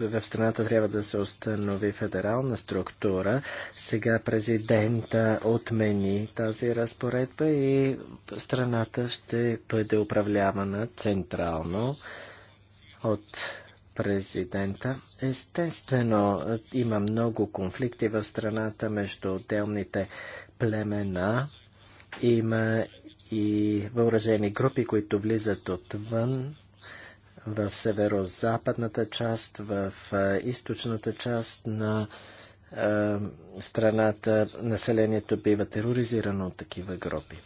в страната трябва да се установи федерална структура. Сега президента отмени тази разпоредба и страната ще бъде управлявана централно от президента. Естествено, има много конфликти в страната между отделните племена. Има и въоръжени групи, които влизат отвън в северо-западната част, в източната част на страната населението бива тероризирано от такива групи.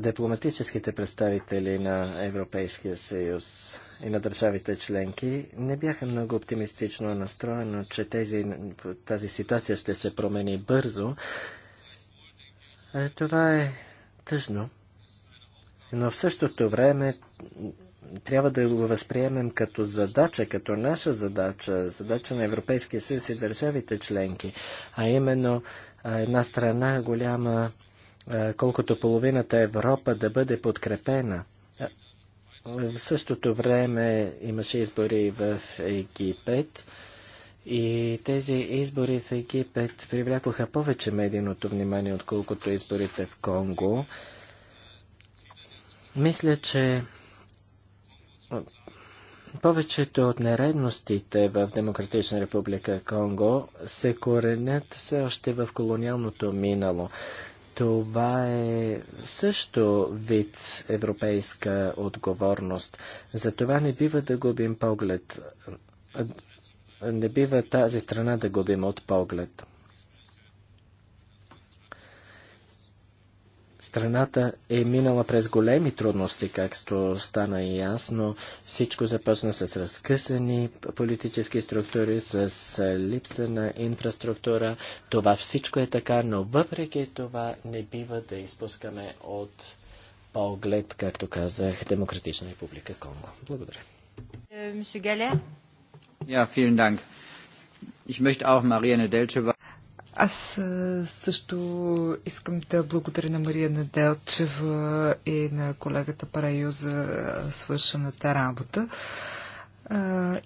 Дипломатическите представители на Европейския съюз и на държавите членки не бяха много оптимистично настроени, че тези, тази ситуация ще се промени бързо. Е, това е тъжно но в същото време трябва да го възприемем като задача, като наша задача, задача на Европейския съюз и държавите членки, а именно една страна голяма, колкото половината Европа да бъде подкрепена. В същото време имаше избори в Египет и тези избори в Египет привлякоха повече медийното внимание, отколкото изборите в Конго. Мисля, че повечето от нередностите в Демократична република Конго се коренят все още в колониалното минало. Това е също вид европейска отговорност. Затова не бива да губим поглед. Не бива тази страна да губим от поглед. Страната е минала през големи трудности, както стана и ясно. Всичко започна с разкъсани политически структури, с липса на инфраструктура. Това всичко е така, но въпреки това не бива да изпускаме от поглед, както казах, Демократична република Конго. Благодаря. Е, мисю Геле? Ja, vielen Dank. Ich möchte auch Marianne Delcheva аз също искам да благодаря на Мария Неделчева и на колегата Параю за свършената работа.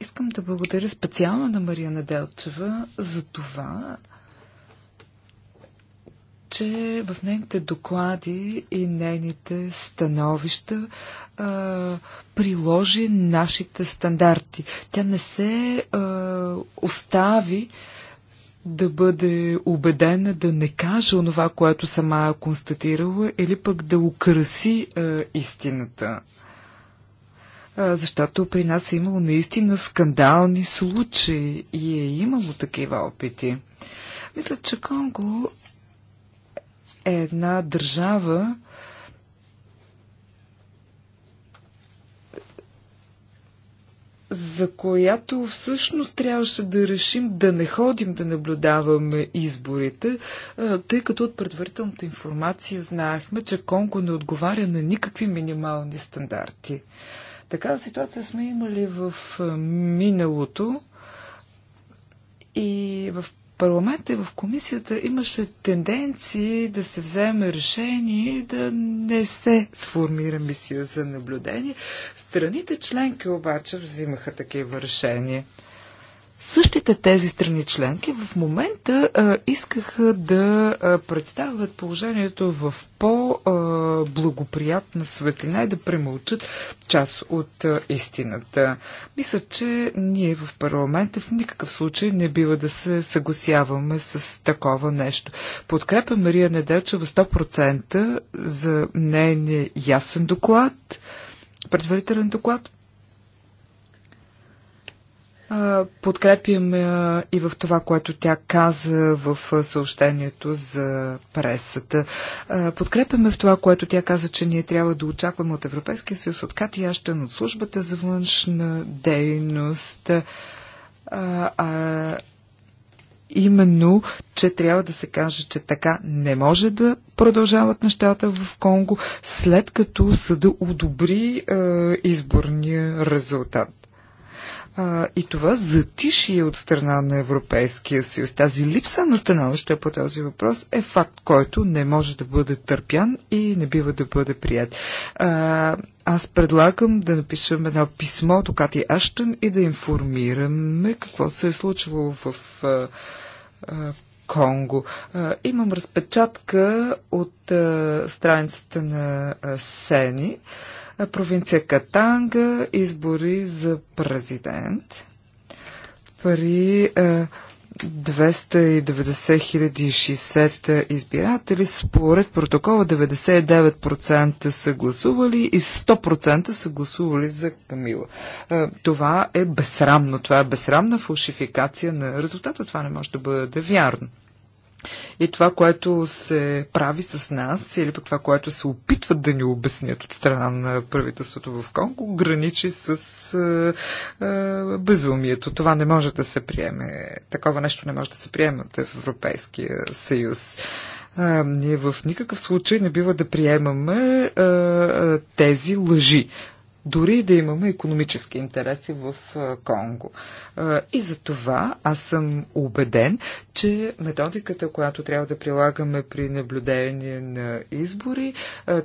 Искам да благодаря специално на Мария Неделчева за това, че в нейните доклади и нейните становища а, приложи нашите стандарти. Тя не се а, остави а, да бъде убедена да не каже онова, което сама е констатирала, или пък да украси е, истината. Е, защото при нас е имало наистина скандални случаи и е имало такива опити. Мисля, че Конго е една държава, за която всъщност трябваше да решим да не ходим да наблюдаваме изборите, тъй като от предварителната информация знаехме, че Конго не отговаря на никакви минимални стандарти. Такава ситуация сме имали в миналото и в парламента и в комисията имаше тенденции да се вземе решение и да не се сформира мисия за наблюдение. Страните членки обаче взимаха такива решения. Същите тези страни членки в момента а, искаха да а, представят положението в по-благоприятна светлина и да премълчат част от а, истината. Мисля, че ние в парламента в никакъв случай не бива да се съгласяваме с такова нещо. Подкрепя Мария Неделчева 100% за нейния ясен доклад, предварителен доклад, Подкрепям и в това, което тя каза в съобщението за пресата. Подкрепяме в това, което тя каза, че ние трябва да очакваме от Европейския съюз, от Кати Ящен, от службата за външна дейност. А, а, именно, че трябва да се каже, че така не може да продължават нещата в Конго, след като съда одобри а, изборния резултат. А, и това затишие от страна на Европейския съюз, тази липса на становище по този въпрос е факт, който не може да бъде търпян и не бива да бъде прият. А, аз предлагам да напишем едно писмо до Кати Аштън и да информираме какво се е случило в, в, в Конго. Имам разпечатка от страницата на Сени провинция Катанга, избори за президент при 290 е, 060 избиратели. Според протокола 99% са гласували и 100% са гласували за Камила. Е, това е безсрамно. Това е безсрамна фалшификация на резултата. Това не може да бъде вярно. И това, което се прави с нас, или пък това, което се опитват да ни обяснят от страна на правителството в Конго, граничи с е, е, безумието. Това не може да се приеме. Такова нещо не може да се приеме в Европейския съюз. А, е, ние в никакъв случай не бива да приемаме а, е, а, е, тези лъжи дори да имаме економически интереси в Конго. И за това аз съм убеден, че методиката, която трябва да прилагаме при наблюдение на избори,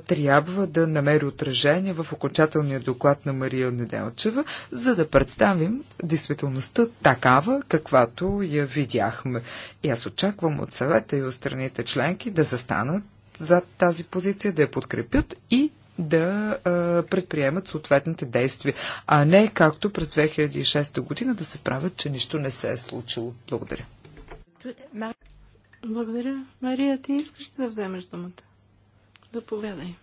трябва да намери отражение в окончателния доклад на Мария Неделчева, за да представим действителността такава, каквато я видяхме. И аз очаквам от съвета и от страните членки да застанат зад тази позиция, да я подкрепят и да предприемат съответните действия, а не както през 2006 година да се правят, че нищо не се е случило. Благодаря. Благодаря. Мария, ти искаш да вземеш думата? поведай.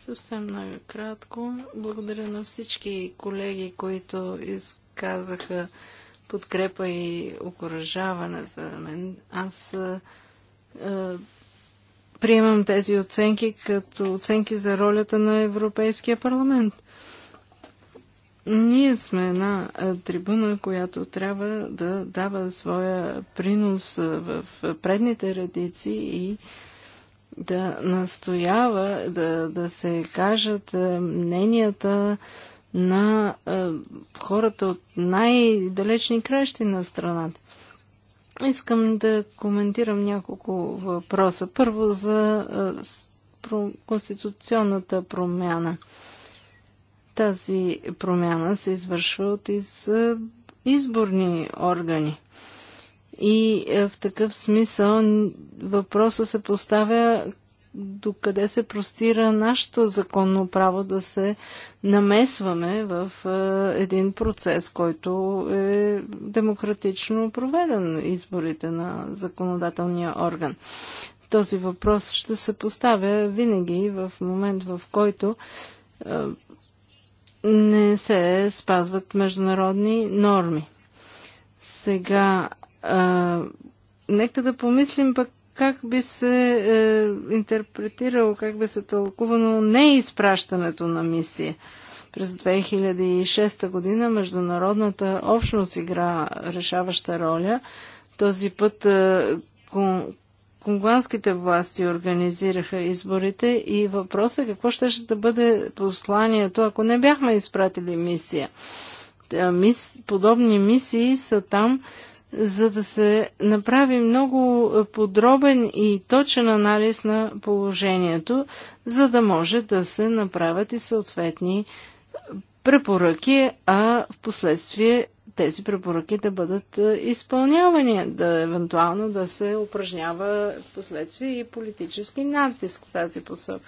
Съвсем много кратко. Благодаря на всички колеги, които изказаха подкрепа и окоръжаване за мен. Аз приемам тези оценки като оценки за ролята на Европейския парламент. Ние сме една трибуна, която трябва да дава своя принос в предните редици и да настоява да, да се кажат мненията на хората от най-далечни кращи на страната. Искам да коментирам няколко въпроса. Първо за конституционната промяна. Тази промяна се извършва от из, изборни органи. И в такъв смисъл въпросът се поставя докъде се простира нашето законно право да се намесваме в е, един процес, който е демократично проведен изборите на законодателния орган. Този въпрос ще се поставя винаги в момент, в който е, не се спазват международни норми. Сега, а, е, нека да помислим пък как би се е, интерпретирало, как би се тълкувано неизпращането на мисия. През 2006 година международната общност игра решаваща роля. Този път е, конгуанските власти организираха изборите и въпросът е какво ще, ще бъде посланието, ако не бяхме изпратили мисия. Е, мис... Подобни мисии са там, за да се направи много подробен и точен анализ на положението, за да може да се направят и съответни препоръки, а в последствие тези препоръки да бъдат изпълнявани, да евентуално да се упражнява в последствие и политически натиск в тази посок.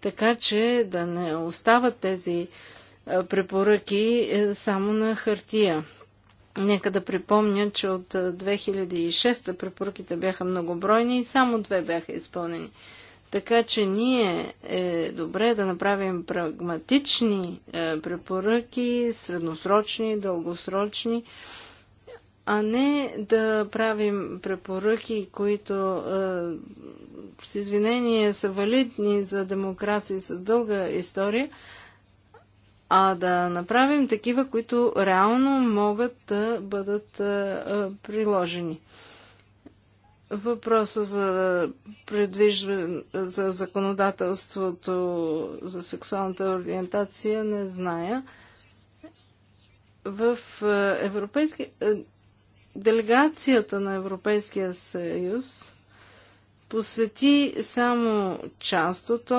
Така че да не остават тези препоръки е, само на хартия. Нека да припомня, че от 2006 препоръките бяха многобройни и само две бяха изпълнени. Така че ние е добре да направим прагматични е, препоръки, средносрочни, дългосрочни, а не да правим препоръки, които е, с извинение са валидни за демокрации с дълга история, а да направим такива, които реално могат да бъдат приложени. Въпроса за предвиждане, за законодателството за сексуалната ориентация не зная. В европейски... делегацията на Европейския съюз посети само част от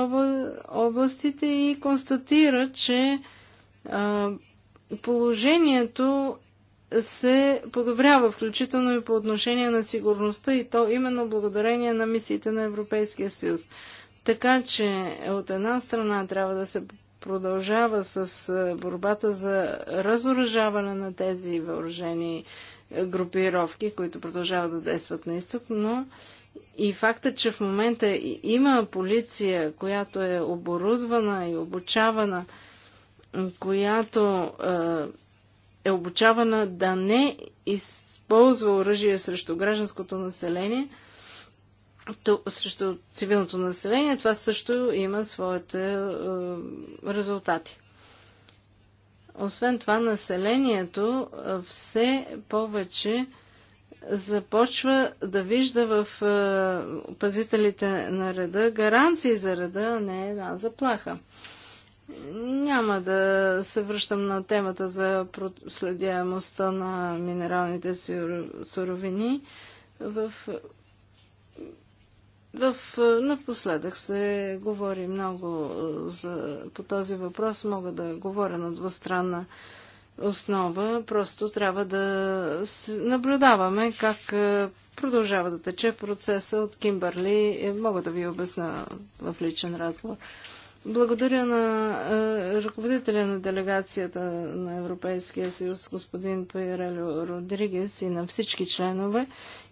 областите и констатира, че положението се подобрява, включително и по отношение на сигурността и то именно благодарение на мисиите на Европейския съюз. Така че от една страна трябва да се продължава с борбата за разоръжаване на тези въоръжени групировки, които продължават да действат на изток, но и факта, че в момента има полиция, която е оборудвана и обучавана, която е, обучавана да не използва оръжие срещу гражданското население, то, срещу цивилното население, това също има своите резултати. Освен това, населението все повече започва да вижда в е, пазителите на реда гаранции за реда, а не една заплаха. Няма да се връщам на темата за проследяемостта на минералните суровини. В, в, е, напоследък се говори много за, по този въпрос. Мога да говоря на двустранна основа. Просто трябва да наблюдаваме как е, продължава да тече процеса от Кимбърли. Е, мога да ви обясна в личен разговор. Благодаря на е, ръководителя на делегацията на Европейския съюз, господин Пайрелио Родригес и на всички членове.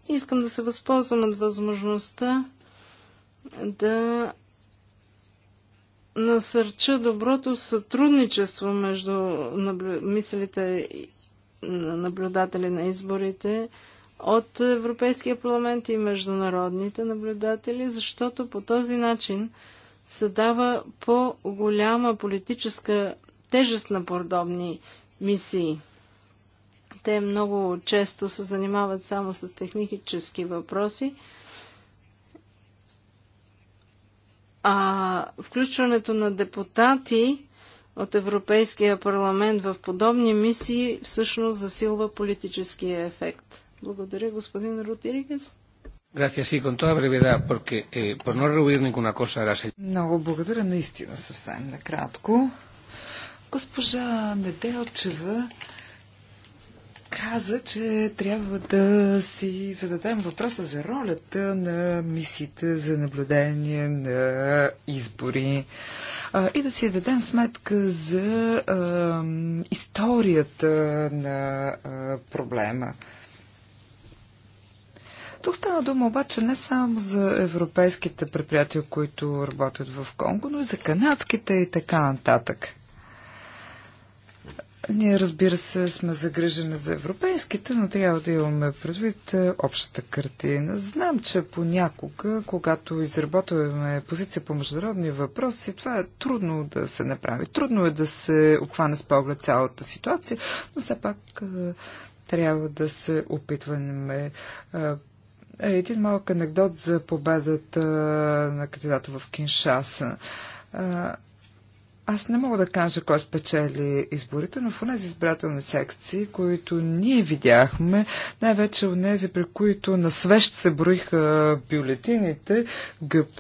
Искам да се възползвам от възможността да насърча доброто сътрудничество между наблю... мислите на наблюдатели на изборите от Европейския парламент и международните наблюдатели, защото по този начин се дава по-голяма политическа тежест на подобни мисии. Те много често се занимават само с технически въпроси, А включването на депутати от Европейския парламент в подобни мисии всъщност засилва политическия ефект. Благодаря, господин Рутиригес. Gracias, sí, con toda brevedad, porque eh, por no rehuir ninguna cosa era... Много благодаря, наистина, съвсем накратко. Госпожа Неделчева каза, че трябва да си зададем въпроса за ролята на мисията за наблюдение на избори и да си дадем сметка за а, историята на а, проблема. Тук стана дума обаче не само за европейските предприятия, които работят в Конго, но и за канадските и така нататък. Ние, разбира се, сме загрижени за европейските, но трябва да имаме предвид е, общата картина. Знам, че понякога, когато изработваме позиция по международни въпроси, това е трудно да се направи. Трудно е да се обхване с поглед цялата ситуация, но все пак е, трябва да се опитваме. Е, един малък анекдот за победата на кандидата в Киншаса аз не мога да кажа кой спечели изборите, но в тези избирателни секции, които ние видяхме, най-вече от тези, при които на свещ се броиха бюлетините,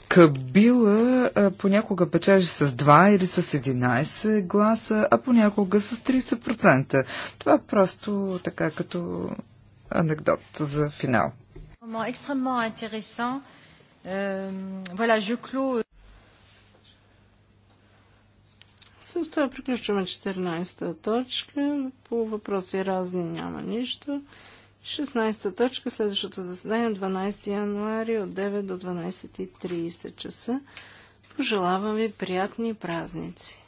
Кабила понякога печеше с 2 или с 11 гласа, а понякога с 30%. Това е просто така като анекдот за финал. С това приключваме 14-та точка. По въпроси разни няма нищо. 16-та точка, следващото заседание 12 януари от 9 до 12.30 часа. Пожелавам ви приятни празници!